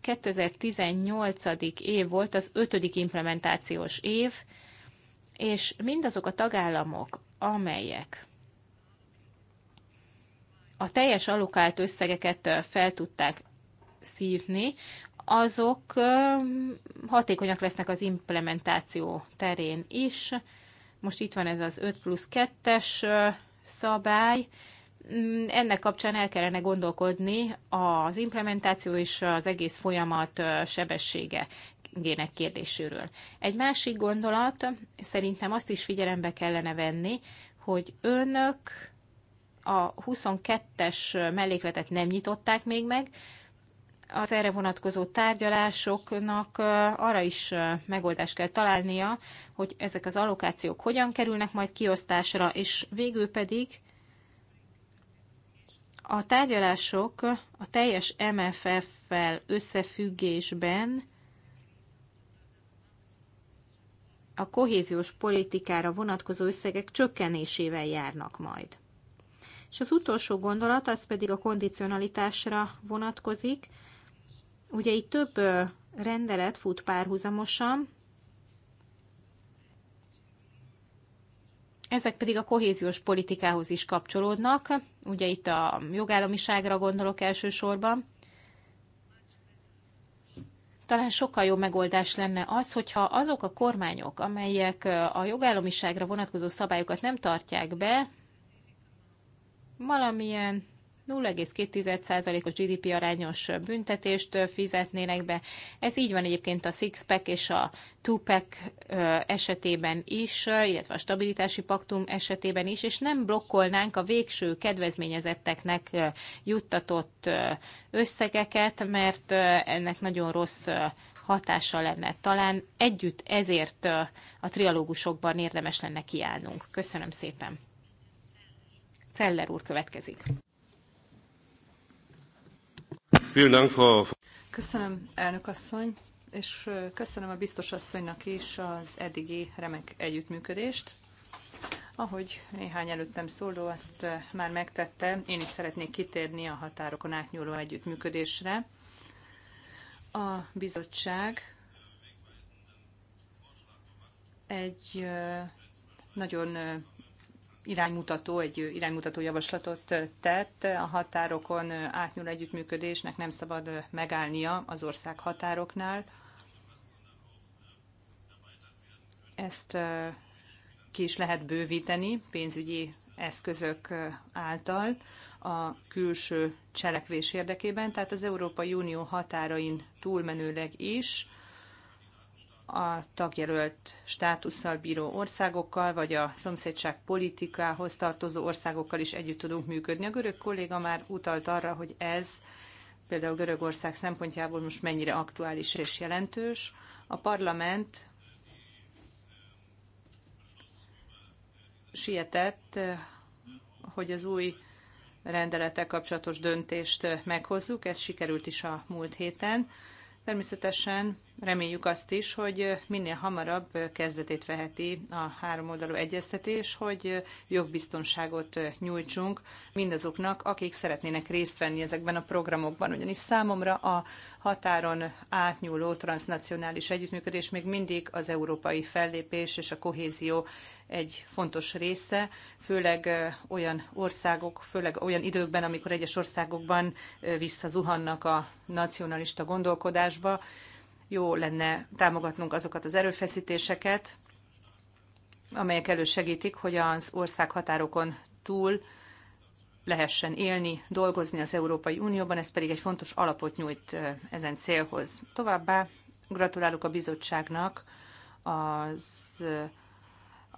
2018. év volt az ötödik implementációs év, és mindazok a tagállamok, amelyek a teljes alokált összegeket fel tudták szívni, azok hatékonyak lesznek az implementáció terén is. Most itt van ez az 5 plusz 2-es szabály. Mm, ennek kapcsán el kellene gondolkodni az implementáció és az egész folyamat sebessége gének kérdéséről. Egy másik gondolat, szerintem azt is figyelembe kellene venni, hogy önök a 22-es mellékletet nem nyitották még meg. Az erre vonatkozó tárgyalásoknak arra is megoldást kell találnia, hogy ezek az allokációk hogyan kerülnek majd kiosztásra, és végül pedig a tárgyalások a teljes MFF-fel összefüggésben a kohéziós politikára vonatkozó összegek csökkenésével járnak majd. És az utolsó gondolat, az pedig a kondicionalitásra vonatkozik. Ugye itt több rendelet fut párhuzamosan, Ezek pedig a kohéziós politikához is kapcsolódnak, ugye itt a jogállamiságra gondolok elsősorban. Talán sokkal jobb megoldás lenne az, hogyha azok a kormányok, amelyek a jogállamiságra vonatkozó szabályokat nem tartják be, valamilyen 0,2%-os GDP arányos büntetést fizetnének be. Ez így van egyébként a Sixpack és a Tupac esetében is, illetve a stabilitási paktum esetében is, és nem blokkolnánk a végső kedvezményezetteknek juttatott összegeket, mert ennek nagyon rossz hatása lenne. Talán együtt ezért a trialógusokban érdemes lenne kiállnunk. Köszönöm szépen! Celler úr következik. Köszönöm, elnök asszony, és köszönöm a biztos asszonynak is az eddigi remek együttműködést. Ahogy néhány előttem szóló azt már megtette, én is szeretnék kitérni a határokon átnyúló együttműködésre. A bizottság egy nagyon iránymutató, egy iránymutató javaslatot tett. A határokon átnyúl együttműködésnek nem szabad megállnia az ország határoknál. Ezt ki is lehet bővíteni pénzügyi eszközök által a külső cselekvés érdekében, tehát az Európai Unió határain túlmenőleg is a tagjelölt státusszal bíró országokkal, vagy a szomszédság politikához tartozó országokkal is együtt tudunk működni. A görög kolléga már utalt arra, hogy ez például Görögország szempontjából most mennyire aktuális és jelentős. A parlament sietett, hogy az új rendelettel kapcsolatos döntést meghozzuk, ez sikerült is a múlt héten. Természetesen reméljük azt is, hogy minél hamarabb kezdetét veheti a háromoldalú egyeztetés, hogy jogbiztonságot nyújtsunk mindazoknak, akik szeretnének részt venni ezekben a programokban. Ugyanis számomra a határon átnyúló transnacionális együttműködés még mindig az európai fellépés és a kohézió egy fontos része, főleg olyan országok, főleg olyan időkben, amikor egyes országokban visszazuhannak a nacionalista gondolkodásba, jó lenne támogatnunk azokat az erőfeszítéseket, amelyek elősegítik, hogy az ország határokon túl lehessen élni, dolgozni az Európai Unióban, ez pedig egy fontos alapot nyújt ezen célhoz. Továbbá gratulálok a bizottságnak az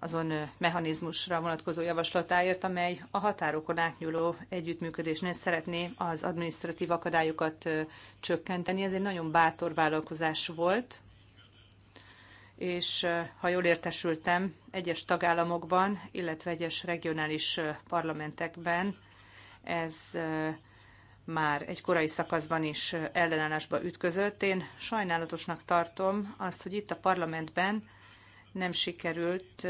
azon mechanizmusra vonatkozó javaslatáért, amely a határokon átnyúló együttműködésnél szeretné az administratív akadályokat csökkenteni. Ez egy nagyon bátor vállalkozás volt, és ha jól értesültem, egyes tagállamokban, illetve egyes regionális parlamentekben ez már egy korai szakaszban is ellenállásba ütközött. Én sajnálatosnak tartom azt, hogy itt a parlamentben nem sikerült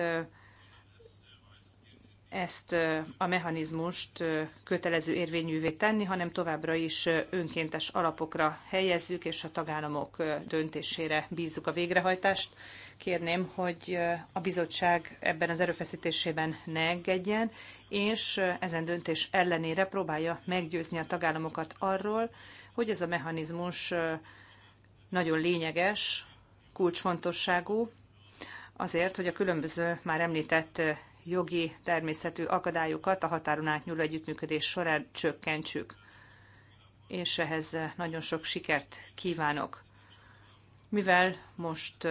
ezt a mechanizmust kötelező érvényűvé tenni, hanem továbbra is önkéntes alapokra helyezzük, és a tagállamok döntésére bízzuk a végrehajtást. Kérném, hogy a bizottság ebben az erőfeszítésében ne engedjen, és ezen döntés ellenére próbálja meggyőzni a tagállamokat arról, hogy ez a mechanizmus nagyon lényeges, kulcsfontosságú, azért, hogy a különböző már említett jogi természetű akadályokat a határon átnyúló együttműködés során csökkentsük. És ehhez nagyon sok sikert kívánok. Mivel most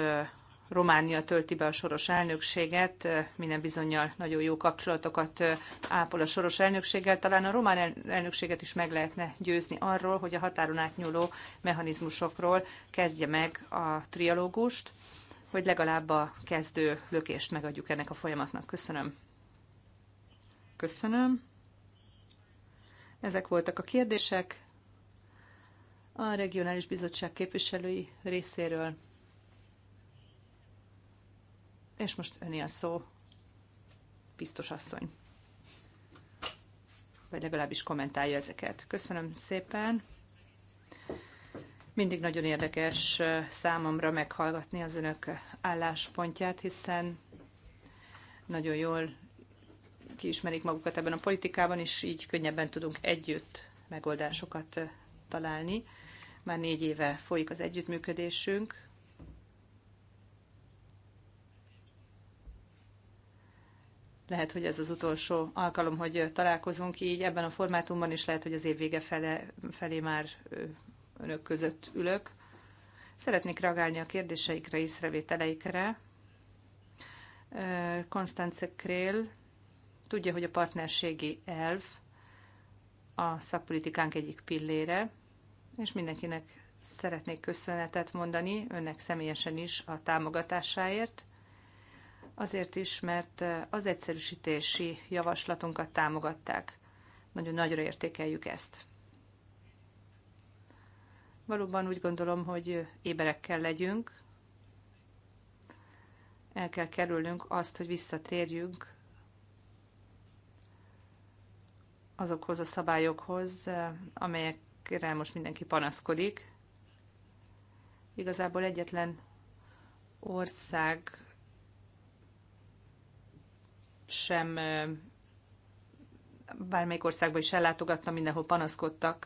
Románia tölti be a soros elnökséget, minden bizonyal nagyon jó kapcsolatokat ápol a soros elnökséggel. Talán a román elnökséget is meg lehetne győzni arról, hogy a határon átnyúló mechanizmusokról kezdje meg a trialógust, hogy legalább a kezdő lökést megadjuk ennek a folyamatnak. Köszönöm. Köszönöm. Ezek voltak a kérdések a Regionális Bizottság képviselői részéről. És most öné a szó, biztos asszony. Vagy legalábbis kommentálja ezeket. Köszönöm szépen. Mindig nagyon érdekes számomra meghallgatni az önök álláspontját, hiszen nagyon jól kiismerik magukat ebben a politikában, és így könnyebben tudunk együtt megoldásokat találni. Már négy éve folyik az együttműködésünk. Lehet, hogy ez az utolsó alkalom, hogy találkozunk így ebben a formátumban, és lehet, hogy az év vége fele, felé már önök között ülök. Szeretnék reagálni a kérdéseikre, észrevételeikre. Konstance Krél tudja, hogy a partnerségi elv a szakpolitikánk egyik pillére, és mindenkinek szeretnék köszönetet mondani, önnek személyesen is a támogatásáért. Azért is, mert az egyszerűsítési javaslatunkat támogatták. Nagyon nagyra értékeljük ezt. Valóban úgy gondolom, hogy éberekkel legyünk, el kell kerülnünk azt, hogy visszatérjünk azokhoz a szabályokhoz, amelyekre most mindenki panaszkodik. Igazából egyetlen ország sem bármelyik országban is ellátogattam, mindenhol panaszkodtak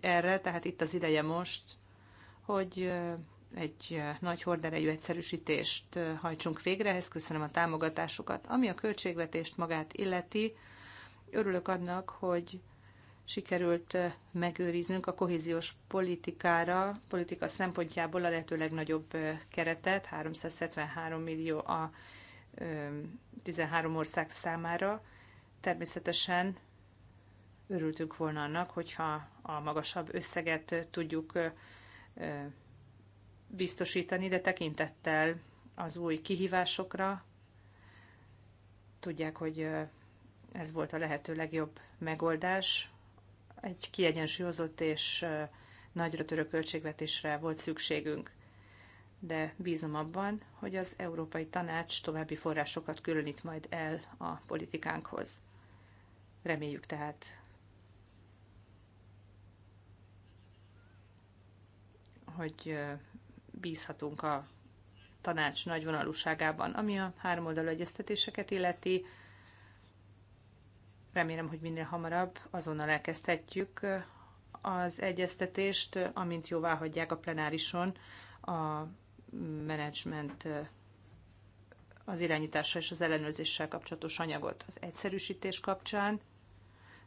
erre, tehát itt az ideje most, hogy egy nagy horderejű egyszerűsítést hajtsunk végre, ehhez köszönöm a támogatásokat. Ami a költségvetést magát illeti, örülök annak, hogy sikerült megőriznünk a kohéziós politikára, politika szempontjából a lehető legnagyobb keretet, 373 millió a 13 ország számára, Természetesen örültünk volna annak, hogyha a magasabb összeget tudjuk biztosítani, de tekintettel az új kihívásokra tudják, hogy ez volt a lehető legjobb megoldás. Egy kiegyensúlyozott és nagyra törő költségvetésre volt szükségünk. De bízom abban, hogy az Európai Tanács további forrásokat különít majd el a politikánkhoz. Reméljük tehát, hogy bízhatunk a tanács nagyvonalúságában, ami a háromoldalú egyeztetéseket illeti. Remélem, hogy minél hamarabb azonnal elkezdhetjük az egyeztetést, amint jóvá hagyják a plenárison a menedzsment az irányítással és az ellenőrzéssel kapcsolatos anyagot az egyszerűsítés kapcsán.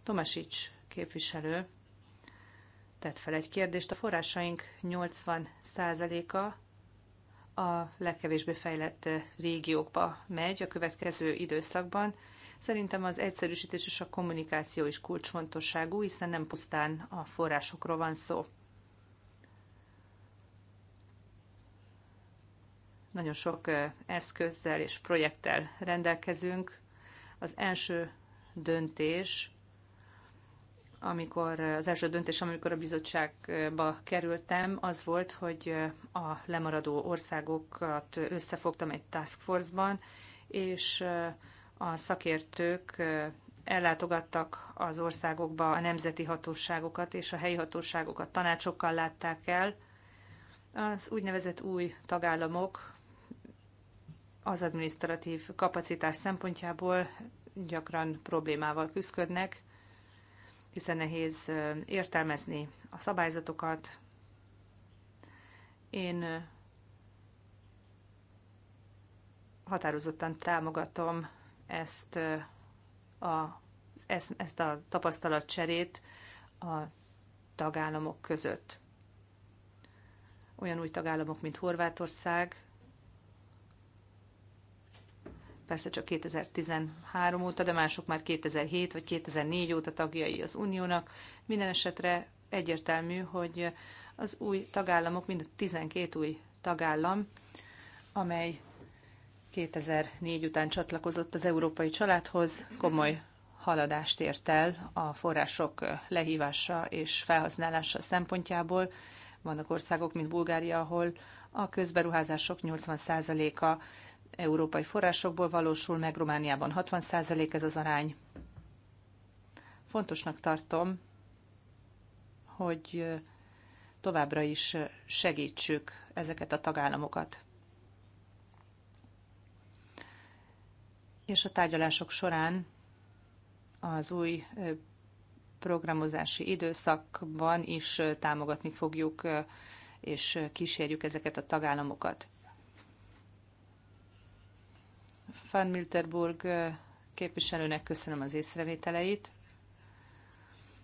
Tomasics képviselő tett fel egy kérdést. A forrásaink 80%-a a legkevésbé fejlett régiókba megy a következő időszakban. Szerintem az egyszerűsítés és a kommunikáció is kulcsfontosságú, hiszen nem pusztán a forrásokról van szó. Nagyon sok eszközzel és projekttel rendelkezünk. Az első döntés amikor az első döntés, amikor a bizottságba kerültem, az volt, hogy a lemaradó országokat összefogtam egy task force-ban, és a szakértők ellátogattak az országokba a nemzeti hatóságokat és a helyi hatóságokat tanácsokkal látták el. Az úgynevezett új tagállamok az adminisztratív kapacitás szempontjából gyakran problémával küzdködnek, hiszen nehéz értelmezni a szabályzatokat. Én határozottan támogatom ezt a, ezt, a tapasztalatcserét a tagállamok között. Olyan új tagállamok, mint Horvátország, persze csak 2013 óta, de mások már 2007 vagy 2004 óta tagjai az uniónak. Minden esetre egyértelmű, hogy az új tagállamok, mind a 12 új tagállam, amely 2004 után csatlakozott az európai családhoz, komoly haladást ért el a források lehívása és felhasználása szempontjából. Vannak országok, mint Bulgária, ahol a közberuházások 80%-a európai forrásokból valósul meg, Romániában 60% ez az arány. Fontosnak tartom, hogy továbbra is segítsük ezeket a tagállamokat. És a tárgyalások során az új programozási időszakban is támogatni fogjuk és kísérjük ezeket a tagállamokat. Van Milterburg képviselőnek köszönöm az észrevételeit.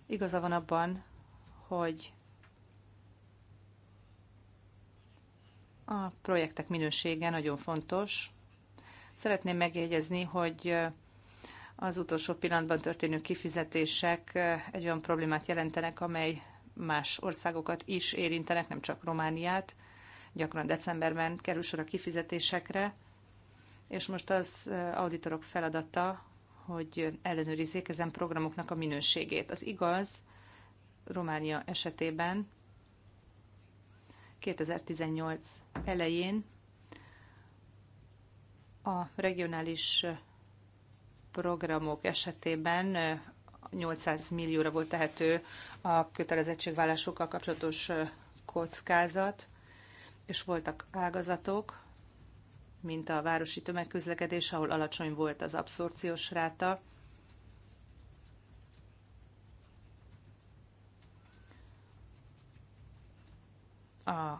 Igaza van abban, hogy a projektek minősége nagyon fontos. Szeretném megjegyezni, hogy az utolsó pillanatban történő kifizetések egy olyan problémát jelentenek, amely más országokat is érintenek, nem csak Romániát. Gyakran decemberben kerül sor a kifizetésekre, és most az auditorok feladata, hogy ellenőrizzék ezen programoknak a minőségét. Az igaz, Románia esetében 2018 elején a regionális programok esetében 800 millióra volt tehető a kötelezettségvállásokkal kapcsolatos kockázat, és voltak ágazatok, mint a városi tömegközlekedés, ahol alacsony volt az abszorciós ráta. A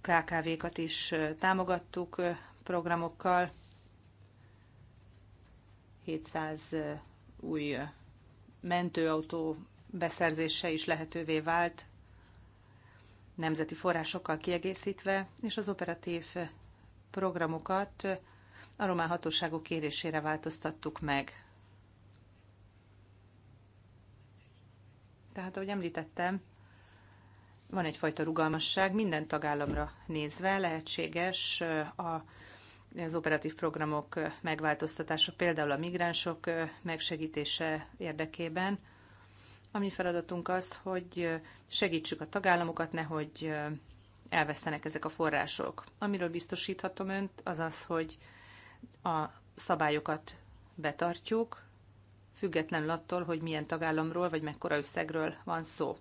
KKV-kat is támogattuk programokkal. 700 új mentőautó beszerzése is lehetővé vált, nemzeti forrásokkal kiegészítve, és az operatív programokat a román hatóságok kérésére változtattuk meg. Tehát, ahogy említettem, van egyfajta rugalmasság minden tagállamra nézve, lehetséges a az operatív programok megváltoztatása, például a migránsok megsegítése érdekében. A mi feladatunk az, hogy segítsük a tagállamokat, nehogy elvesztenek ezek a források. Amiről biztosíthatom önt, az az, hogy a szabályokat betartjuk, függetlenül attól, hogy milyen tagállamról vagy mekkora összegről van szó.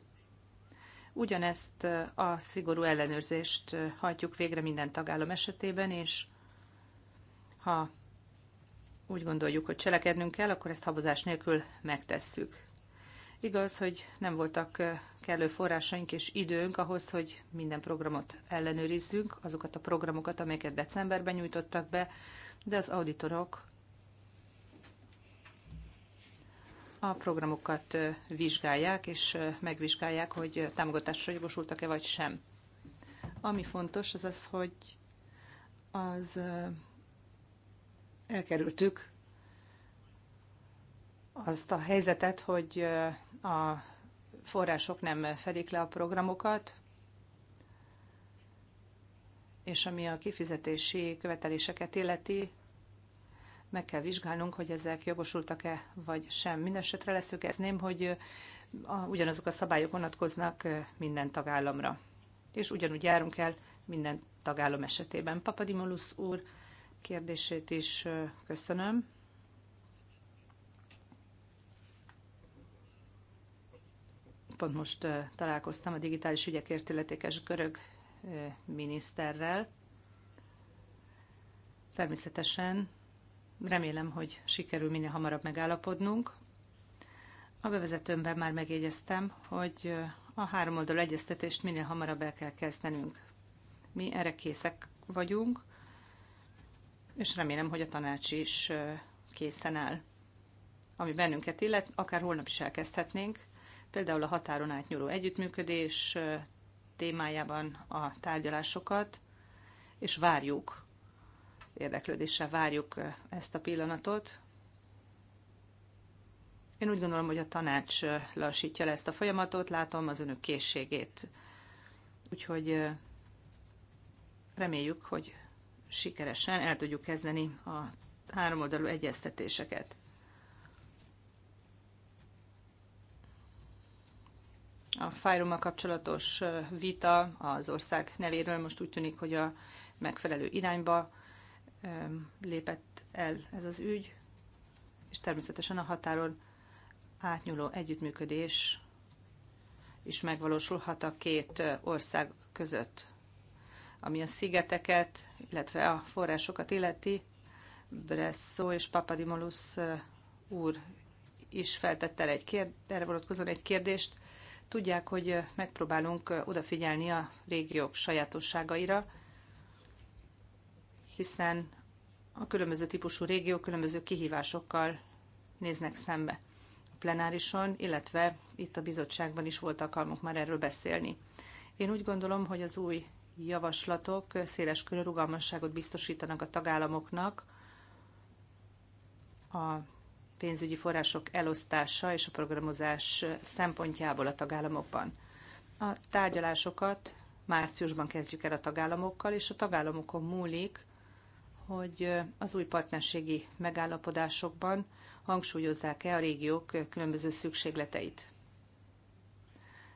Ugyanezt a szigorú ellenőrzést hajtjuk végre minden tagállam esetében, és ha úgy gondoljuk, hogy cselekednünk kell, akkor ezt habozás nélkül megtesszük. Igaz, hogy nem voltak kellő forrásaink és időnk ahhoz, hogy minden programot ellenőrizzünk, azokat a programokat, amelyeket decemberben nyújtottak be, de az auditorok a programokat vizsgálják, és megvizsgálják, hogy támogatásra jogosultak-e vagy sem. Ami fontos, az az, hogy az elkerültük azt a helyzetet, hogy a források nem fedik le a programokat, és ami a kifizetési követeléseket illeti, meg kell vizsgálnunk, hogy ezek jogosultak-e vagy sem. Mindenesetre nem hogy a, ugyanazok a szabályok vonatkoznak minden tagállamra. És ugyanúgy járunk el minden tagállam esetében. Papadimolusz úr kérdését is köszönöm. Pont most találkoztam a digitális ügyekért illetékes görög miniszterrel. Természetesen remélem, hogy sikerül minél hamarabb megállapodnunk. A bevezetőmben már megjegyeztem, hogy a oldal egyeztetést minél hamarabb el kell kezdenünk. Mi erre készek vagyunk, és remélem, hogy a tanács is készen áll. Ami bennünket illet, akár holnap is elkezdhetnénk, például a határon átnyúló együttműködés témájában a tárgyalásokat, és várjuk, érdeklődéssel várjuk ezt a pillanatot. Én úgy gondolom, hogy a tanács lassítja le ezt a folyamatot, látom az önök készségét. Úgyhogy reméljük, hogy sikeresen el tudjuk kezdeni a háromoldalú egyeztetéseket. A fájrommal kapcsolatos vita az ország nevéről most úgy tűnik, hogy a megfelelő irányba lépett el ez az ügy, és természetesen a határon átnyúló együttműködés is megvalósulhat a két ország között. Ami a szigeteket, illetve a forrásokat illeti, Bresso és Papadimolus úr is feltette egy erre vonatkozóan egy kérdést. Tudják, hogy megpróbálunk odafigyelni a régiók sajátosságaira, hiszen a különböző típusú régiók különböző kihívásokkal néznek szembe a plenárison, illetve itt a bizottságban is volt alkalmunk már erről beszélni. Én úgy gondolom, hogy az új javaslatok széles körű rugalmasságot biztosítanak a tagállamoknak a pénzügyi források elosztása és a programozás szempontjából a tagállamokban. A tárgyalásokat márciusban kezdjük el a tagállamokkal, és a tagállamokon múlik, hogy az új partnerségi megállapodásokban hangsúlyozzák-e a régiók különböző szükségleteit.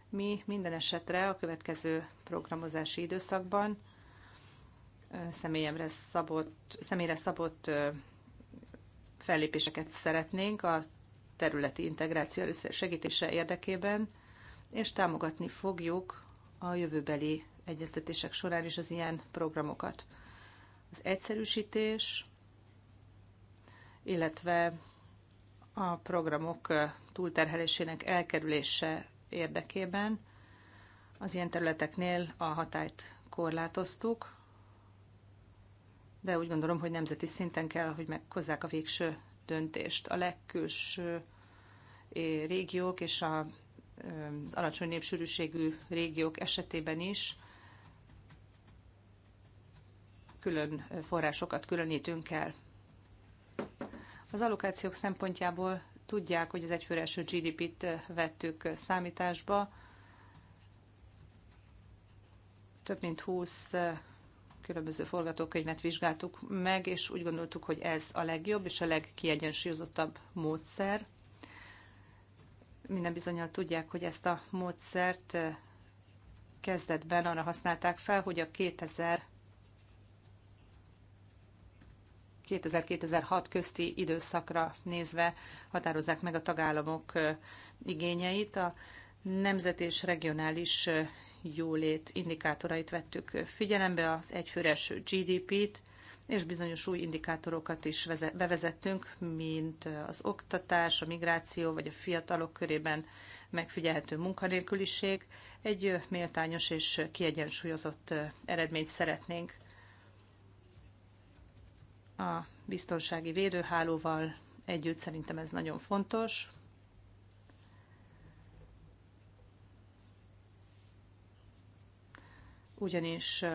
Mi minden esetre a következő programozási időszakban személyemre szabott, személyre szabott fellépéseket szeretnénk a területi integráció segítése érdekében, és támogatni fogjuk a jövőbeli egyeztetések során is az ilyen programokat. Az egyszerűsítés, illetve a programok túlterhelésének elkerülése érdekében az ilyen területeknél a hatályt korlátoztuk, de úgy gondolom, hogy nemzeti szinten kell, hogy meghozzák a végső döntést. A legkülső eh, régiók és a, az eh, alacsony népsűrűségű régiók esetében is külön eh, forrásokat különítünk el. Az allokációk szempontjából tudják, hogy az egyfőre első GDP-t vettük számításba. Több mint 20 különböző forgatókönyvet vizsgáltuk meg, és úgy gondoltuk, hogy ez a legjobb és a legkiegyensúlyozottabb módszer. Minden bizonyal tudják, hogy ezt a módszert kezdetben arra használták fel, hogy a 2000 2006 közti időszakra nézve határozzák meg a tagállamok igényeit. A nemzet és regionális jólét indikátorait vettük figyelembe, az egyfőres GDP-t, és bizonyos új indikátorokat is bevezettünk, mint az oktatás, a migráció, vagy a fiatalok körében megfigyelhető munkanélküliség. Egy méltányos és kiegyensúlyozott eredményt szeretnénk a biztonsági védőhálóval együtt. Szerintem ez nagyon fontos. ugyanis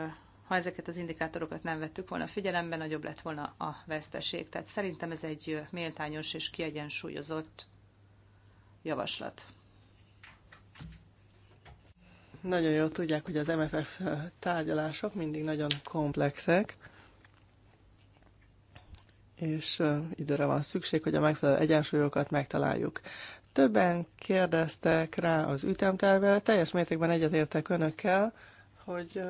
ha ezeket az indikátorokat nem vettük volna figyelembe, nagyobb lett volna a veszteség. Tehát szerintem ez egy méltányos és kiegyensúlyozott javaslat. Nagyon jól tudják, hogy az MFF tárgyalások mindig nagyon komplexek, és időre van szükség, hogy a megfelelő egyensúlyokat megtaláljuk. Többen kérdeztek rá az ütemtervel, teljes mértékben egyetértek önökkel, hogy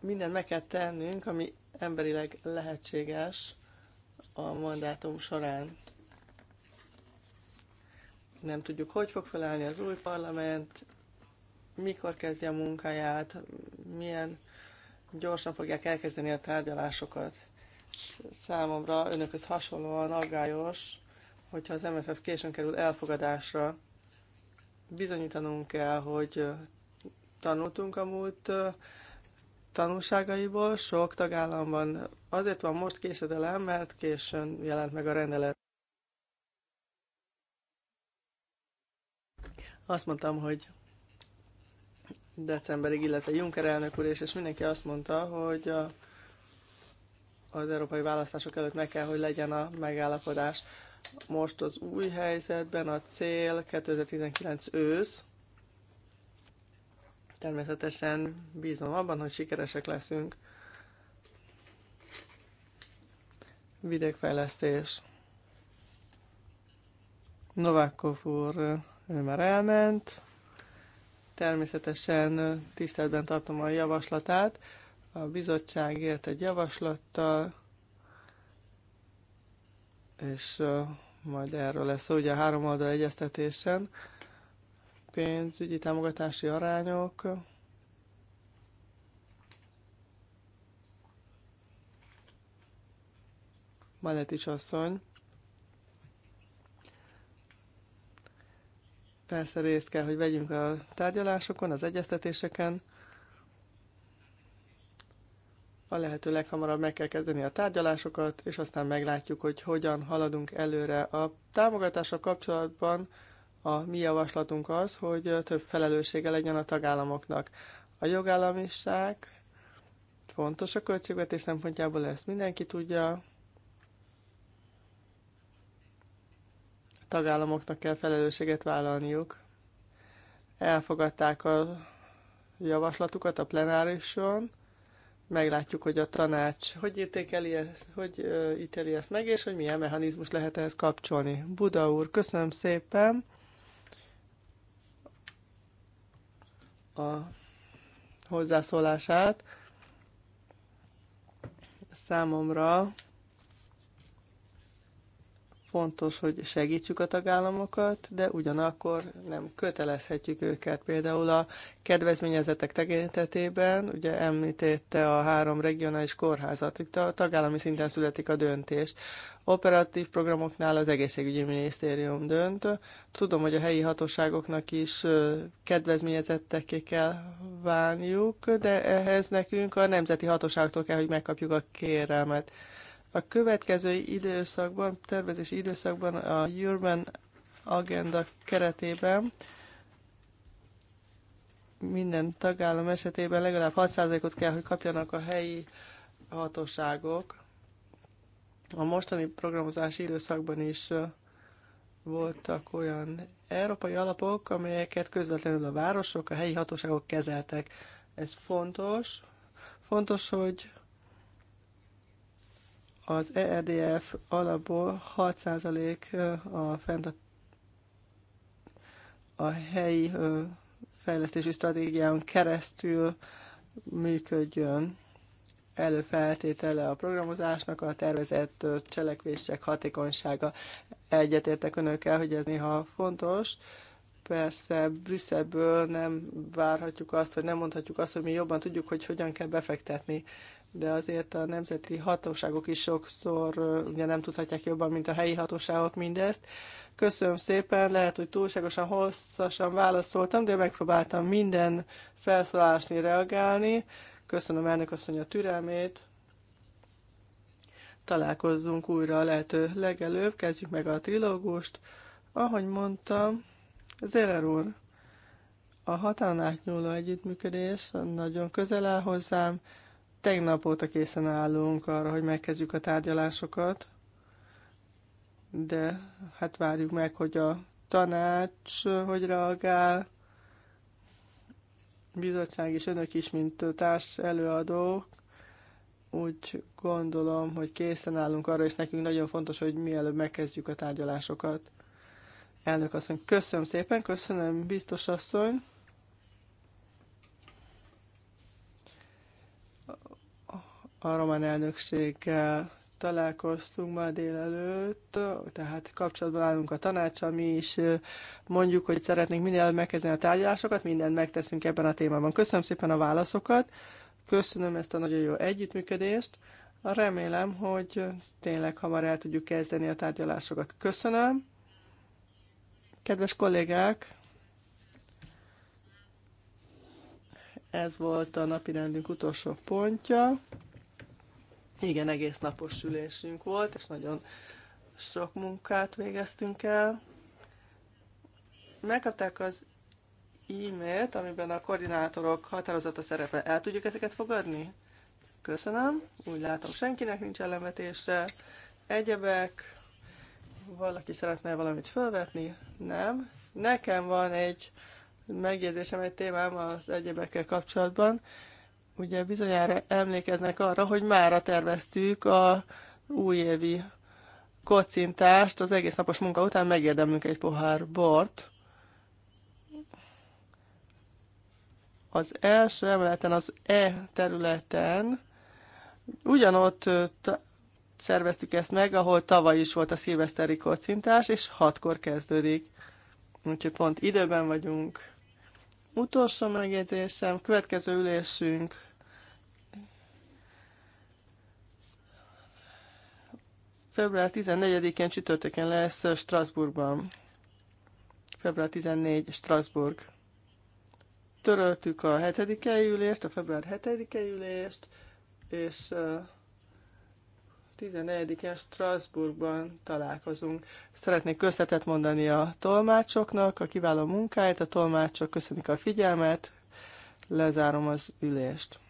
mindent meg kell tennünk, ami emberileg lehetséges a mandátum során. Nem tudjuk, hogy fog felállni az új parlament, mikor kezdje a munkáját, milyen gyorsan fogják elkezdeni a tárgyalásokat. Számomra önökhöz hasonlóan aggályos, hogyha az MFF későn kerül elfogadásra, bizonyítanunk kell, hogy tanultunk a múlt tanulságaiból. Sok tagállamban azért van most készedelem, mert későn jelent meg a rendelet. Azt mondtam, hogy decemberig, illetve Juncker elnök úr, és, és mindenki azt mondta, hogy a, az európai választások előtt meg kell, hogy legyen a megállapodás. Most az új helyzetben a cél 2019 ősz, Természetesen bízom abban, hogy sikeresek leszünk. Vidékfejlesztés. Novákov úr, ő már elment. Természetesen tiszteletben tartom a javaslatát. A bizottság élt egy javaslattal, és majd erről lesz ugye a három oldal egyeztetésen pénzügyi támogatási arányok, Maletics asszony. Persze részt kell, hogy vegyünk a tárgyalásokon, az egyeztetéseken. A lehető leghamarabb meg kell kezdeni a tárgyalásokat, és aztán meglátjuk, hogy hogyan haladunk előre. A támogatása kapcsolatban a mi javaslatunk az, hogy több felelőssége legyen a tagállamoknak. A jogállamiság fontos a költségvetés szempontjából, ezt mindenki tudja. A tagállamoknak kell felelősséget vállalniuk. Elfogadták a javaslatukat a plenárison, meglátjuk, hogy a tanács hogy értékeli ezt, hogy ítéli ezt meg, és hogy milyen mechanizmus lehet ehhez kapcsolni. Buda úr, köszönöm szépen. a hozzászólását. Számomra Fontos, hogy segítsük a tagállamokat, de ugyanakkor nem kötelezhetjük őket. Például a kedvezményezetek tekintetében, ugye említette a három regionális kórházat, itt a tagállami szinten születik a döntés. Operatív programoknál az egészségügyi minisztérium dönt. Tudom, hogy a helyi hatóságoknak is kedvezményezetteké kell válniuk, de ehhez nekünk a nemzeti hatóságtól kell, hogy megkapjuk a kérelmet. A következő időszakban, tervezési időszakban a Urban Agenda keretében minden tagállam esetében legalább 6%-ot kell, hogy kapjanak a helyi hatóságok. A mostani programozási időszakban is voltak olyan európai alapok, amelyeket közvetlenül a városok, a helyi hatóságok kezeltek. Ez fontos. Fontos, hogy az ERDF alapból 6% a, fent a, a helyi fejlesztési stratégián keresztül működjön. Előfeltétele a programozásnak a tervezett cselekvések hatékonysága. Egyetértek önökkel, hogy ez néha fontos. Persze Brüsszelből nem várhatjuk azt, vagy nem mondhatjuk azt, hogy mi jobban tudjuk, hogy hogyan kell befektetni de azért a nemzeti hatóságok is sokszor ugye nem tudhatják jobban, mint a helyi hatóságok mindezt. Köszönöm szépen, lehet, hogy túlságosan hosszasan válaszoltam, de megpróbáltam minden felszólásni reagálni. Köszönöm elnök asszony a türelmét. Találkozzunk újra a lehető legelőbb, kezdjük meg a trilógust. Ahogy mondtam, Zeller úr, a határon átnyúló együttműködés nagyon közel áll hozzám, Tegnap óta készen állunk arra, hogy megkezdjük a tárgyalásokat, de hát várjuk meg, hogy a tanács hogy reagál, bizottság és önök is, mint társ előadók, úgy gondolom, hogy készen állunk arra, és nekünk nagyon fontos, hogy mielőbb megkezdjük a tárgyalásokat. Elnök asszony, köszönöm szépen, köszönöm biztos asszony. a román elnökséggel találkoztunk ma délelőtt, tehát kapcsolatban állunk a tanácsa, mi is mondjuk, hogy szeretnénk minél megkezdeni a tárgyalásokat, mindent megteszünk ebben a témában. Köszönöm szépen a válaszokat, köszönöm ezt a nagyon jó együttműködést, remélem, hogy tényleg hamar el tudjuk kezdeni a tárgyalásokat. Köszönöm. Kedves kollégák, ez volt a napirendünk utolsó pontja. Igen, egész napos ülésünk volt, és nagyon sok munkát végeztünk el. Megkapták az e-mailt, amiben a koordinátorok határozata szerepe. El tudjuk ezeket fogadni? Köszönöm. Úgy látom, senkinek nincs ellenvetése. Egyebek. Valaki szeretne valamit felvetni? Nem. Nekem van egy megjegyzésem, egy témám az egyebekkel kapcsolatban. Ugye bizonyára emlékeznek arra, hogy mára terveztük a újévi kocintást, az egész napos munka után megérdemlünk egy pohár bort. Az első emeleten, az E területen ugyanott szerveztük ezt meg, ahol tavaly is volt a szilveszteri kocintás, és hatkor kezdődik. Úgyhogy pont időben vagyunk. Utolsó megjegyzésem, következő ülésünk február 14-én csütörtökön lesz Strasbourgban. Február 14, Strasbourg. Töröltük a 7 ülést, a február 7 ülést, és 14-en Strasbourgban találkozunk. Szeretnék köszönetet mondani a tolmácsoknak, a kiváló munkáját, a tolmácsok köszönik a figyelmet, lezárom az ülést.